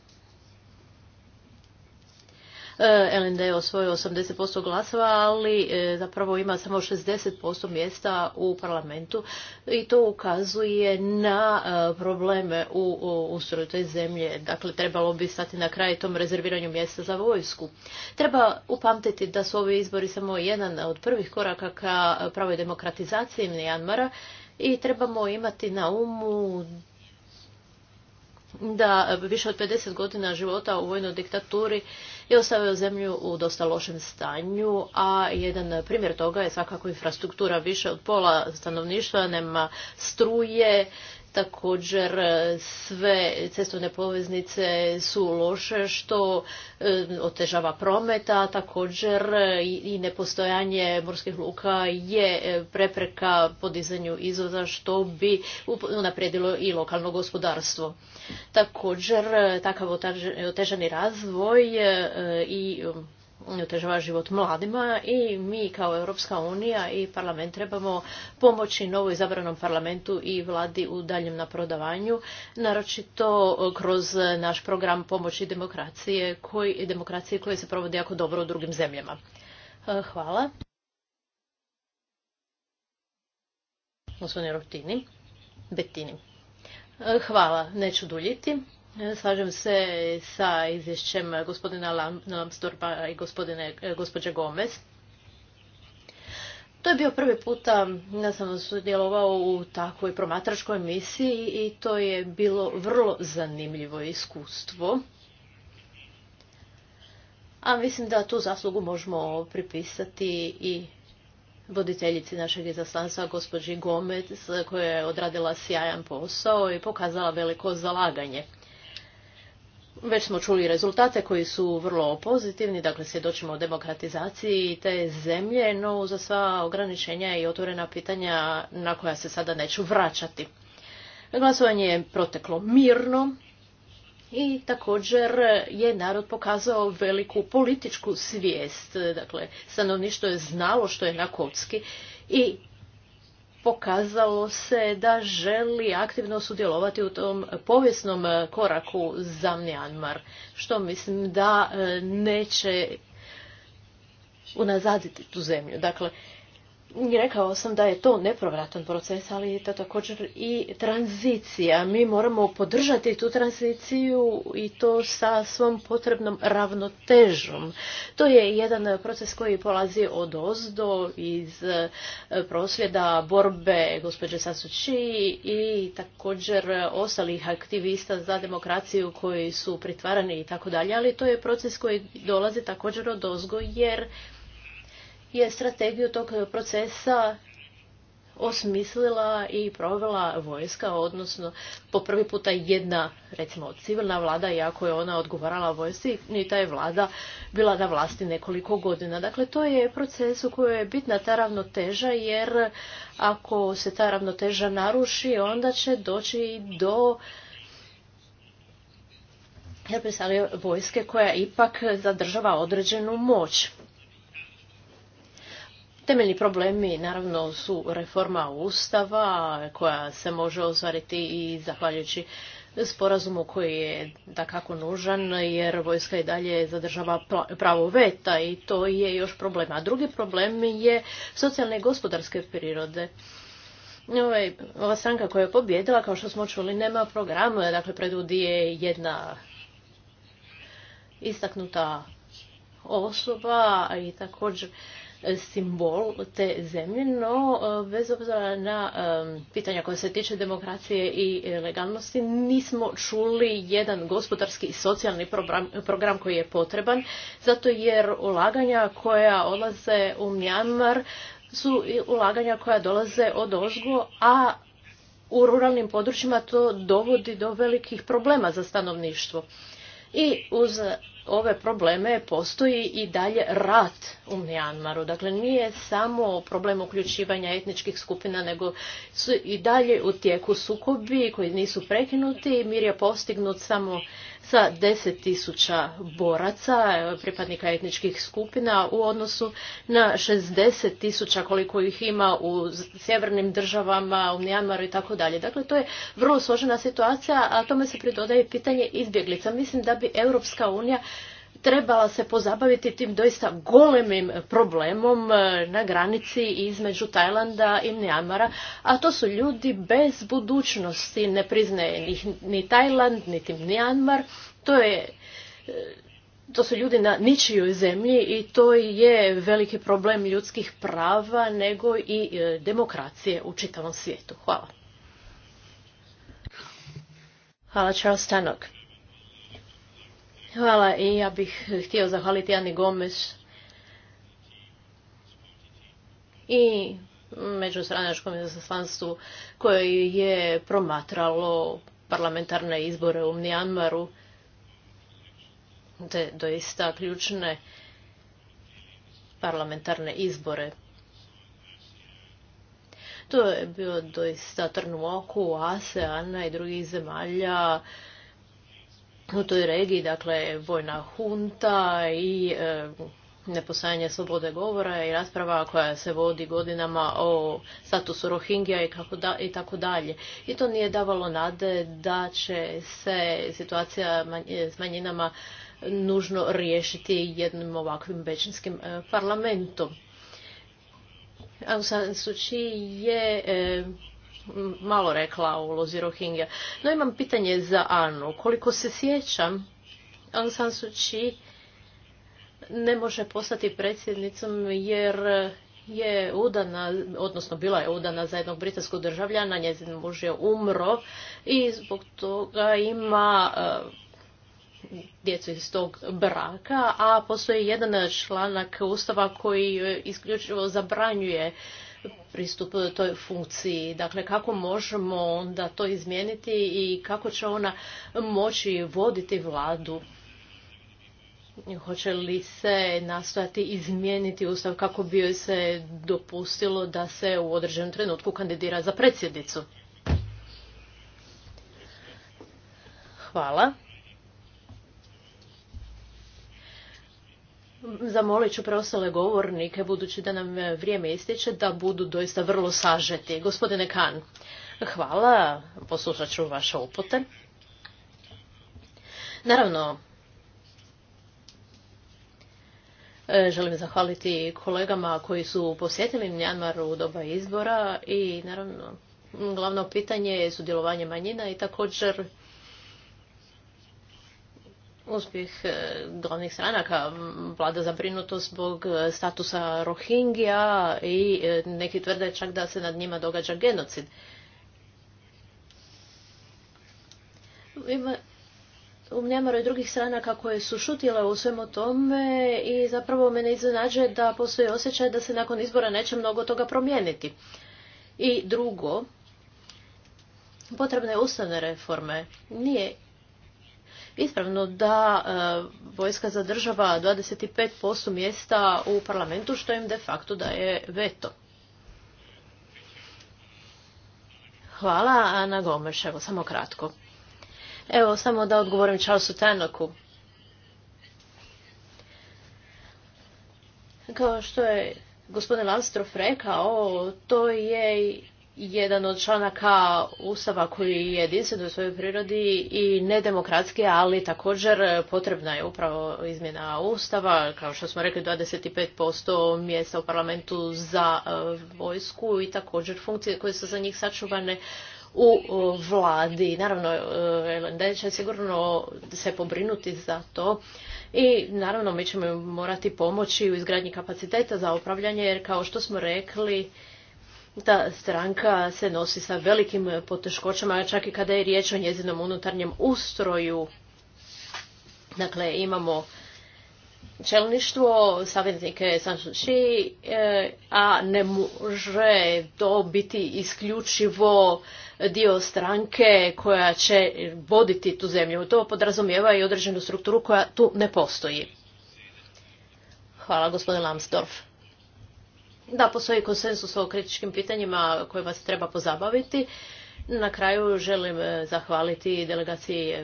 E, LND je osvojio 80% glasova, ali e, zapravo ima samo 60% mjesta u parlamentu i to ukazuje na e, probleme u ustroju te zemlje. Dakle, trebalo bi stati na kraj tom rezerviranju mjesta za vojsku. Treba upamtiti da su ovi izbori samo jedan od prvih koraka ka pravoj demokratizaciji Mijanmara i trebamo imati na umu da više od 50 godina života u vojnoj diktaturi je ostavio zemlju u dosta lošem stanju, a jedan primjer toga je svakako infrastruktura više od pola stanovništva, nema struje, Također e, sve cestovne poveznice su loše što e, otežava prometa, također e, i nepostojanje morskih luka je prepreka podizanju izvoza što bi unaprijedilo i lokalno gospodarstvo. Također takav otežani razvoj i otežava život mladima i mi kao Europska unija i parlament trebamo pomoći novoj zabranom parlamentu i vladi u daljem naprodavanju, naročito kroz naš program pomoći demokracije koji, demokracije koji se provodi jako dobro u drugim zemljama. E, hvala. Gospodine Rotini, Betini. E, hvala, neću duljiti. Slažem se sa izvješćem gospodina Lambsdorpa i gospodine, e, gospođe Gomez. To je bio prvi puta da sam sudjelovao u takvoj promatračkoj emisiji i to je bilo vrlo zanimljivo iskustvo. A mislim da tu zaslugu možemo pripisati i voditeljici našeg izaslanstva, gospođi Gomez, koja je odradila sjajan posao i pokazala veliko zalaganje. Već smo čuli rezultate koji su vrlo pozitivni, dakle svjedočimo o demokratizaciji te zemlje, no za sva ograničenja i otvorena pitanja na koja se sada neću vraćati. Glasovanje je proteklo mirno i također je narod pokazao veliku političku svijest, dakle stanovništvo je znalo što je na kocki i pokazalo se da želi aktivno sudjelovati u tom povijesnom e, koraku za Mjanmar, što mislim da e, neće unazaditi tu zemlju. Dakle, Rekao sam da je to nepovratan proces, ali je to također i tranzicija. Mi moramo podržati tu tranziciju i to sa svom potrebnom ravnotežom. To je jedan proces koji polazi od ozdo, iz e, prosvjeda, borbe gospođe Sasući i također ostalih aktivista za demokraciju koji su pritvarani i tako dalje, ali to je proces koji dolazi također od jer je strategiju tog procesa osmislila i provela vojska, odnosno po prvi puta jedna, recimo, civilna vlada, iako je ona odgovarala vojsci, ni ta je vlada bila na vlasti nekoliko godina. Dakle, to je proces u kojoj je bitna ta ravnoteža, jer ako se ta ravnoteža naruši, onda će doći do vojske koja ipak zadržava određenu moć. Temeljni problemi naravno su reforma Ustava koja se može ostvariti i zahvaljujući sporazumu koji je dakako nužan jer vojska i dalje zadržava pravo veta i to je još problem. A drugi problem je socijalne i gospodarske prirode. Ovaj, ova stranka koja je pobjedila, kao što smo čuli, nema programa, dakle predudi je jedna istaknuta osoba i također simbol te zemlje, no eh, bez obzira na pitanja koje se tiče demokracije i legalnosti nismo čuli jedan gospodarski i socijalni program, koji je potreban, zato jer ulaganja koja odlaze u Mjanmar su ulaganja koja dolaze od ozgo, a u ruralnim područjima to dovodi do velikih problema za stanovništvo. I uz ove probleme postoji i dalje rat u Mijanmaru. Dakle, nije samo problem uključivanja etničkih skupina, nego su i dalje u tijeku sukobi koji nisu prekinuti. Mir je postignut samo sa tisuća boraca, e, pripadnika etničkih skupina u odnosu na tisuća koliko ih ima u sjevernim državama, u Mijanmaru i tako dalje. Dakle, to je vrlo složena situacija, a tome se pridodaje pitanje izbjeglica. Mislim da bi Europska unija trebala se pozabaviti tim doista golemim problemom e, na granici između Tajlanda i Mjanmara, a to su ljudi bez budućnosti, ne priznaje ni Tajland, niti Mjanmar. To je e, to su ljudi na ničijoj zemlji i to je veliki problem ljudskih prava nego i e, demokracije u čitavom svijetu. Hvala. Hvala Charles Hvala i ja bih htio zahvaliti Ani Gomes i međustranačkom izaslanstvu koje je promatralo parlamentarne izbore u Mnijanmaru te doista ključne parlamentarne izbore. To je bio doista trnu oku ASEAN-a i drugih zemalja u toj regiji, dakle vojna hunta i e, neposajanje slobode govora i rasprava koja se vodi godinama o statusu rohingija i, i tako dalje. I to nije davalo nade da će se situacija e, s manjinama nužno riješiti jednim ovakvim većinskim e, parlamentom. Aung San Suu je e, malo rekla o ulozi Rohingya. No imam pitanje za Anu. Koliko se sjećam, Aung San Suu Kyi ne može postati predsjednicom jer je udana, odnosno bila je udana za jednog britanskog državljana, njezin muž je umro i zbog toga ima e, djecu iz tog braka, a postoji jedan članak Ustava koji isključivo zabranjuje pristup toj funkciji. Dakle, kako možemo onda to izmijeniti i kako će ona moći voditi vladu? Hoće li se nastojati izmijeniti ustav kako bi joj se dopustilo da se u određenom trenutku kandidira za predsjednicu? Hvala. zamolit ću preostale govornike, budući da nam e, vrijeme ističe, da budu doista vrlo sažeti. Gospodine Kan, hvala, poslušat ću vaše upute. Naravno, e, Želim zahvaliti kolegama koji su posjetili Mjanmar u doba izbora i naravno glavno pitanje je sudjelovanje manjina i također uspjeh e, glavnih stranaka vlada zabrinuto zbog e, statusa Rohingija i e, neki tvrde čak da se nad njima događa genocid. Ima u Mnjamaru i drugih stranaka koje su šutile u svemu tome i zapravo mene iznenađuje da postoji osjećaj da se nakon izbora neće mnogo toga promijeniti. I drugo, potrebne ustavne reforme. Nije ispravno da e, vojska zadržava 25% mjesta u parlamentu, što im de facto daje veto. Hvala, Ana Gomeš, evo, samo kratko. Evo, samo da odgovorim Charlesu Tenoku. Kao što je gospodin Alstrov rekao, to je jedan od članaka Ustava koji je jedinstven u svojoj prirodi i nedemokratski, ali također potrebna je upravo izmjena Ustava, kao što smo rekli 25% mjesta u parlamentu za e, vojsku i također funkcije koje su za njih sačuvane u e, vladi. Naravno, e, LND će sigurno se pobrinuti za to i naravno mi ćemo morati pomoći u izgradnji kapaciteta za upravljanje jer kao što smo rekli ta stranka se nosi sa velikim poteškoćama, čak i kada je riječ o njezinom unutarnjem ustroju. Dakle, imamo čelništvo, savjetnike Kyi, eh, a ne može to biti isključivo dio stranke koja će voditi tu zemlju. To podrazumijeva i određenu strukturu koja tu ne postoji. Hvala, gospodin Lambsdorff da postoji konsenzus o kritičkim pitanjima koje vas treba pozabaviti. Na kraju želim e, zahvaliti delegaciji e,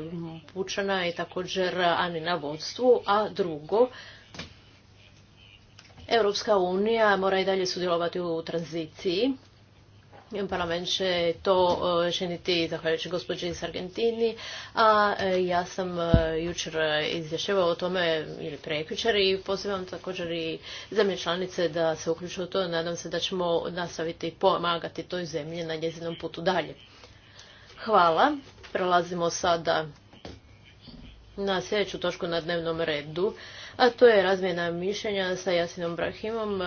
Pučana i također Ani na vodstvu, a drugo, Europska unija mora i dalje sudjelovati u tranziciji Parlament će to činiti e, zahvaljujući gospođi iz Argentini, a e, ja sam e, jučer izvješćivao o tome ili prekjučer i pozivam također i zemlje članice da se uključu u to. Nadam se da ćemo nastaviti pomagati toj zemlji na njezinom putu dalje. Hvala. Prelazimo sada na sljedeću točku na dnevnom redu, a to je razmjena mišljenja sa Jasinom Brahimom,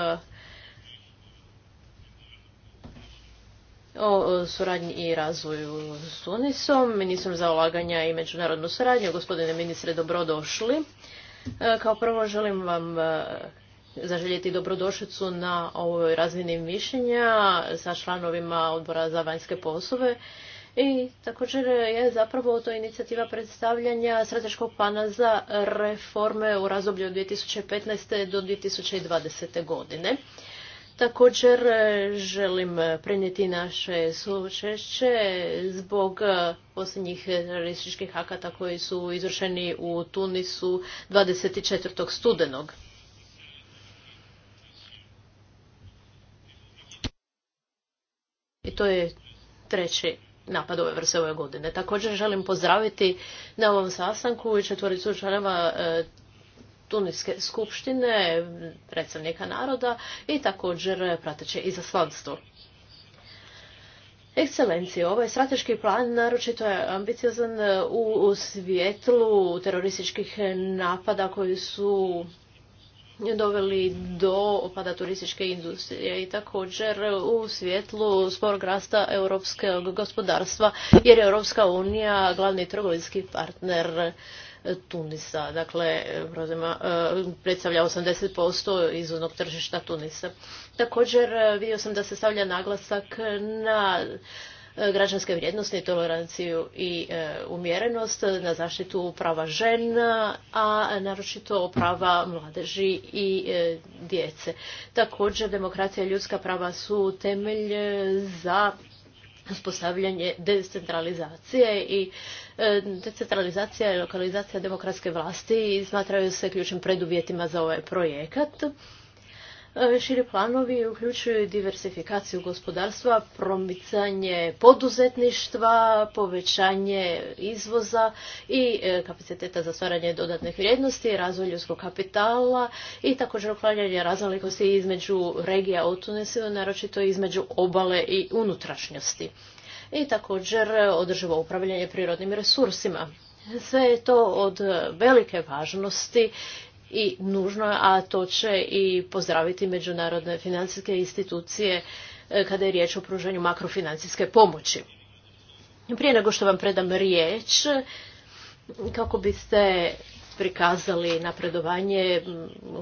o suradnji i razvoju s Tunisom, ministrom za ulaganja i međunarodnu suradnju. Gospodine ministre, dobrodošli. E, kao prvo želim vam e, zaželjeti dobrodošlicu na ovoj razini mišljenja sa članovima odbora za vanjske poslove. I također je zapravo to inicijativa predstavljanja strateškog plana za reforme u razdoblju od 2015. do 2020. godine. Također e, želim prenijeti naše sučešće zbog e, posljednjih terorističkih akata koji su izvršeni u Tunisu 24. studenog. I to je treći napad ove vrste ove godine. Također želim pozdraviti na ovom sastanku i četvoricu e, Tuniske skupštine, predstavnika naroda i također prateće izaslanstvo. Ekscelencije, ovaj strateški plan naročito je ambiciozan u svijetlu terorističkih napada koji su doveli do opada turističke industrije i također u svijetlu sporog rasta europskog gospodarstva jer je Europska unija glavni trgovinski partner Tunisa. Dakle, e, predstavlja 80% izvoznog tržišta Tunisa. Također, e, vidio sam da se stavlja naglasak na e, građanske vrijednosti, toleranciju i umjerenost, na zaštitu prava žena, a naročito prava mladeži i djece. Također, demokracija i ljudska prava su temelj za uspostavljanje decentralizacije i e, decentralizacija i lokalizacija demokratske vlasti smatraju se ključnim preduvjetima za ovaj projekat E, širi planovi uključuju diversifikaciju gospodarstva, promicanje poduzetništva, povećanje izvoza i e, kapaciteta za stvaranje dodatnih vrijednosti, razvoj ljudskog kapitala i također uklanjanje raznolikosti između regija u naročito između obale i unutrašnjosti. I također održivo upravljanje prirodnim resursima. Sve je to od velike važnosti i nužno, a to će i pozdraviti međunarodne financijske institucije e, kada je riječ o pružanju makrofinancijske pomoći. Prije nego što vam predam riječ, kako biste prikazali napredovanje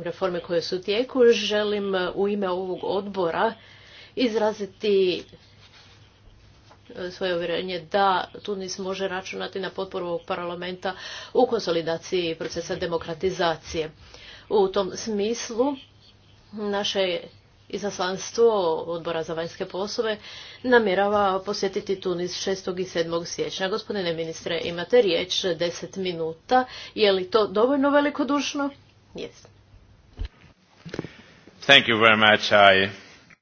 reforme koje su u tijeku, želim u ime ovog odbora izraziti E, svoje uvjerenje da Tunis može računati na potporu ovog parlamenta u konsolidaciji procesa demokratizacije. U tom smislu naše izaslanstvo odbora za vanjske poslove namjerava posjetiti Tunis 6. i 7. siječnja. Gospodine ministre, imate riječ 10 minuta. Je li to dovoljno velikodušno? Yes. Thank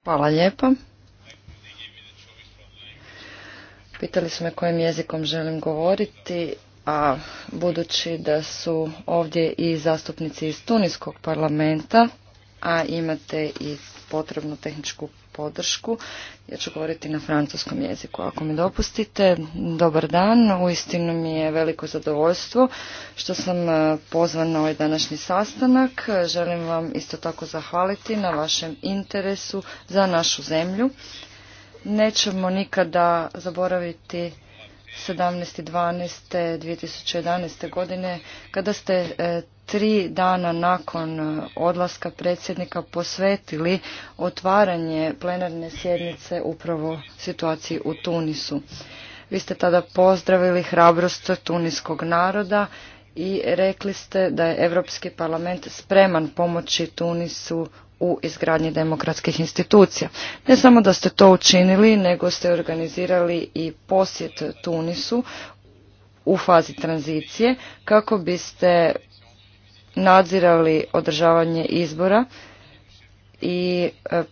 Hvala lijepo Pitali su me kojim jezikom želim govoriti, a budući da su ovdje i zastupnici iz Tunijskog parlamenta, a imate i potrebnu tehničku podršku. Ja ću govoriti na francuskom jeziku. Ako mi dopustite, dobar dan. Uistinu mi je veliko zadovoljstvo što sam e, pozvan na ovaj današnji sastanak. Želim vam isto tako zahvaliti na vašem interesu za našu zemlju nećemo nikada zaboraviti 17.12.2011. godine kada ste e, tri dana nakon e, odlaska predsjednika posvetili otvaranje plenarne sjednice upravo situaciji u Tunisu. Vi ste tada pozdravili hrabrost tuniskog naroda i rekli ste da je Europski parlament spreman pomoći Tunisu u izgradnji demokratskih institucija. Ne samo da ste to učinili, nego ste organizirali i posjet Tunisu u fazi tranzicije kako biste nadzirali održavanje izbora i e,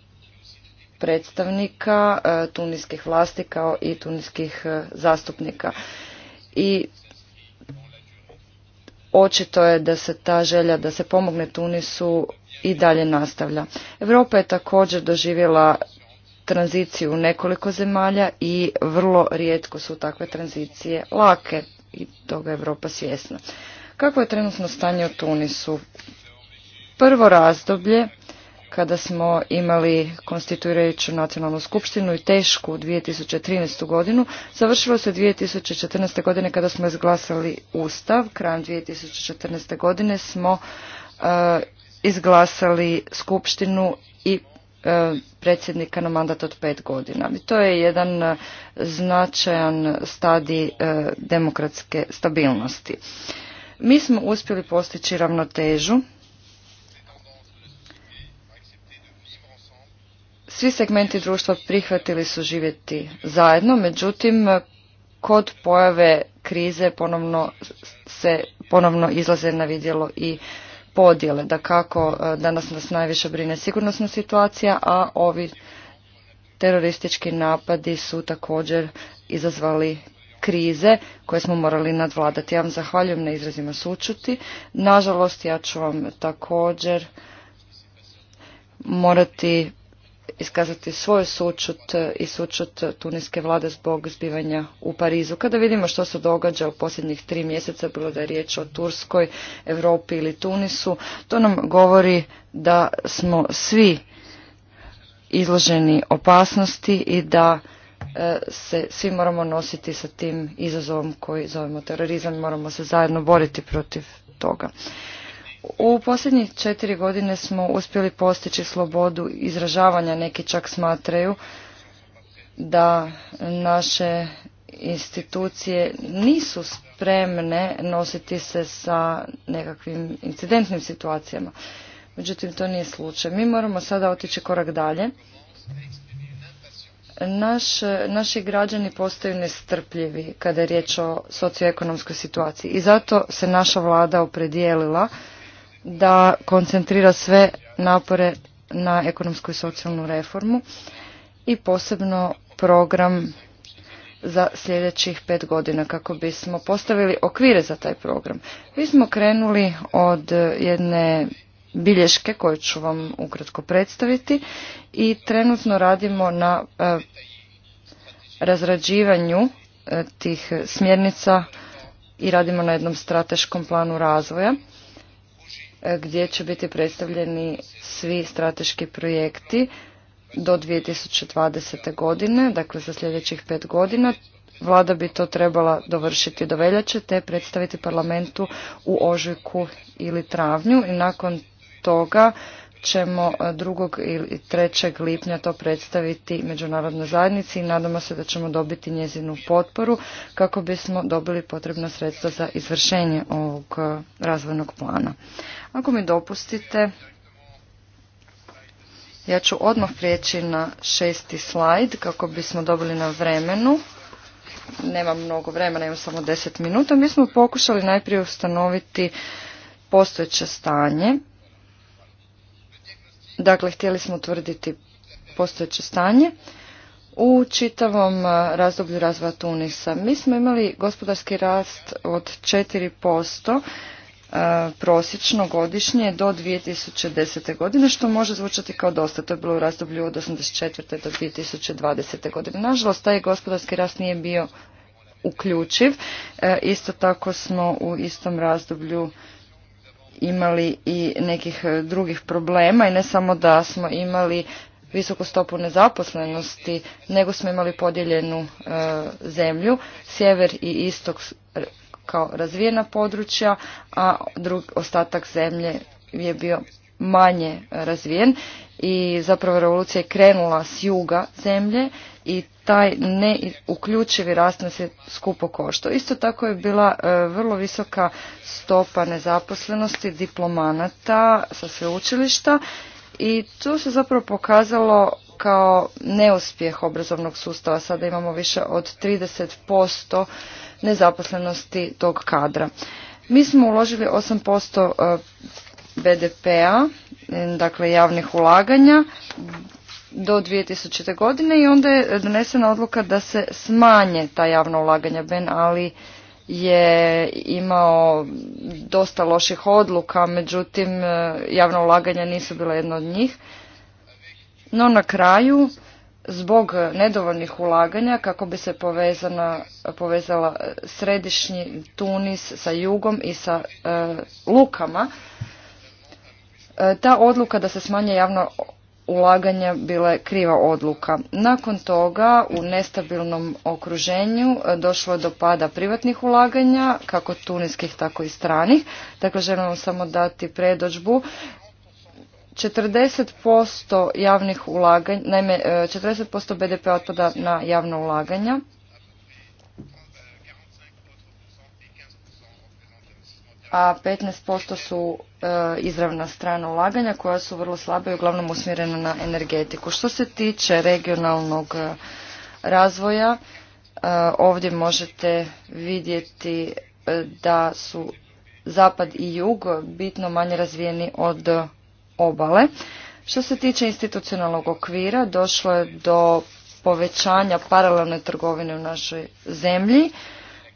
predstavnika e, tuniskih vlasti kao i tuniskih e, zastupnika. I očito je da se ta želja da se pomogne Tunisu i dalje nastavlja. Europa je također doživjela tranziciju u nekoliko zemalja i vrlo rijetko su takve tranzicije lake i toga je Europa svjesna. Kako je trenutno stanje u Tunisu? Prvo razdoblje kada smo imali konstituirajuću nacionalnu skupštinu i tešku 2013. godinu, završilo se 2014. godine kada smo izglasali Ustav. Krajem 2014. godine smo e, izglasali skupštinu i e, predsjednika na mandat od pet godina. to je jedan e, značajan stadij e, demokratske stabilnosti. Mi smo uspjeli postići ravnotežu. Svi segmenti društva prihvatili su živjeti zajedno, međutim kod pojave krize ponovno se ponovno izlaze na vidjelo i podjele, da kako e, danas nas najviše brine sigurnosna situacija, a ovi teroristički napadi su također izazvali krize koje smo morali nadvladati. Ja vam zahvaljujem na izrazima sučuti. Nažalost, ja ću vam također morati iskazati svoju sučut i sučut tuniske vlade zbog zbivanja u Parizu. Kada vidimo što se događa u posljednjih tri mjeseca, bilo da je riječ o Turskoj, Europi ili Tunisu, to nam govori da smo svi izloženi opasnosti i da e, se svi moramo nositi sa tim izazovom koji zovemo terorizam, moramo se zajedno boriti protiv toga. U posljednjih četiri godine smo uspjeli postići slobodu izražavanja, neki čak smatraju da naše institucije nisu spremne nositi se sa nekakvim incidentnim situacijama. Međutim, to nije slučaj. Mi moramo sada otići korak dalje. Naš, naši građani postaju nestrpljivi kada je riječ o socioekonomskoj situaciji i zato se naša vlada opredijelila da koncentrira sve napore na ekonomsku i socijalnu reformu i posebno program za sljedećih pet godina kako bismo postavili okvire za taj program. Mi smo krenuli od jedne bilješke koje ću vam ukratko predstaviti i trenutno radimo na e, razrađivanju e, tih smjernica i radimo na jednom strateškom planu razvoja gdje će biti predstavljeni svi strateški projekti do 2020. godine, dakle za sljedećih pet godina. Vlada bi to trebala dovršiti do veljače te predstaviti parlamentu u ožujku ili travnju i nakon toga ćemo 2. E, ili 3. lipnja to predstaviti međunarodnoj zajednici i nadamo se da ćemo dobiti njezinu potporu kako bismo dobili potrebna sredstva za izvršenje ovog e, razvojnog plana. Ako mi dopustite, ja ću odmah prijeći na šesti slajd kako bismo dobili na vremenu. Nema mnogo vremena, imamo samo 10 minuta. Mi smo pokušali najprije ustanoviti postojeće stanje Dakle, htjeli smo utvrditi postojeće stanje u čitavom razdoblju razvoja Tunisa. Mi smo imali gospodarski rast od 4% prosječno godišnje do 2010. godine, što može zvučati kao dosta. To je bilo u razdoblju od 1984. do 2020. godine. Nažalost, taj gospodarski rast nije bio uključiv. E, isto tako smo u istom razdoblju imali i nekih e, drugih problema i ne samo da smo imali visoku stopu nezaposlenosti, nego smo imali podijeljenu e, zemlju, sjever i istok kao razvijena područja, a ostatak zemlje je bio manje razvijen i zapravo revolucija je krenula s juga zemlje i taj neuključivi rast nas je skupo košto. Isto tako je bila e, vrlo visoka stopa nezaposlenosti diplomanata sa sveučilišta i to se zapravo pokazalo kao neuspjeh obrazovnog sustava. Sada imamo više od 30% nezaposlenosti tog kadra. Mi smo uložili 8% e, BDP-a, dakle javnih ulaganja, do 2000. godine i onda je donesena odluka da se smanje ta javna ulaganja. Ben Ali je imao dosta loših odluka, međutim e, javna ulaganja nisu bila jedna od njih. No na kraju, zbog nedovoljnih ulaganja, kako bi se povezana, povezala središnji Tunis sa jugom i sa e, lukama, e, ta odluka da se smanje javna ulaganja bila je kriva odluka. Nakon toga u nestabilnom okruženju e, došlo je do pada privatnih ulaganja, kako tuniskih tako i stranih. Dakle, želim vam samo dati predođbu. 40% javnih ulaganja, naime 40% e, BDP otpada na javna ulaganja, a 15% su e, izravna strana ulaganja koja su vrlo slabe i uglavnom usmjerena na energetiku. Što se tiče regionalnog e, razvoja, e, ovdje možete vidjeti da su zapad i jug bitno manje razvijeni od obale. Što se tiče institucionalnog okvira, došlo je do povećanja paralelne trgovine u našoj zemlji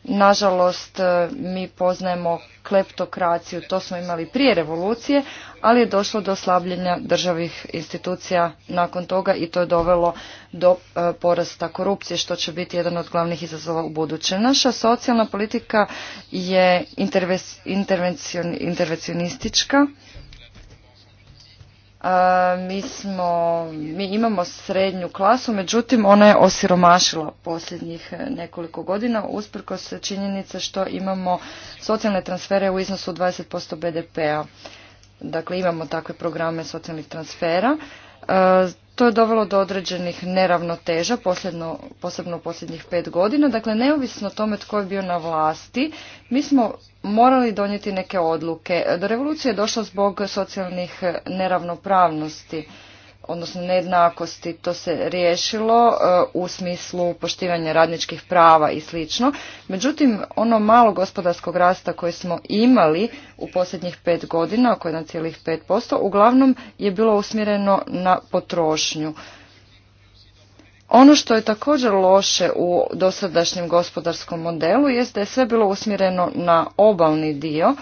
Nažalost, e, mi poznajemo kleptokraciju, to smo imali prije revolucije, ali je došlo do slabljenja državih institucija nakon toga i to je dovelo do e, porasta korupcije, što će biti jedan od glavnih izazova u buduće. Naša socijalna politika je intervencionistička, mi, smo, mi imamo srednju klasu, međutim ona je osiromašila posljednjih e, nekoliko godina usprkos činjenice što imamo socijalne transfere u iznosu 20% BDP-a. Dakle, imamo takve programe socijalnih transfera. E, to je dovelo do određenih neravnoteža, posebno, posebno posljednjih pet godina. Dakle, neovisno tome tko je bio na vlasti, mi smo morali donijeti neke odluke. Do revolucije je došlo zbog socijalnih neravnopravnosti odnosno nejednakosti, to se riješilo e, u smislu poštivanja radničkih prava i slično. Međutim, ono malo gospodarskog rasta koje smo imali u posljednjih pet godina, oko 1,5%, uglavnom je bilo usmjereno na potrošnju. Ono što je također loše u dosadašnjem gospodarskom modelu jest da je sve bilo usmjereno na obalni dio,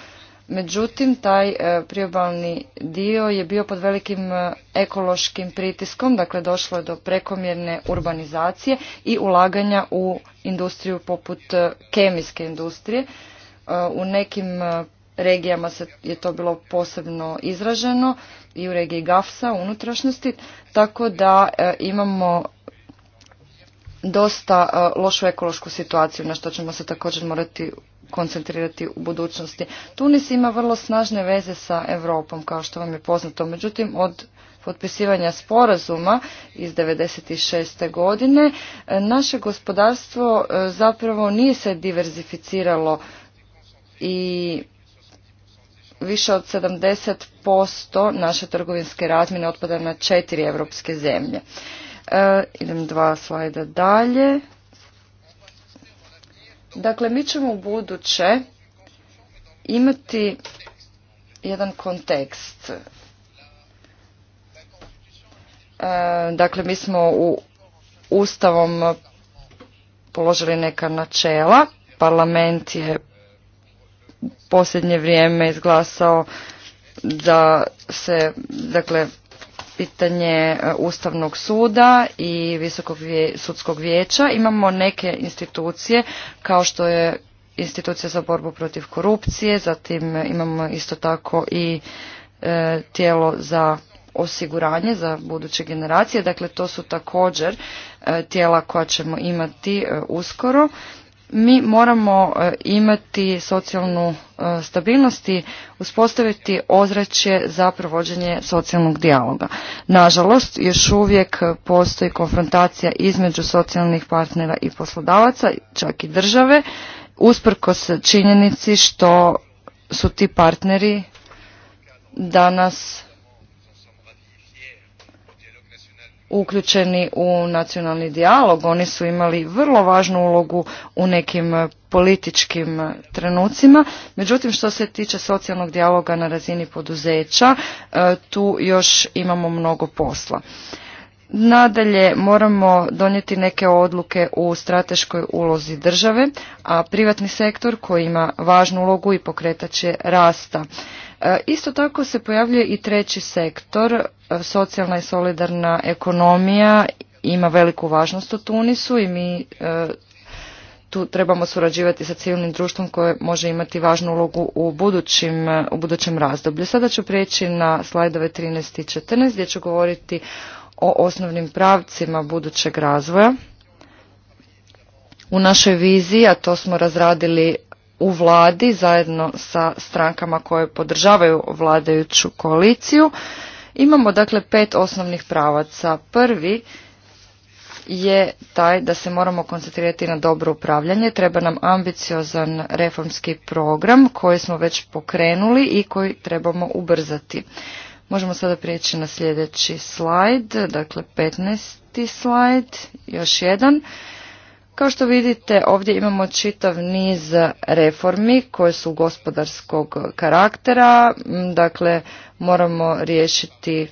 Međutim, taj e, priobalni dio je bio pod velikim e, ekološkim pritiskom, dakle došlo je do prekomjerne urbanizacije i ulaganja u industriju poput e, kemijske industrije. U nekim regijama se je to bilo posebno izraženo i u regiji Gafsa unutrašnjosti, tako da imamo dosta lošu ekološku situaciju na što ćemo se također morati koncentrirati u budućnosti. Tunis ima vrlo snažne veze sa Europom, kao što vam je poznato. Međutim, od potpisivanja sporazuma iz 96. godine, e, naše gospodarstvo e, zapravo nije se diverzificiralo i više od 70% naše trgovinske razmjene otpada na četiri evropske zemlje. E, idem dva slajda dalje. Dakle, mi ćemo u buduće imati jedan kontekst. E, dakle, mi smo u Ustavom položili neka načela. Parlament je posljednje vrijeme izglasao da se, dakle, pitanje e, Ustavnog suda i Visokog sudskog vijeća. Imamo neke institucije kao što je institucija za borbu protiv korupcije, zatim e, imamo isto tako i e, tijelo za osiguranje za buduće generacije. Dakle, to su također tijela koja ćemo imati uskoro mi moramo e, imati socijalnu e, stabilnost i uspostaviti ozračje za provođenje socijalnog dijaloga. Nažalost, još uvijek postoji konfrontacija između socijalnih partnera i poslodavaca, čak i države, usprkos činjenici što su ti partneri danas uključeni u nacionalni dijalog. Oni su imali vrlo važnu ulogu u nekim e, političkim e, trenucima. Međutim, što se tiče socijalnog dijaloga na razini poduzeća, e, tu još imamo mnogo posla. Nadalje moramo donijeti neke odluke u strateškoj ulozi države, a privatni sektor koji ima važnu ulogu i pokretač je rasta. E, isto tako se pojavljuje i treći sektor, e, socijalna i solidarna ekonomija ima veliku važnost u Tunisu i mi e, tu trebamo surađivati sa civilnim društvom koje može imati važnu ulogu u, u budućem razdoblju. Sada ću prijeći na slajdove 13 i 14 gdje ću govoriti o osnovnim pravcima budućeg razvoja. U našoj viziji, a to smo razradili u vladi zajedno sa strankama koje podržavaju vladajuću koaliciju. Imamo dakle pet osnovnih pravaca. Prvi je taj da se moramo koncentrirati na dobro upravljanje. Treba nam ambiciozan reformski program koji smo već pokrenuli i koji trebamo ubrzati. Možemo sada prijeći na sljedeći slajd, dakle 15. slajd, još jedan. Kao što vidite, ovdje imamo čitav niz reformi koje su gospodarskog karaktera, mm, dakle moramo riješiti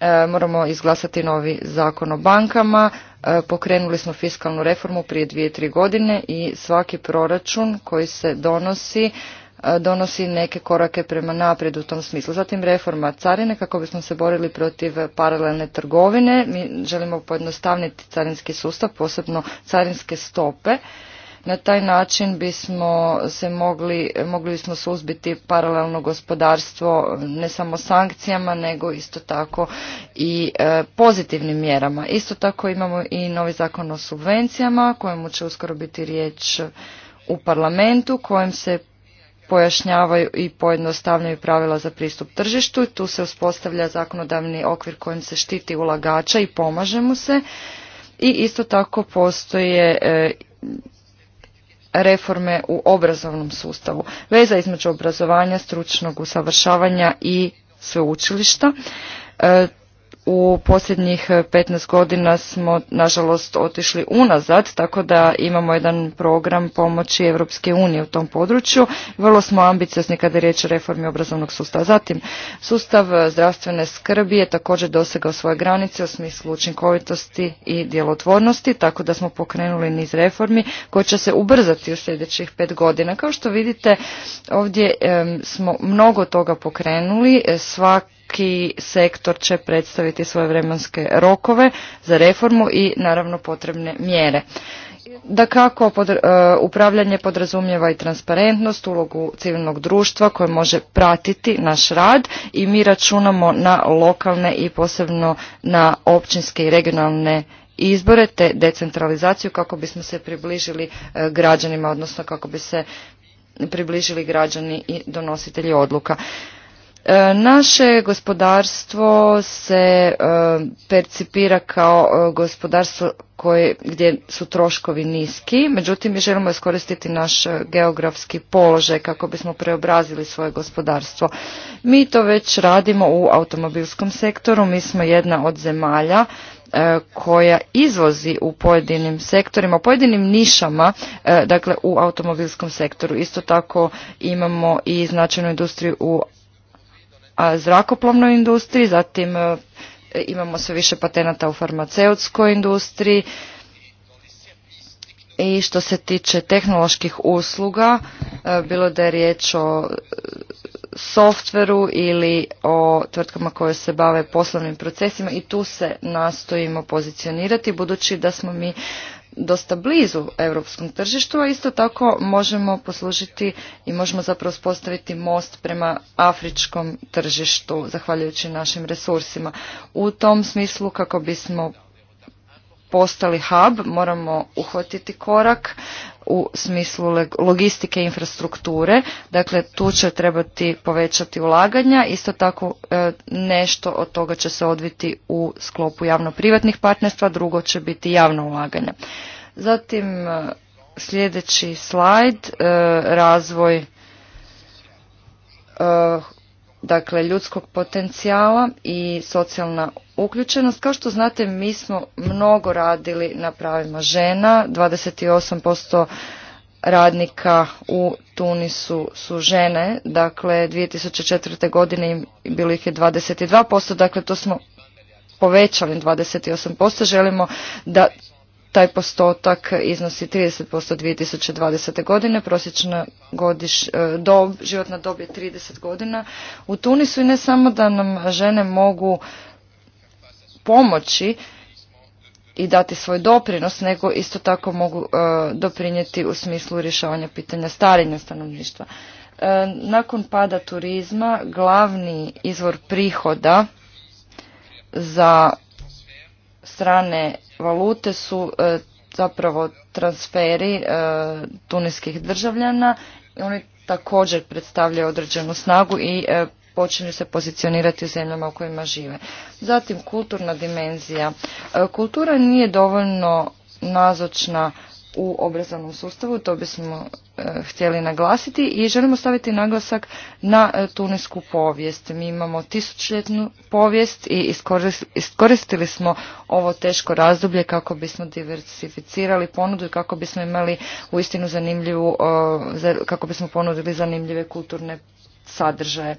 e, moramo izglasati novi zakon o bankama, e, pokrenuli smo fiskalnu reformu prije dvije, tri godine i svaki proračun koji se donosi donosi neke korake prema naprijed u tom smislu. Zatim reforma carine kako bismo se borili protiv paralelne trgovine. Mi želimo pojednostavniti carinski sustav, posebno carinske stope. Na taj način bismo se mogli, mogli bismo suzbiti paralelno gospodarstvo ne samo sankcijama nego isto tako i e, pozitivnim mjerama. Isto tako imamo i novi zakon o subvencijama kojemu će uskoro biti riječ u parlamentu kojem se pojašnjavaju i pojednostavljaju pravila za pristup tržištu. Tu se uspostavlja zakonodavni okvir kojim se štiti ulagača i pomaže mu se. I isto tako postoje e, reforme u obrazovnom sustavu. Veza između obrazovanja, stručnog usavršavanja i sveučilišta. E, u posljednjih 15 eh, godina smo nažalost otišli unazad, tako da imamo jedan program pomoći Europske unije u tom području. Vrlo smo ambiciozni kada je riječ o reformi obrazovnog sustava. Zatim, sustav eh, zdravstvene skrbi je također dosegao svoje granice u smislu učinkovitosti i djelotvornosti, tako da smo pokrenuli niz reformi koje će se ubrzati u sljedećih pet godina. Kao što vidite, ovdje smo mnogo toga pokrenuli, eh, svak svaki sektor će predstaviti svoje vremenske rokove za reformu i naravno potrebne mjere. Da kako e, upravljanje podrazumijeva i transparentnost, ulogu civilnog društva koje može pratiti naš rad i mi računamo na lokalne i posebno na općinske i regionalne izbore te decentralizaciju kako bismo se približili e, građanima, odnosno kako bi se približili građani i donositelji odluka. E, naše gospodarstvo se e, percipira kao e, gospodarstvo koje, gdje su troškovi niski, međutim mi želimo iskoristiti naš geografski položaj kako bismo preobrazili svoje gospodarstvo. Mi to već radimo u automobilskom sektoru, mi smo jedna od zemalja koja izvozi u pojedinim sektorima, u pojedinim nišama, dakle u automobilskom sektoru. Isto tako imamo i značajnu industriju u zrakoplovnoj industriji, zatim e, imamo sve više patenata u farmaceutskoj industriji i što se tiče tehnoloških usluga, e, bilo da je riječ o e, softveru ili o tvrtkama koje se bave poslovnim procesima i tu se nastojimo pozicionirati budući da smo mi dosta blizu europskom tržištu, a isto tako možemo poslužiti i možemo zapravo spostaviti most prema afričkom tržištu, zahvaljujući našim resursima. U tom smislu kako bismo postali hub, moramo uhvatiti korak u smislu logistike i infrastrukture. Dakle, tu će trebati povećati ulaganja. Isto tako e, nešto od toga će se odviti u sklopu javno-privatnih partnerstva, drugo će biti javno ulaganje. Zatim e, sljedeći slajd, e, razvoj dakle ljudskog potencijala i socijalna uključenost. Kao što znate, mi smo mnogo radili na pravima žena, 28% radnika u Tunisu su žene, dakle 2004. godine bilo ih je 22%, dakle to smo povećali 28%, želimo da taj postotak iznosi 30% 2020. godine, prosječna godiš, e, dob, životna dob je 30 godina. U Tunisu i ne samo da nam žene mogu pomoći i dati svoj doprinos, nego isto tako mogu uh, doprinijeti u smislu rješavanja pitanja starenja stanovništva. E, nakon pada turizma, glavni izvor prihoda za strane valute su e, zapravo transferi e, tunijskih državljana i oni također predstavljaju određenu snagu i e, počinju se pozicionirati u zemljama u kojima žive. Zatim kulturna dimenzija. Kultura nije dovoljno nazočna u obrazovnom sustavu, to bismo e, htjeli naglasiti i želimo staviti naglasak na e, povijest. Mi imamo tisućljetnu povijest i iskoristili smo ovo teško razdoblje kako bismo diversificirali ponudu i kako bismo imali uistinu zanimljivu, e, kako bismo ponudili zanimljive kulturne sadržaje.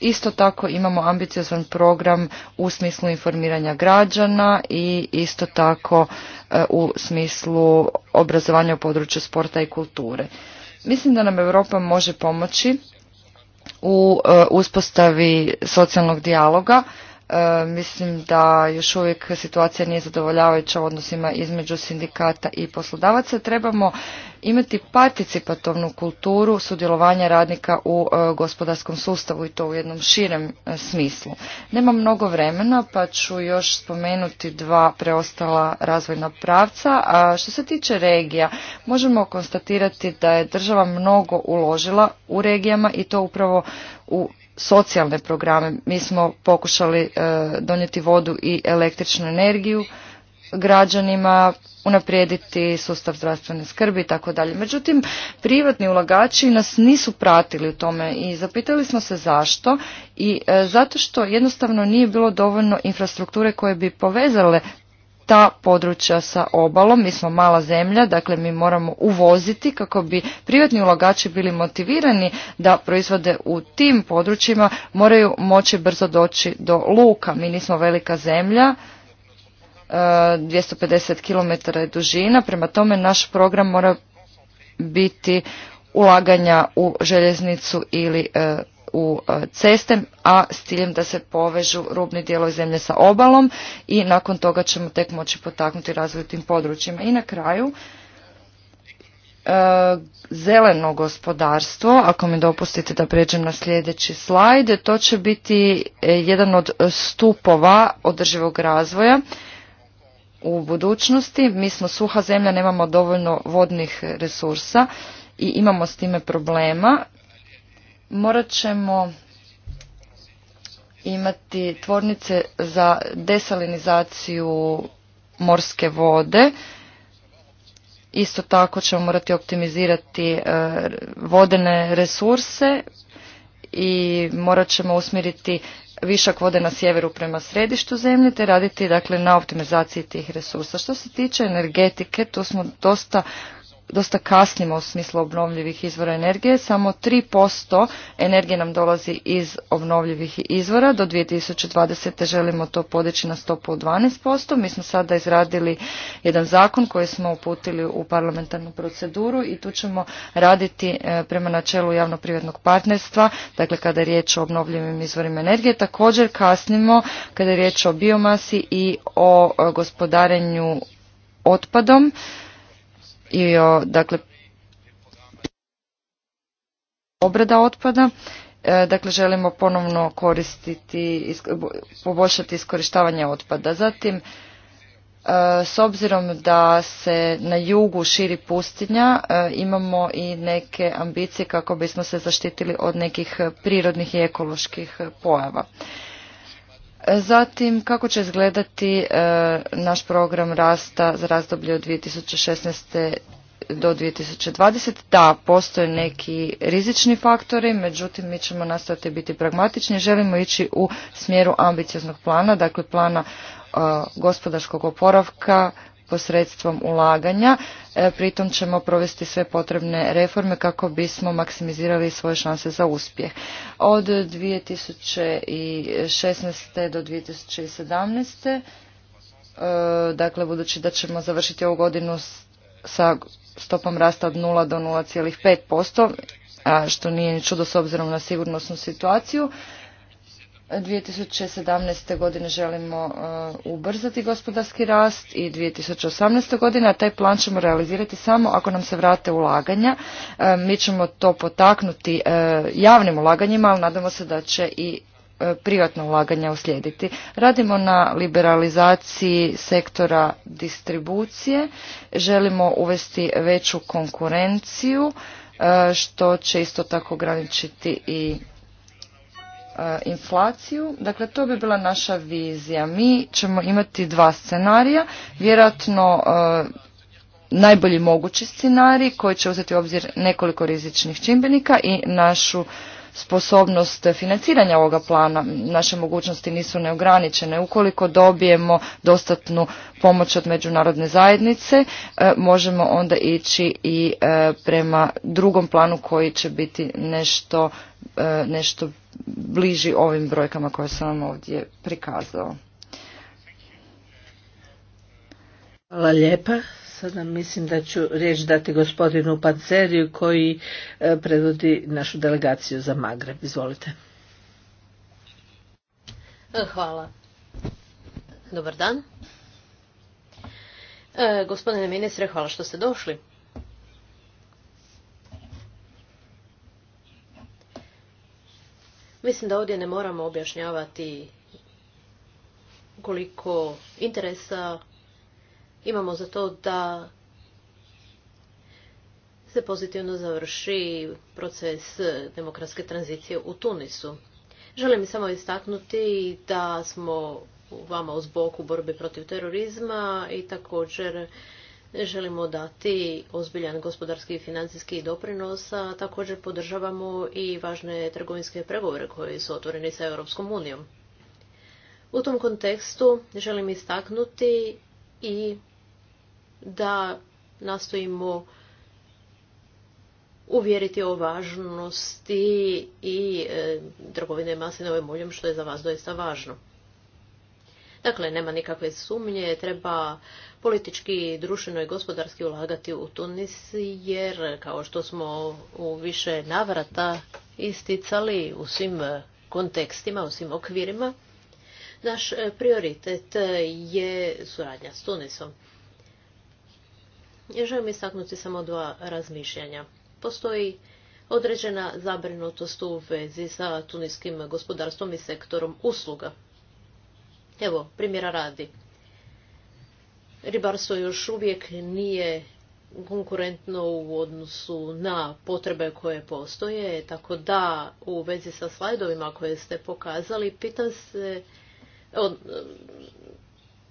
Isto tako imamo ambiciozan program u smislu informiranja građana i isto tako E, u smislu obrazovanja u području sporta i kulture. Mislim da nam Europa može pomoći u e, uspostavi socijalnog dijaloga E, mislim da još uvijek situacija nije zadovoljavajuća u odnosima između sindikata i poslodavaca. Trebamo imati participatovnu kulturu sudjelovanja radnika u e, gospodarskom sustavu i to u jednom širem e, smislu. Nema mnogo vremena pa ću još spomenuti dva preostala razvojna pravca. A što se tiče regija, možemo konstatirati da je država mnogo uložila u regijama i to upravo u socijalne programe. Mi smo pokušali e, donijeti vodu i električnu energiju građanima, unaprijediti sustav zdravstvene skrbi i tako dalje. Međutim, privatni ulagači nas nisu pratili u tome i zapitali smo se zašto i e, zato što jednostavno nije bilo dovoljno infrastrukture koje bi povezale ta područja sa obalom. Mi smo mala zemlja, dakle mi moramo uvoziti kako bi privatni ulagači bili motivirani da proizvode u tim područjima, moraju moći brzo doći do luka. Mi nismo velika zemlja, 250 e, km je dužina, prema tome naš program mora biti ulaganja u željeznicu ili e, u e, ceste, a s ciljem da se povežu rubni dijelovi zemlje sa obalom i nakon toga ćemo tek moći potaknuti razvoj tim područjima. I na kraju, e, zeleno gospodarstvo, ako mi dopustite da pređem na sljedeći slajd, to će biti e, jedan od stupova održivog razvoja u budućnosti. Mi smo suha zemlja, nemamo dovoljno vodnih resursa i imamo s time problema morat ćemo imati tvornice za desalinizaciju morske vode. Isto tako ćemo morati optimizirati e, vodene resurse i morat ćemo usmjeriti višak vode na sjeveru prema središtu zemlje te raditi dakle na optimizaciji tih resursa. Što se tiče energetike, tu smo dosta dosta kasnimo u smislu obnovljivih izvora energije. Samo 3% energije nam dolazi iz obnovljivih izvora. Do 2020. želimo to podići na stopu od 12%. Mi smo sada izradili jedan zakon koji smo uputili u parlamentarnu proceduru i tu ćemo raditi e, prema načelu javno partnerstva, dakle kada je riječ o obnovljivim izvorima energije. Također kasnimo kada je riječ o biomasi i o e, gospodarenju otpadom i o dakle obrada otpada. E, dakle, želimo ponovno koristiti, poboljšati iskorištavanje otpada. Zatim, e, s obzirom da se na jugu širi pustinja, e, imamo i neke ambicije kako bismo se zaštitili od nekih prirodnih i ekoloških pojava. Zatim, kako će izgledati e, naš program rasta za razdoblje od 2016 do 2020. Da, postoje neki rizični faktori, međutim mi ćemo nastaviti biti pragmatični. Želimo ići u smjeru ambicioznog plana, dakle plana e, gospodarskog oporavka posredstvom ulaganja. E, pritom ćemo provesti sve potrebne reforme kako bismo maksimizirali svoje šanse za uspjeh. Od 2016. do 2017. E, dakle, budući da ćemo završiti ovu godinu sa stopom rasta od 0 do 0,5%, što nije ni čudo s obzirom na sigurnosnu situaciju, 2017. godine želimo e, ubrzati gospodarski rast i 2018. godine, a taj plan ćemo realizirati samo ako nam se vrate ulaganja. E, mi ćemo to potaknuti e, javnim ulaganjima, ali nadamo se da će i privatno ulaganja uslijediti. Radimo na liberalizaciji sektora distribucije, želimo uvesti veću konkurenciju, što će isto tako ograničiti i E, inflaciju. Dakle, to bi bila naša vizija. Mi ćemo imati dva scenarija. Vjerojatno e, najbolji mogući scenarij koji će uzeti u obzir nekoliko rizičnih čimbenika i našu sposobnost financiranja ovoga plana. Naše mogućnosti nisu neograničene. Ukoliko dobijemo dostatnu pomoć od međunarodne zajednice, e, možemo onda ići i prema drugom planu koji će biti nešto, nešto bliži ovim brojkama koje sam vam ovdje prikazao. Hvala lijepa. Sada mislim da ću riječ dati gospodinu Panceriju koji e, predvodi našu delegaciju za Magreb. Izvolite. E, hvala. Dobar dan. E, gospodine ministre, hvala što ste došli. Mislim da ovdje ne moramo objašnjavati koliko interesa imamo za to da se pozitivno završi proces demokratske tranzicije u Tunisu. Želim samo istaknuti da smo vama uz boku borbe protiv terorizma i također želimo dati ozbiljan gospodarski i financijski doprinos, a također podržavamo i važne trgovinske pregovore koji su otvoreni sa Europskom unijom. U tom kontekstu želim istaknuti i da nastojimo uvjeriti o važnosti i e, trgovine maslinove muljem, što je za vas doista važno. Dakle, nema nikakve sumnje, treba politički, društveno i gospodarski ulagati u Tunis, jer kao što smo u više navrata isticali u svim e, kontekstima, u svim okvirima, naš e, prioritet e, je suradnja s Tunisom. Ja želim istaknuti samo dva razmišljanja. Postoji određena zabrinutost u vezi sa tuniskim gospodarstvom i sektorom usluga. Evo, primjera radi ribarstvo još uvijek nije konkurentno u odnosu na potrebe koje postoje, tako da u vezi sa slajdovima koje ste pokazali, pitam se,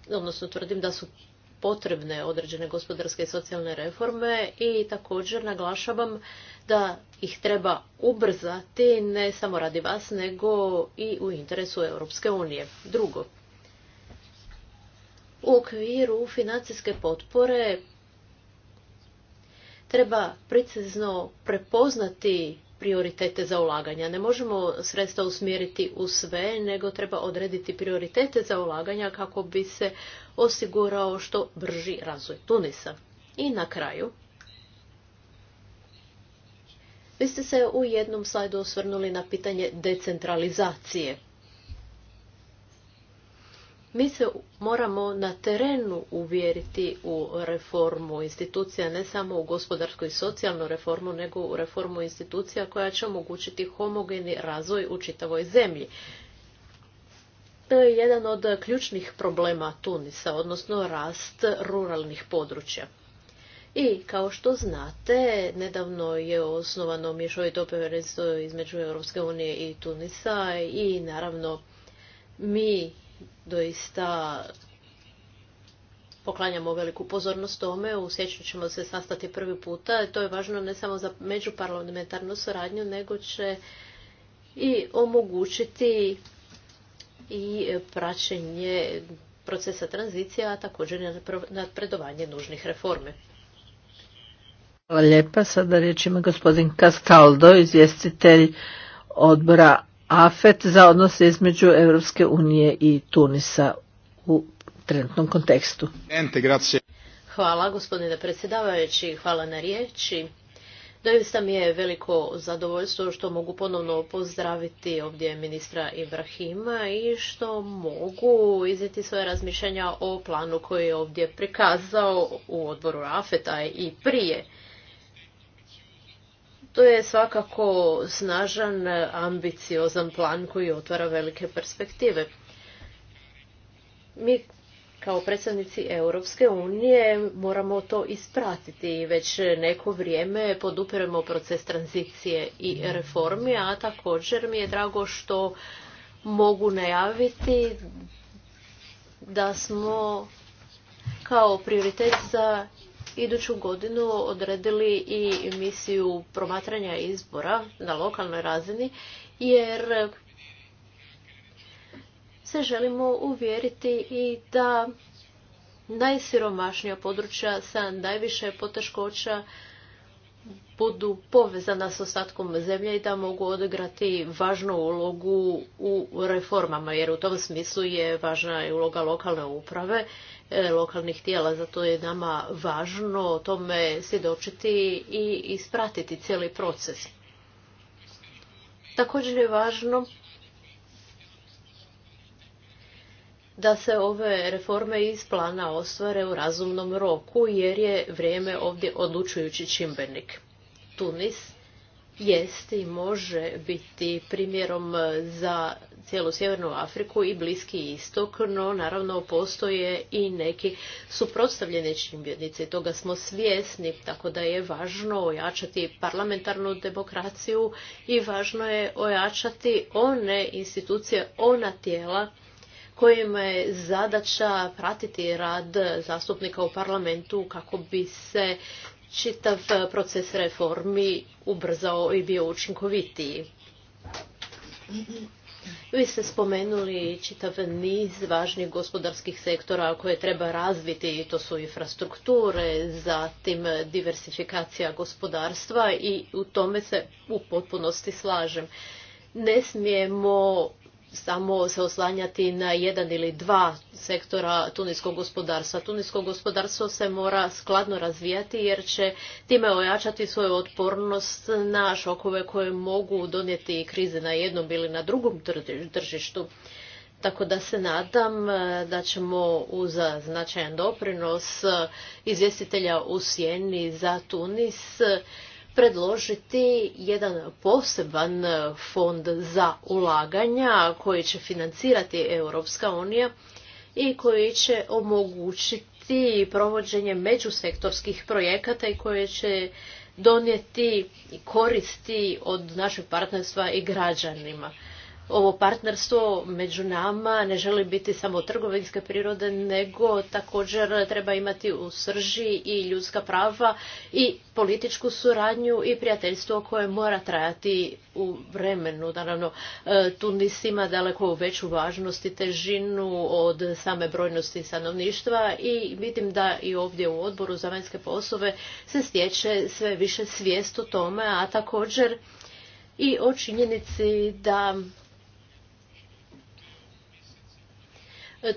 odnosno tvrdim da su potrebne određene gospodarske i socijalne reforme i također naglašavam da ih treba ubrzati ne samo radi vas nego i u interesu Europske unije. Drugo, u okviru financijske potpore treba precizno prepoznati prioritete za ulaganja. Ne možemo sredstva usmjeriti u sve, nego treba odrediti prioritete za ulaganja kako bi se osigurao što brži razvoj Tunisa. I na kraju, vi ste se u jednom slajdu osvrnuli na pitanje decentralizacije. Mi se moramo na terenu uvjeriti u reformu institucija, ne samo u gospodarsku i socijalnu reformu, nego u reformu institucija koja će omogućiti homogeni razvoj u čitavoj zemlji. To je jedan od ključnih problema Tunisa, odnosno rast ruralnih područja. I kao što znate, nedavno je osnovano mješovito povjerenstvo između Europske unije i Tunisa i naravno mi doista poklanjamo veliku pozornost tome. U sjeću ćemo se sastati prvi puta. To je važno ne samo za međuparlamentarnu suradnju, nego će i omogućiti i praćenje procesa tranzicija, a također i nadpredovanje nužnih reforme. Hvala lijepa. Sada riječ ima gospodin Kaskaldo, izvjestitelj odbora AFET za odnose između Europske unije i Tunisa u trenutnom kontekstu. Hvala gospodine predsjedavajući, hvala na riječi. Doista mi je veliko zadovoljstvo što mogu ponovno pozdraviti ovdje ministra Ibrahima i što mogu iznijeti svoje razmišljanja o planu koji je ovdje prikazao u odboru AFETA i prije. To je svakako snažan, ambiciozan plan koji otvara velike perspektive. Mi kao predstavnici Europske unije moramo to ispratiti već neko vrijeme podupiremo proces tranzicije i reformi, a također mi je drago što mogu najaviti da smo kao prioritet za iduću godinu odredili i misiju promatranja izbora na lokalnoj razini, jer se želimo uvjeriti i da najsiromašnija područja sa najviše poteškoća budu povezana s ostatkom zemlje i da mogu odigrati važnu ulogu u reformama, jer u tom smislu je važna i uloga lokalne uprave E, lokalnih tijela. Zato je nama važno o tome svjedočiti i ispratiti cijeli proces. Također je važno da se ove reforme iz plana ostvare u razumnom roku jer je vrijeme ovdje odlučujući čimbenik. Tunis Jeste i može biti primjerom za cijelu Sjevernu Afriku i Bliski istok, no naravno postoje i neki suprotstavljeni čimbenici. Toga smo svjesni, tako da je važno ojačati parlamentarnu demokraciju i važno je ojačati one institucije, ona tijela kojima je zadaća pratiti rad zastupnika u parlamentu kako bi se čitav proces reformi ubrzao i bio učinkovitiji. Vi ste spomenuli čitav niz važnih gospodarskih sektora koje treba razviti, to su infrastrukture, zatim diversifikacija gospodarstva i u tome se u potpunosti slažem. Ne smijemo samo se oslanjati na jedan ili dva sektora tuniskog gospodarstva. Tunisko gospodarstvo se mora skladno razvijati jer će time ojačati svoju otpornost na šokove koje mogu donijeti krize na jednom ili na drugom tržištu. Tako da se nadam e, da ćemo uz značajan doprinos e, izvjestitelja u Sjeni za Tunis e, predložiti jedan poseban fond za ulaganja koji će financirati Europska unija i koji će omogućiti provođenje međusektorskih projekata i koje će donijeti koristi od našeg partnerstva i građanima ovo partnerstvo među nama ne želi biti samo trgovinske prirode, nego također treba imati u srži i ljudska prava i političku suradnju i prijateljstvo koje mora trajati u vremenu. Naravno, e, Tunis ima daleko veću važnost i težinu od same brojnosti stanovništva i vidim da i ovdje u odboru za vanjske poslove se stječe sve više svijest o tome, a također i o činjenici da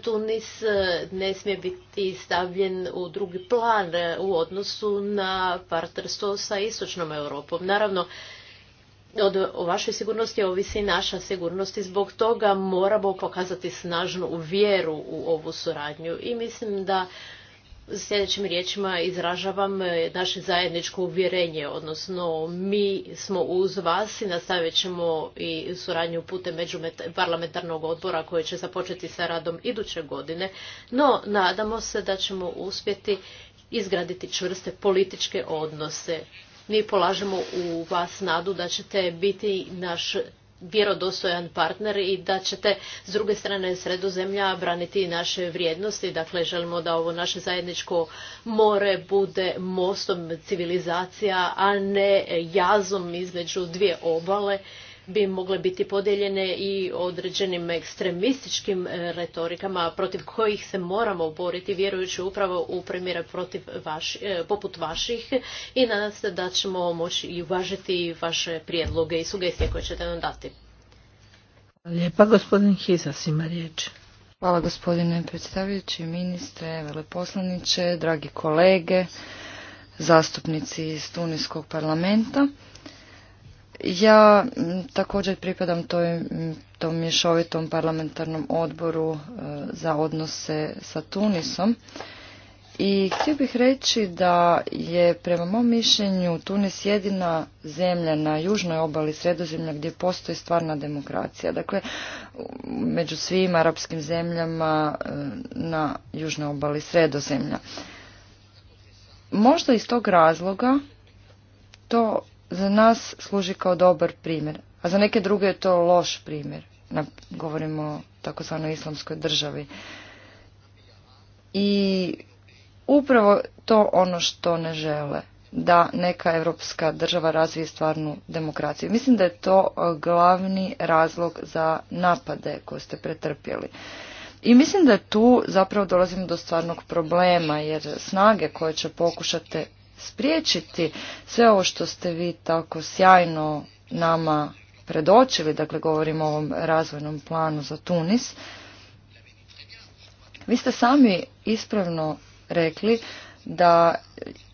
Tunis e, ne smije biti stavljen u drugi plan e, u odnosu na partnerstvo sa istočnom Europom. Naravno, od o vašoj sigurnosti ovisi naša sigurnost i zbog toga moramo pokazati snažnu vjeru u ovu suradnju i mislim da sljedećim riječima izražavam e, naše zajedničko uvjerenje, odnosno mi smo uz vas i nastavit ćemo i suradnju putem parlamentarnog odbora koji će započeti sa radom iduće godine, no nadamo se da ćemo uspjeti izgraditi čvrste političke odnose. Mi polažemo u vas nadu da ćete biti naš vjerodostojan partner i da ćete s druge strane sredozemlja braniti naše vrijednosti. Dakle, želimo da ovo naše zajedničko more bude mostom civilizacija, a ne jazom između dvije obale bi mogle biti podijeljene i određenim ekstremističkim e, retorikama protiv kojih se moramo boriti vjerujući upravo u primjere protiv e, poput vaših i nadam se da ćemo moći i uvažiti vaše prijedloge i sugestije koje ćete nam dati. Lijepa gospodin Hizas ima riječ. Hvala gospodine predstavljajući, ministre, veleposlaniče, dragi kolege, zastupnici iz Tunijskog parlamenta. Ja također pripadam tom mješovitom parlamentarnom odboru e, za odnose sa Tunisom i htio bih reći da je prema mom mišljenju Tunis jedina zemlja na južnoj obali sredozemlja gdje postoji stvarna demokracija. Dakle, među svim arapskim zemljama e, na južnoj obali sredozemlja. Možda iz tog razloga to za nas služi kao dobar primjer, a za neke druge je to loš primjer. Na, govorimo o takozvanoj islamskoj državi. I upravo to ono što ne žele da neka europska država razvije stvarnu demokraciju. Mislim da je to e, glavni razlog za napade koje ste pretrpjeli. I mislim da tu zapravo dolazimo do stvarnog problema jer snage koje će pokušati spriječiti sve ovo što ste vi tako sjajno nama predočili, dakle govorimo o ovom razvojnom planu za Tunis. Vi ste sami ispravno rekli da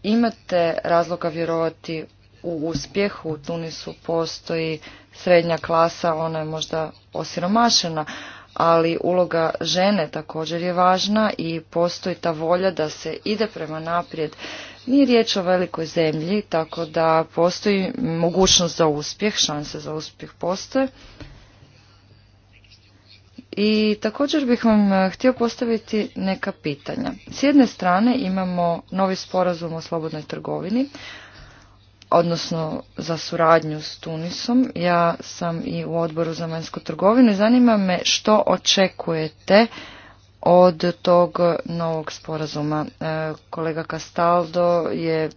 imate razloga vjerovati u uspjehu. U Tunisu postoji srednja klasa, ona je možda osiromašena, ali uloga žene također je važna i postoji ta volja da se ide prema naprijed. Nije riječ o velikoj zemlji, tako da postoji mogućnost za uspjeh, šanse za uspjeh postoje. I također bih vam eh, htio postaviti neka pitanja. S jedne strane imamo novi sporazum o slobodnoj trgovini, odnosno za suradnju s Tunisom. Ja sam i u odboru za vanjsku trgovinu i zanima me što očekujete od tog novog sporazuma. E, kolega Castaldo je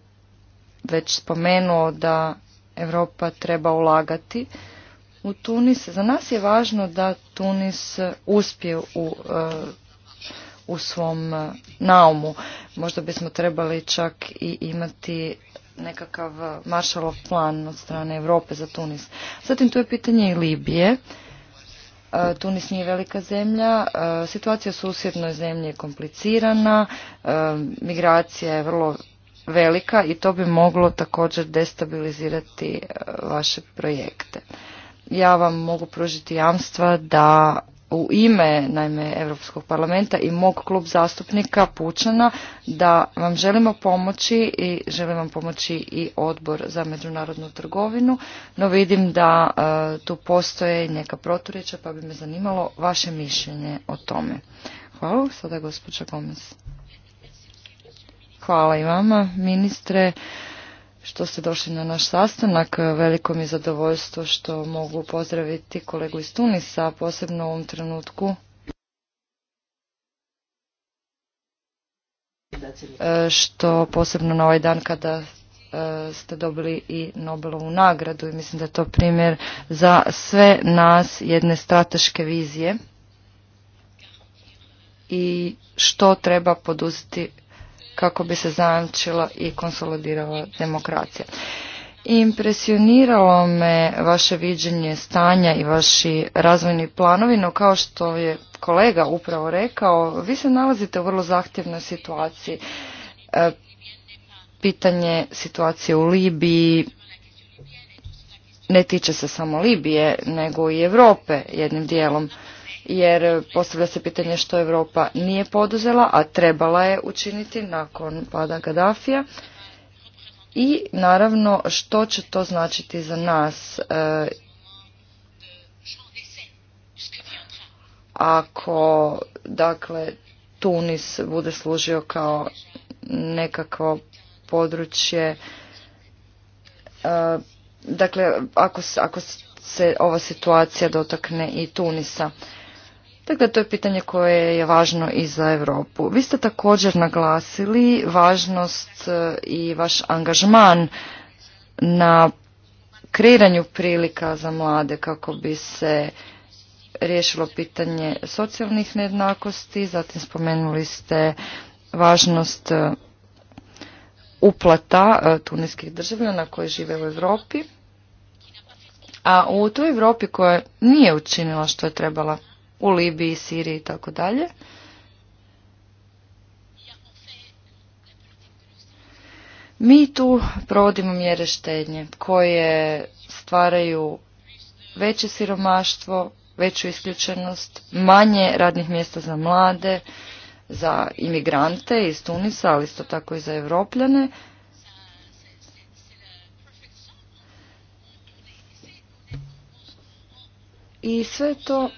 već spomenuo da Europa treba ulagati u Tunis. Za nas je važno da Tunis uspije u, e, u svom naumu. Možda bismo trebali čak i imati nekakav maršalov plan od strane Europe za Tunis. Zatim tu je pitanje i Libije. E, Tunis nije velika zemlja, e, situacija u susjednoj zemlji je komplicirana, e, migracija je vrlo velika i to bi moglo također destabilizirati vaše projekte. Ja vam mogu pružiti jamstva da u ime naime Europskog parlamenta i mog klub zastupnika Pučana da vam želimo pomoći i želim vam pomoći i odbor za međunarodnu trgovinu, no vidim da e, tu postoje neka proturječa pa bi me zanimalo vaše mišljenje o tome. Hvala, sada gospođa Gomez. Hvala i vama, ministre što ste došli na naš sastanak. Veliko mi je zadovoljstvo što mogu pozdraviti kolegu iz Tunisa, posebno u ovom trenutku. E, što posebno na ovaj dan kada e, ste dobili i Nobelovu nagradu i mislim da je to primjer za sve nas jedne strateške vizije i što treba poduzeti kako bi se zajamčila i konsolidirala demokracija. Impresioniralo me vaše viđenje stanja i vaši razvojni planovi, no kao što je kolega upravo rekao, vi se nalazite u vrlo zahtjevnoj situaciji. E, pitanje situacije u Libiji ne tiče se samo Libije, nego i Europe jednim dijelom jer postavlja se pitanje što Europa nije poduzela, a trebala je učiniti nakon pada Gaddafija i naravno što će to značiti za nas e, ako dakle Tunis bude služio kao nekakvo područje e, dakle ako se ova situacija dotakne i Tunisa tako da to je pitanje koje je važno i za Europu. Vi ste također naglasili važnost e, i vaš angažman na kreiranju prilika za mlade kako bi se riješilo pitanje socijalnih nejednakosti, zatim spomenuli ste važnost e, uplata e, tunijskih državljana koji žive u Europi. A u toj Europi koja nije učinila što je trebala u Libiji, Siriji i tako dalje. Mi tu provodimo mjere štednje koje stvaraju veće siromaštvo, veću isključenost, manje radnih mjesta za mlade, za imigrante iz Tunisa, ali isto tako i za Evropljane. I sve to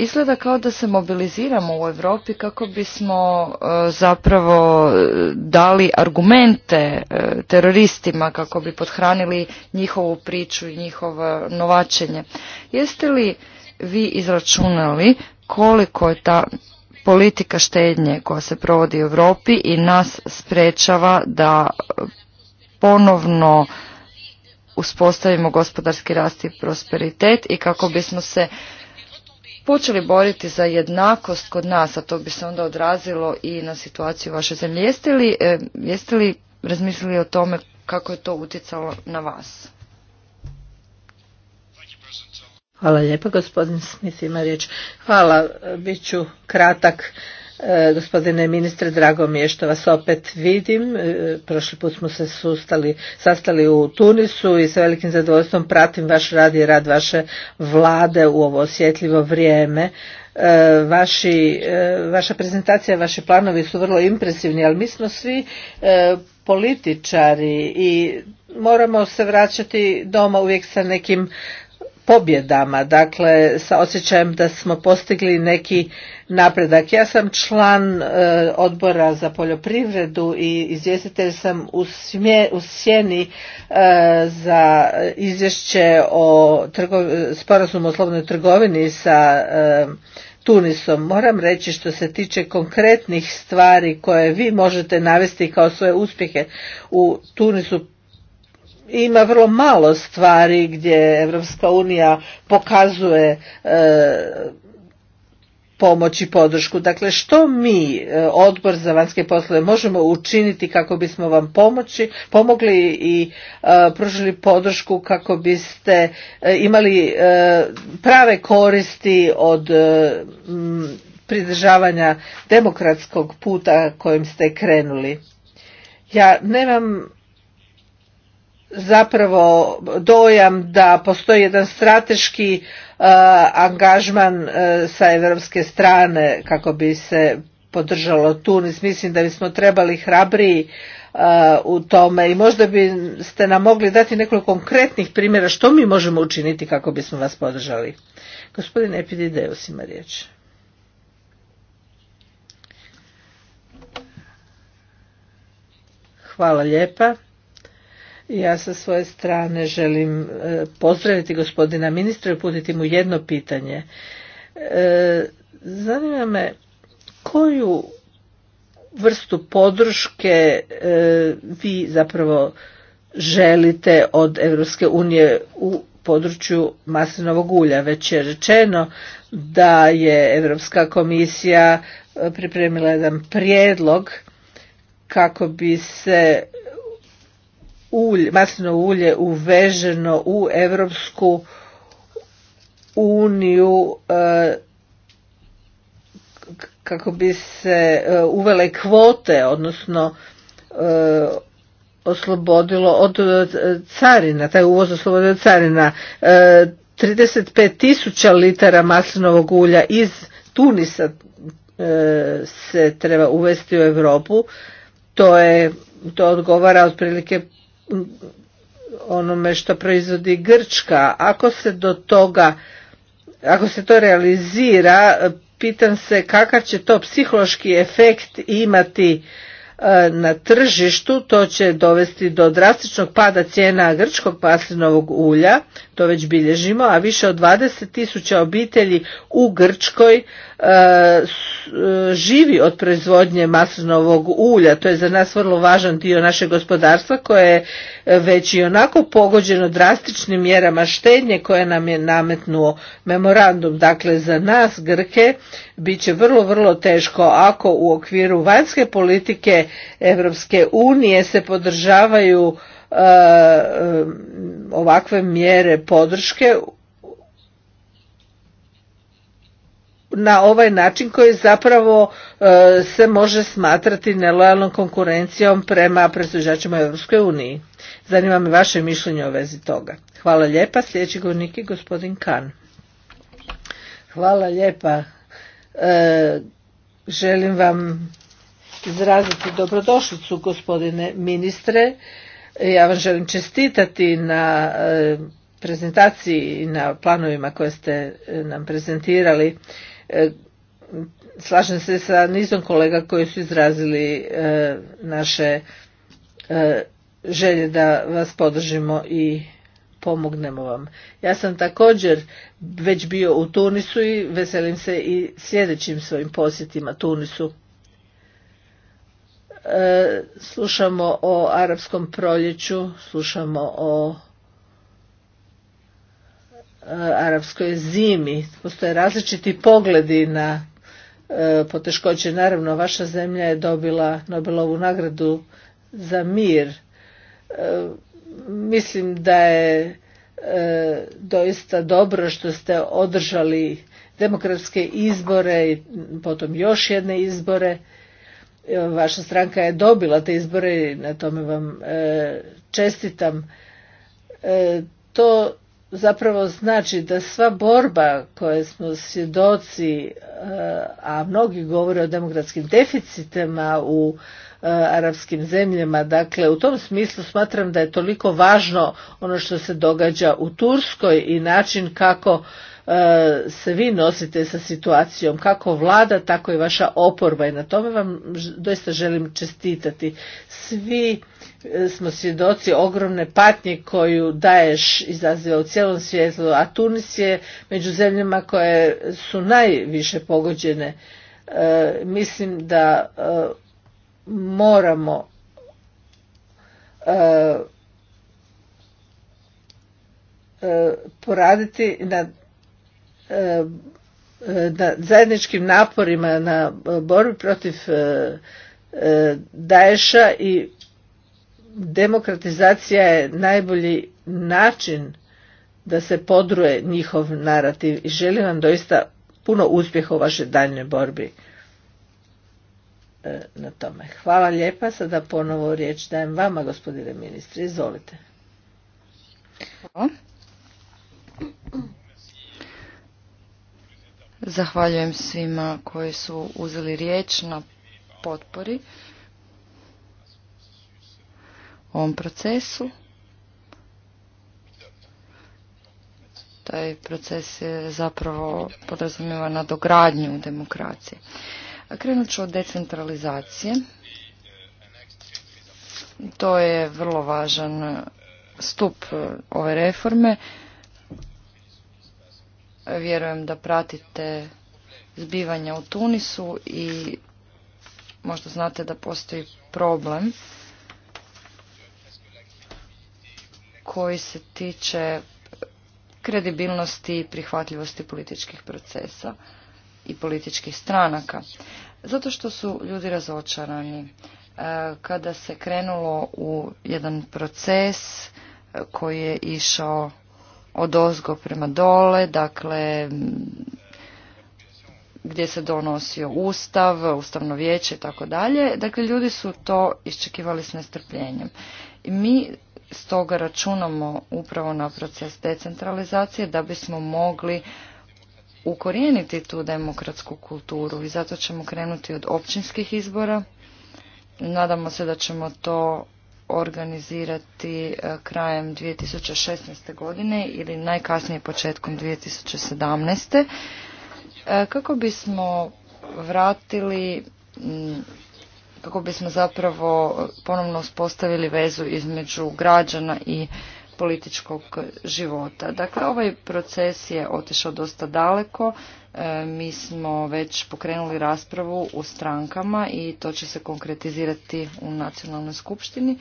Izgleda kao da se mobiliziramo u Europi kako bismo e, zapravo e, dali argumente e, teroristima kako bi podhranili njihovu priču i njihovo novačenje. Jeste li vi izračunali koliko je ta politika štednje koja se provodi u Europi i nas sprečava da ponovno uspostavimo gospodarski rast i prosperitet i kako bismo se počeli boriti za jednakost kod nas, a to bi se onda odrazilo i na situaciju vaše zemlje. Jeste li, e, jeste li razmislili o tome kako je to utjecalo na vas? Hvala lijepa, gospodin Smith ima riječ. Hvala, bit ću kratak. E, gospodine ministre, drago mi je što vas opet vidim. E, prošli put smo se sustali, sastali u Tunisu i sa velikim zadovoljstvom pratim vaš rad i rad vaše vlade u ovo osjetljivo vrijeme. E, vaši, vaša prezentacija, vaši planovi su vrlo impresivni, ali mi smo svi političari i moramo se vraćati doma uvijek sa nekim pobjedama, dakle sa osjećajem da smo postigli neki napredak. Ja sam član e, odbora za poljoprivredu i izvjestitelj sam u, u sjeni e, za izvješće o sporazumu o slobodnoj trgovini sa e, Tunisom. Moram reći što se tiče konkretnih stvari koje vi možete navesti kao svoje uspjehe u Tunisu ima vrlo malo stvari gdje europska unija pokazuje e, pomoć i podršku. Dakle, što mi, e, odbor za vanjske poslove, možemo učiniti kako bismo vam pomoći, pomogli i e, pružili podršku kako biste imali prave koristi od pridržavanja demokratskog puta kojim ste krenuli. Ja nemam zapravo dojam da postoji jedan strateški e, angažman e, sa europske strane kako bi se podržalo Tunis. Mislim da bismo trebali hrabriji e, u tome i možda biste nam mogli dati nekoliko konkretnih primjera što mi možemo učiniti kako bismo vas podržali. Gospodin Epidideus ima riječ. Hvala lijepa. Ja sa svoje strane želim e, pozdraviti gospodina ministra i uputiti mu jedno pitanje. E, zanima me koju vrstu podrške e, vi zapravo želite od Europske unije u području maslinovog ulja. Već je rečeno da je Europska komisija pripremila jedan prijedlog kako bi se ulje, maslinovo ulje uveženo u Europsku uniju e, kako bi se e, uvele kvote, odnosno e, oslobodilo od carina, taj uvoz oslobodio od carina. 35.000 tisuća litara maslinovog ulja iz Tunisa se treba uvesti u Europu. To je to odgovara otprilike onome što proizvodi Grčka. Ako se do toga, ako se to realizira, pitam se kakav će to psihološki efekt imati e, na tržištu, to će dovesti do drastičnog pada cijena grčkog paslinovog ulja, to već bilježimo, a više od 20.000 obitelji u Grčkoj e, e, živi od proizvodnje maslinovog ulja. To je za nas vrlo važan dio našeg gospodarstva koje je već i onako pogođeno drastičnim mjerama štednje koje nam je nametnuo memorandum. Dakle, za nas Grke bit će vrlo, vrlo teško ako u okviru vanjske politike Europske unije se podržavaju E, ovakve mjere podrške na ovaj način koji zapravo e, se može smatrati nelojalnom konkurencijom prema proizvođačima Europskoj uniji. Zanima me vaše mišljenje o vezi toga. Hvala lijepa. Sljedeći govornik je gospodin Kan. Hvala lijepa. E, želim vam izraziti dobrodošlicu gospodine ministre. Ja vam želim čestitati na e, prezentaciji i na planovima koje ste e, nam prezentirali. E, slažem se sa nizom kolega koji su izrazili naše želje da vas podržimo i pomognemo vam. Ja sam također već bio u Tunisu i veselim se i sljedećim svojim posjetima Tunisu. E, slušamo o arapskom proljeću, slušamo o e, arapskoj zimi. Postoje različiti pogledi na e, poteškoće. Naravno, vaša zemlja je dobila Nobelovu nagradu za mir. Mislim da je doista dobro što ste održali demokratske izbore i potom još jedne izbore vaša stranka je dobila te izbore i na tome vam e, čestitam. E, to zapravo znači da sva borba koje smo svjedoci, e, a mnogi govore o demokratskim deficitima u arapskim zemljama, dakle u tom smislu smatram da je toliko važno ono što se događa u Turskoj i način kako E, se vi nosite sa situacijom kako vlada, tako i vaša oporba i na tome vam doista želim čestitati. Svi e, smo svjedoci ogromne patnje koju daješ izaziva u cijelom svijetu, a Tunis je među zemljama koje su najviše pogođene. E, mislim da moramo poraditi na na zajedničkim naporima na e, borbi protiv e, e, Daesha i demokratizacija je najbolji način da se podruje njihov narativ i želim vam doista puno uspjeha u vašoj daljnjoj borbi na tome. Hvala lijepa, sada ponovo riječ dajem vama, gospodine ministri. izvolite. Hvala. Zahvaljujem svima koji su uzeli riječ na potpori ovom procesu. Taj proces je zapravo podrazumijeva dogradnju demokracije. Krenut ću od decentralizacije. To je vrlo važan stup ove reforme. Vjerujem da pratite zbivanja u Tunisu i možda znate da postoji problem koji se tiče kredibilnosti i prihvatljivosti političkih procesa i političkih stranaka. Zato što su ljudi razočarani. E, kada se krenulo u jedan proces e, koji je išao od ozgo prema dole, dakle gdje se donosio ustav, ustavno vijeće i tako dalje. Dakle, ljudi su to iščekivali s nestrpljenjem. I mi stoga računamo upravo na proces decentralizacije da bismo mogli ukorijeniti tu demokratsku kulturu i zato ćemo krenuti od općinskih izbora. Nadamo se da ćemo to organizirati e, krajem 2016. godine ili najkasnije početkom 2017. E, kako bismo vratili kako bismo zapravo ponovno uspostavili vezu između građana i političkog života. Dakle, ovaj proces je otišao dosta daleko, E, mi smo već pokrenuli raspravu u strankama i to će se konkretizirati u nacionalnoj skupštini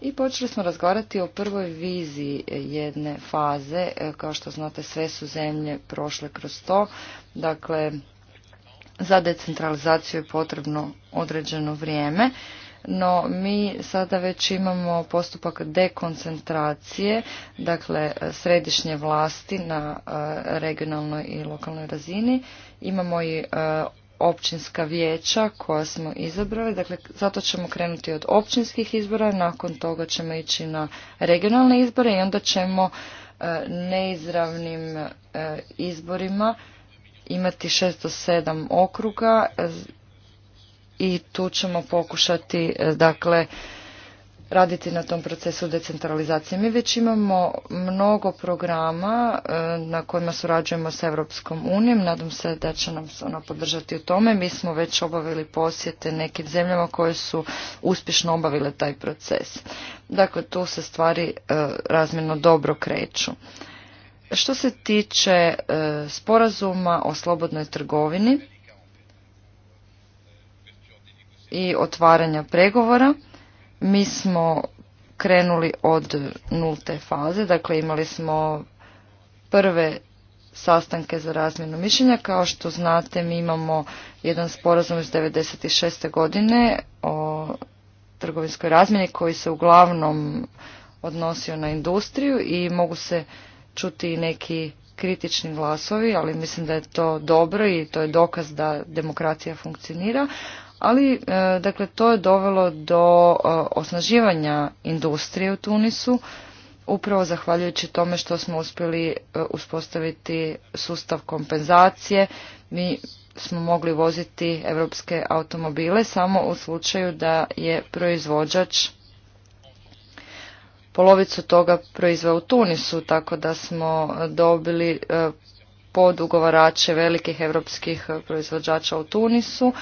i počeli smo razgovarati o prvoj viziji jedne faze. E, kao što znate, sve su zemlje prošle kroz to. Dakle, za decentralizaciju je potrebno određeno vrijeme no mi sada već imamo postupak dekoncentracije, dakle središnje vlasti na e, regionalnoj i lokalnoj razini. Imamo i e, općinska vijeća koja smo izabrali, dakle zato ćemo krenuti od općinskih izbora, nakon toga ćemo ići na regionalne izbore i onda ćemo e, neizravnim izborima imati 607 okruga i tu ćemo pokušati e, dakle raditi na tom procesu decentralizacije. Mi već imamo mnogo programa e, na kojima surađujemo sa Europskom unijom. Nadam se da će nam se ona podržati u tome. Mi smo već obavili posjete nekim zemljama koje su uspješno obavile taj proces. Dakle, tu se stvari e, razmjerno dobro kreću. Što se tiče sporazuma o slobodnoj trgovini, i otvaranja pregovora. Mi smo krenuli od nulte faze, dakle imali smo prve sastanke za razmjenu mišljenja. Kao što znate, mi imamo jedan sporazum iz 1996. godine o trgovinskoj razmjeni koji se uglavnom odnosio na industriju i mogu se čuti i neki kritični glasovi, ali mislim da je to dobro i to je dokaz da demokracija funkcionira ali e, dakle to je dovelo do e, osnaživanja industrije u Tunisu upravo zahvaljujući tome što smo uspjeli e, uspostaviti sustav kompenzacije mi smo mogli voziti europske automobile samo u slučaju da je proizvođač polovicu toga proizveo u Tunisu tako da smo dobili podugovarače velikih europskih proizvođača u Tunisu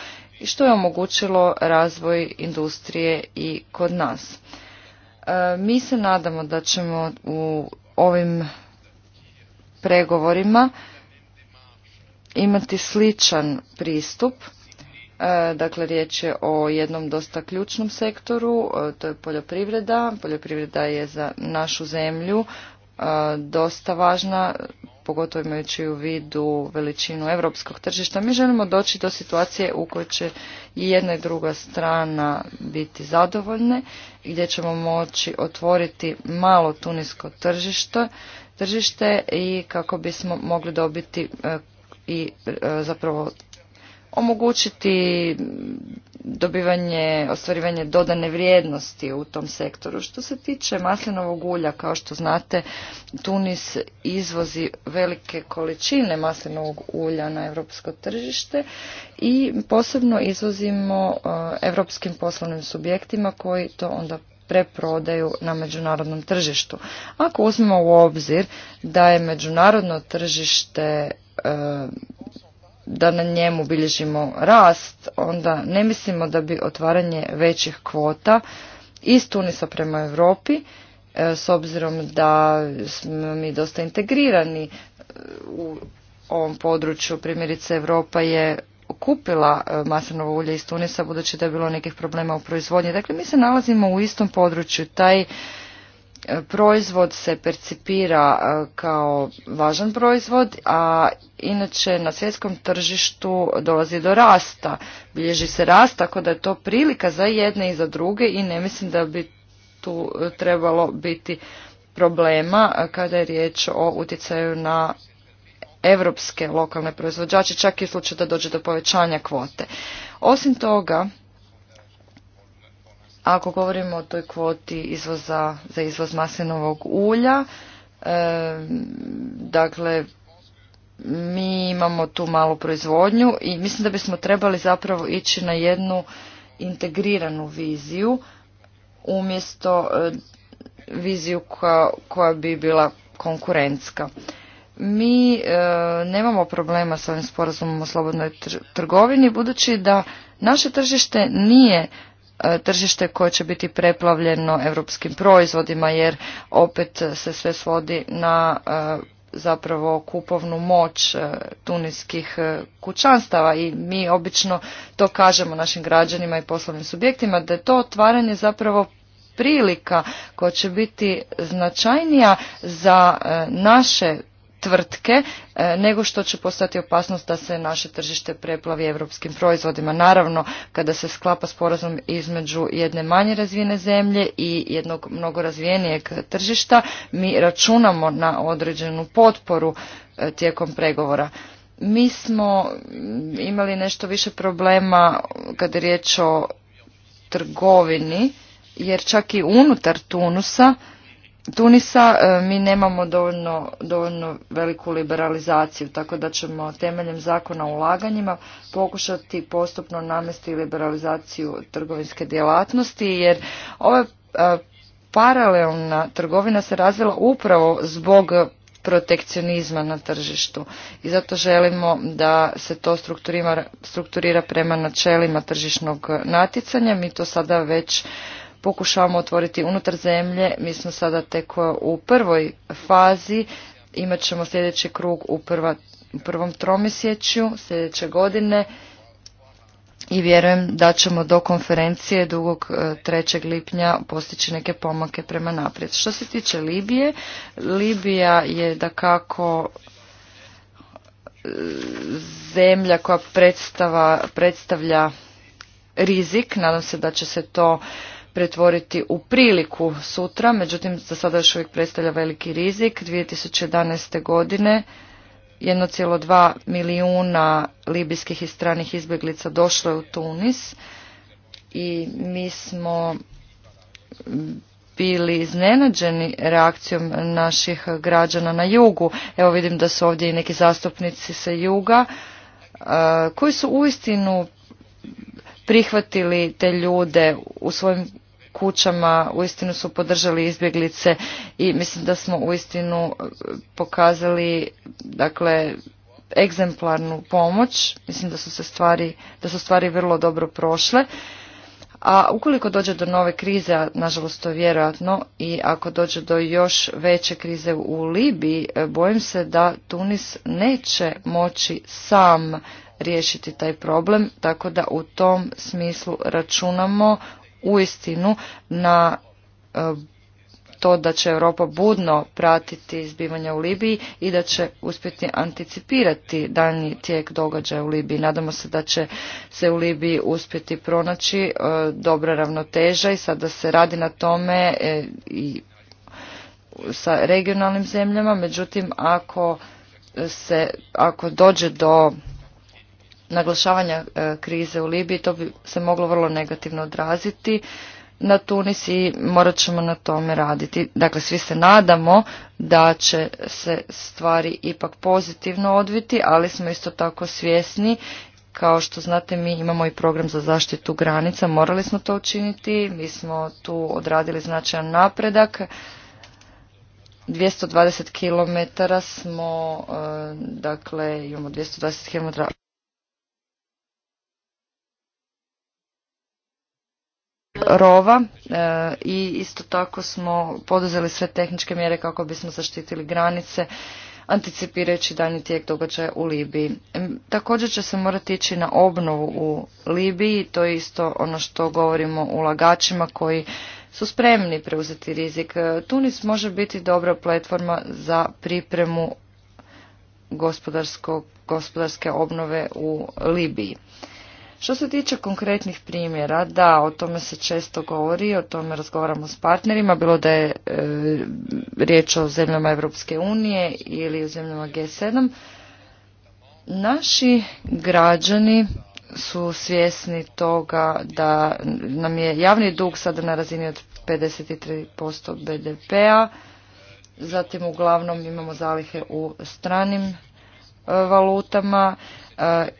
i što je omogućilo razvoj industrije i kod nas. E, mi se nadamo da ćemo u ovim pregovorima imati sličan pristup. E, dakle, riječ je o jednom dosta ključnom sektoru, e, to je poljoprivreda. Poljoprivreda je za našu zemlju dosta važna pogotovo imajući u vidu veličinu europskog tržišta, mi želimo doći do situacije u kojoj će i jedna i druga strana biti zadovoljne, gdje ćemo moći otvoriti malo tunisko tržište, tržište i kako bismo mogli dobiti e, i e, zapravo omogućiti dobivanje, ostvarivanje dodane vrijednosti u tom sektoru. Što se tiče maslinovog ulja, kao što znate, Tunis izvozi velike količine maslinovog ulja na europsko tržište i posebno izvozimo europskim poslovnim subjektima koji to onda preprodaju na međunarodnom tržištu. Ako uzmemo u obzir da je međunarodno tržište e, da na njemu bilježimo rast, onda ne mislimo da bi otvaranje većih kvota iz Tunisa prema Europi, e, s obzirom da smo mi dosta integrirani e, u ovom području, primjerice Europa je kupila e, maslinovo ulje iz Tunisa budući da je bilo nekih problema u proizvodnji. Dakle, mi se nalazimo u istom području. Taj E, proizvod se percipira e, kao važan proizvod, a inače na svjetskom tržištu dolazi do rasta. Bilježi se rast, tako da je to prilika za jedne i za druge i ne mislim da bi tu e, trebalo biti problema kada je riječ o utjecaju na evropske lokalne proizvođače, čak i u slučaju da dođe do povećanja kvote. Osim toga, ako govorimo o toj kvoti izvoza za izvoz maslinovog ulja, dakle mi imamo tu malu proizvodnju i mislim da bismo trebali zapravo ići na jednu integriranu viziju umjesto viziju koja, bi bila konkurentska. Mi nemamo problema s ovim sporazumom o slobodnoj trgovini budući da naše tržište nije E, tržište koje će biti preplavljeno europskim proizvodima jer opet se sve svodi na e, zapravo kupovnu moć e, tunijskih kućanstava i mi obično to kažemo našim građanima i poslovnim subjektima da je to otvaranje zapravo prilika koja će biti značajnija za naše tvrtke, e, nego što će postati opasnost da se naše tržište preplavi europskim proizvodima. Naravno, kada se sklapa sporazum između jedne manje razvijene zemlje i jednog mnogo razvijenijeg tržišta, mi računamo na određenu potporu e, tijekom pregovora. Mi smo imali nešto više problema kada je riječ o trgovini, jer čak i unutar Tunusa Tunisa e, mi nemamo dovoljno, dovoljno veliku liberalizaciju, tako da ćemo temeljem zakona o ulaganjima pokušati postupno namesti liberalizaciju trgovinske djelatnosti, jer ova e, paralelna trgovina se razvila upravo zbog protekcionizma na tržištu i zato želimo da se to strukturira prema načelima tržišnog natjecanja. Mi to sada već pokušavamo otvoriti unutar zemlje. Mi smo sada tek u prvoj fazi, imat ćemo sljedeći krug u, prvom tromjesečju sljedeće godine i vjerujem da ćemo do konferencije dugog 3. E, lipnja postići neke pomake prema naprijed. Što se tiče Libije, Libija je da kako e, zemlja koja predstava, predstavlja rizik, nadam se da će se to pretvoriti u priliku sutra, međutim za sada još uvijek predstavlja veliki rizik. 2011. godine 1,2 milijuna libijskih i stranih izbjeglica došlo je u Tunis i mi smo bili iznenađeni reakcijom naših građana na jugu. Evo vidim da su ovdje i neki zastupnici sa juga koji su uistinu prihvatili te ljude u svojim kućama, uistinu su podržali izbjeglice i mislim da smo uistinu e, pokazali dakle egzemplarnu pomoć. Mislim da su se stvari, da su stvari vrlo dobro prošle. A ukoliko dođe do nove krize, a nažalost to je vjerojatno, i ako dođe do još veće krize u Libiji, e, bojim se da Tunis neće moći sam riješiti taj problem, tako da u tom smislu računamo uistinu na e, to da će Europa budno pratiti zbivanja u Libiji i da će uspjeti anticipirati daljnji tijek događaja u Libiji. Nadamo se da će se u Libiji uspjeti pronaći e, dobra ravnoteža i sada se radi na tome e, i sa regionalnim zemljama, međutim ako se ako dođe do naglašavanja e, krize u Libiji, to bi se moglo vrlo negativno odraziti na Tunis i morat ćemo na tome raditi. Dakle, svi se nadamo da će se stvari ipak pozitivno odviti, ali smo isto tako svjesni kao što znate, mi imamo i program za zaštitu granica, morali smo to učiniti, mi smo tu odradili značajan napredak. 220 km smo, e, dakle, imamo 220 km rova e, i isto tako smo poduzeli sve tehničke mjere kako bismo zaštitili granice anticipirajući daljnji tijek događaja u Libiji. Također će se morati ići na obnovu u Libiji, to je isto ono što govorimo ulagačima koji su spremni preuzeti rizik. E, Tunis može biti dobra platforma za pripremu gospodarske obnove u Libiji. Što se tiče konkretnih primjera, da, o tome se često govori, o tome razgovaramo s partnerima, bilo da je e, riječ o zemljama Europske unije ili o zemljama G7. Naši građani su svjesni toga da nam je javni dug sada na razini od 53% BDP-a, zatim uglavnom imamo zalihe u stranim e, valutama,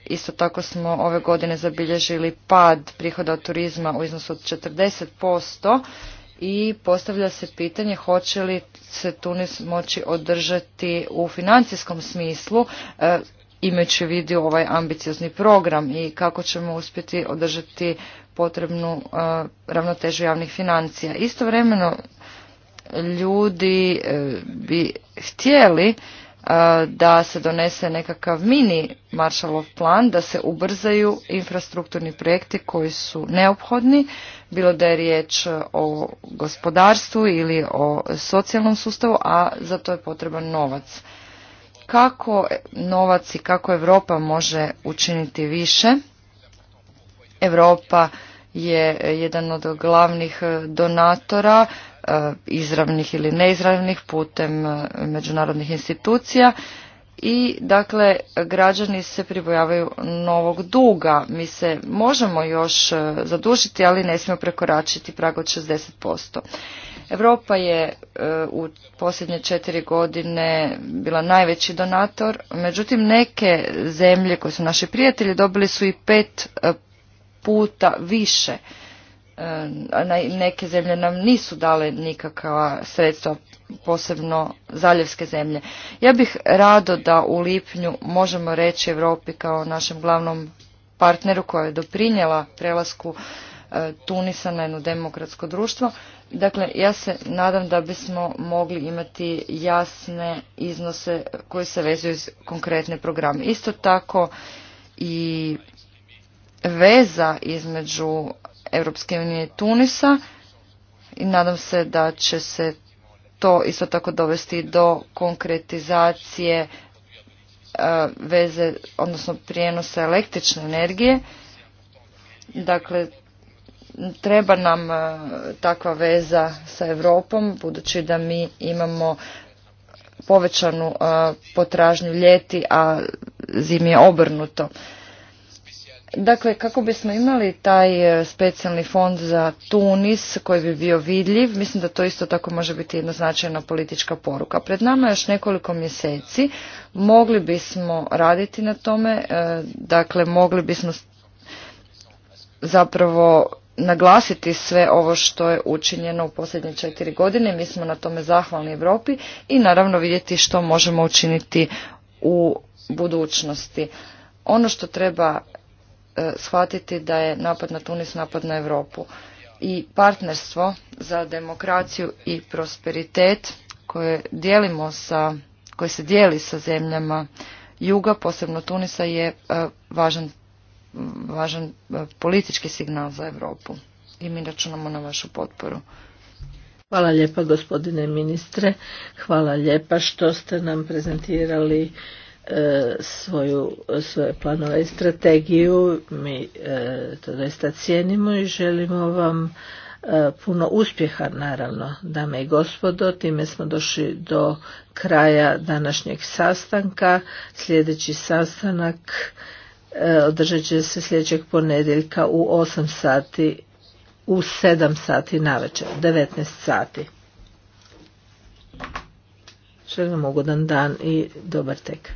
Isto tako smo ove godine zabilježili pad prihoda od turizma u iznosu od 40% i postavlja se pitanje hoće li se Tunis moći održati u financijskom smislu imajući vidi ovaj ambiciozni program i kako ćemo uspjeti održati potrebnu ravnotežu javnih financija. Istovremeno ljudi e, bi htjeli da se donese nekakav mini maršalov plan, da se ubrzaju infrastrukturni projekti koji su neophodni, bilo da je riječ o gospodarstvu ili o socijalnom sustavu, a za to je potreban novac. Kako novac i kako Europa može učiniti više? Europa je jedan od glavnih donatora E, izravnih ili neizravnih putem e, međunarodnih institucija i dakle građani se pribojavaju novog duga. Mi se možemo još e, zadužiti, ali ne smijemo prekoračiti prag od 60%. Europa je u posljednje četiri godine bila najveći donator, međutim neke zemlje koje su naši prijatelji dobili su i pet puta više E, neke zemlje nam nisu dale nikakva sredstva, posebno zaljevske zemlje. Ja bih rado da u lipnju možemo reći Europi kao našem glavnom partneru koja je doprinjela prelasku e, Tunisa na jedno demokratsko društvo. Dakle, ja se nadam da bismo mogli imati jasne iznose koji se vezuju iz konkretne programe. Isto tako i veza između Europske unije i Tunisa i nadam se da će se to isto tako dovesti do konkretizacije e, veze, odnosno prijenosa električne energije. Dakle, treba nam e, takva veza sa Europom, budući da mi imamo povećanu e, potražnju ljeti, a zimi je obrnuto. Dakle, kako bismo imali taj e, specijalni fond za Tunis koji bi bio vidljiv, mislim da to isto tako može biti jednoznačajna politička poruka. Pred nama je još nekoliko mjeseci, mogli bismo raditi na tome, e, dakle mogli bismo zapravo naglasiti sve ovo što je učinjeno u posljednje četiri godine. Mi smo na tome zahvalni Europi i naravno vidjeti što možemo učiniti u budućnosti. Ono što treba E, shvatiti da je napad na Tunis napad na Europu. I partnerstvo za demokraciju i prosperitet koje dijelimo sa, koje se dijeli sa zemljama juga, posebno Tunisa, je e, važan, važan e, politički signal za Europu. I mi računamo na vašu potporu. Hvala lijepa gospodine ministre, hvala lijepa što ste nam prezentirali E, svoju, svoje planove i strategiju. Mi e, to doista cijenimo i želimo vam e, puno uspjeha naravno dame i gospodo time smo došli do kraja današnjeg sastanka sljedeći sastanak održat će se sljedećeg ponedjeljka u 8 sati u 7 sati navečer 19 sati Želim vam ugodan dan i dobar tek.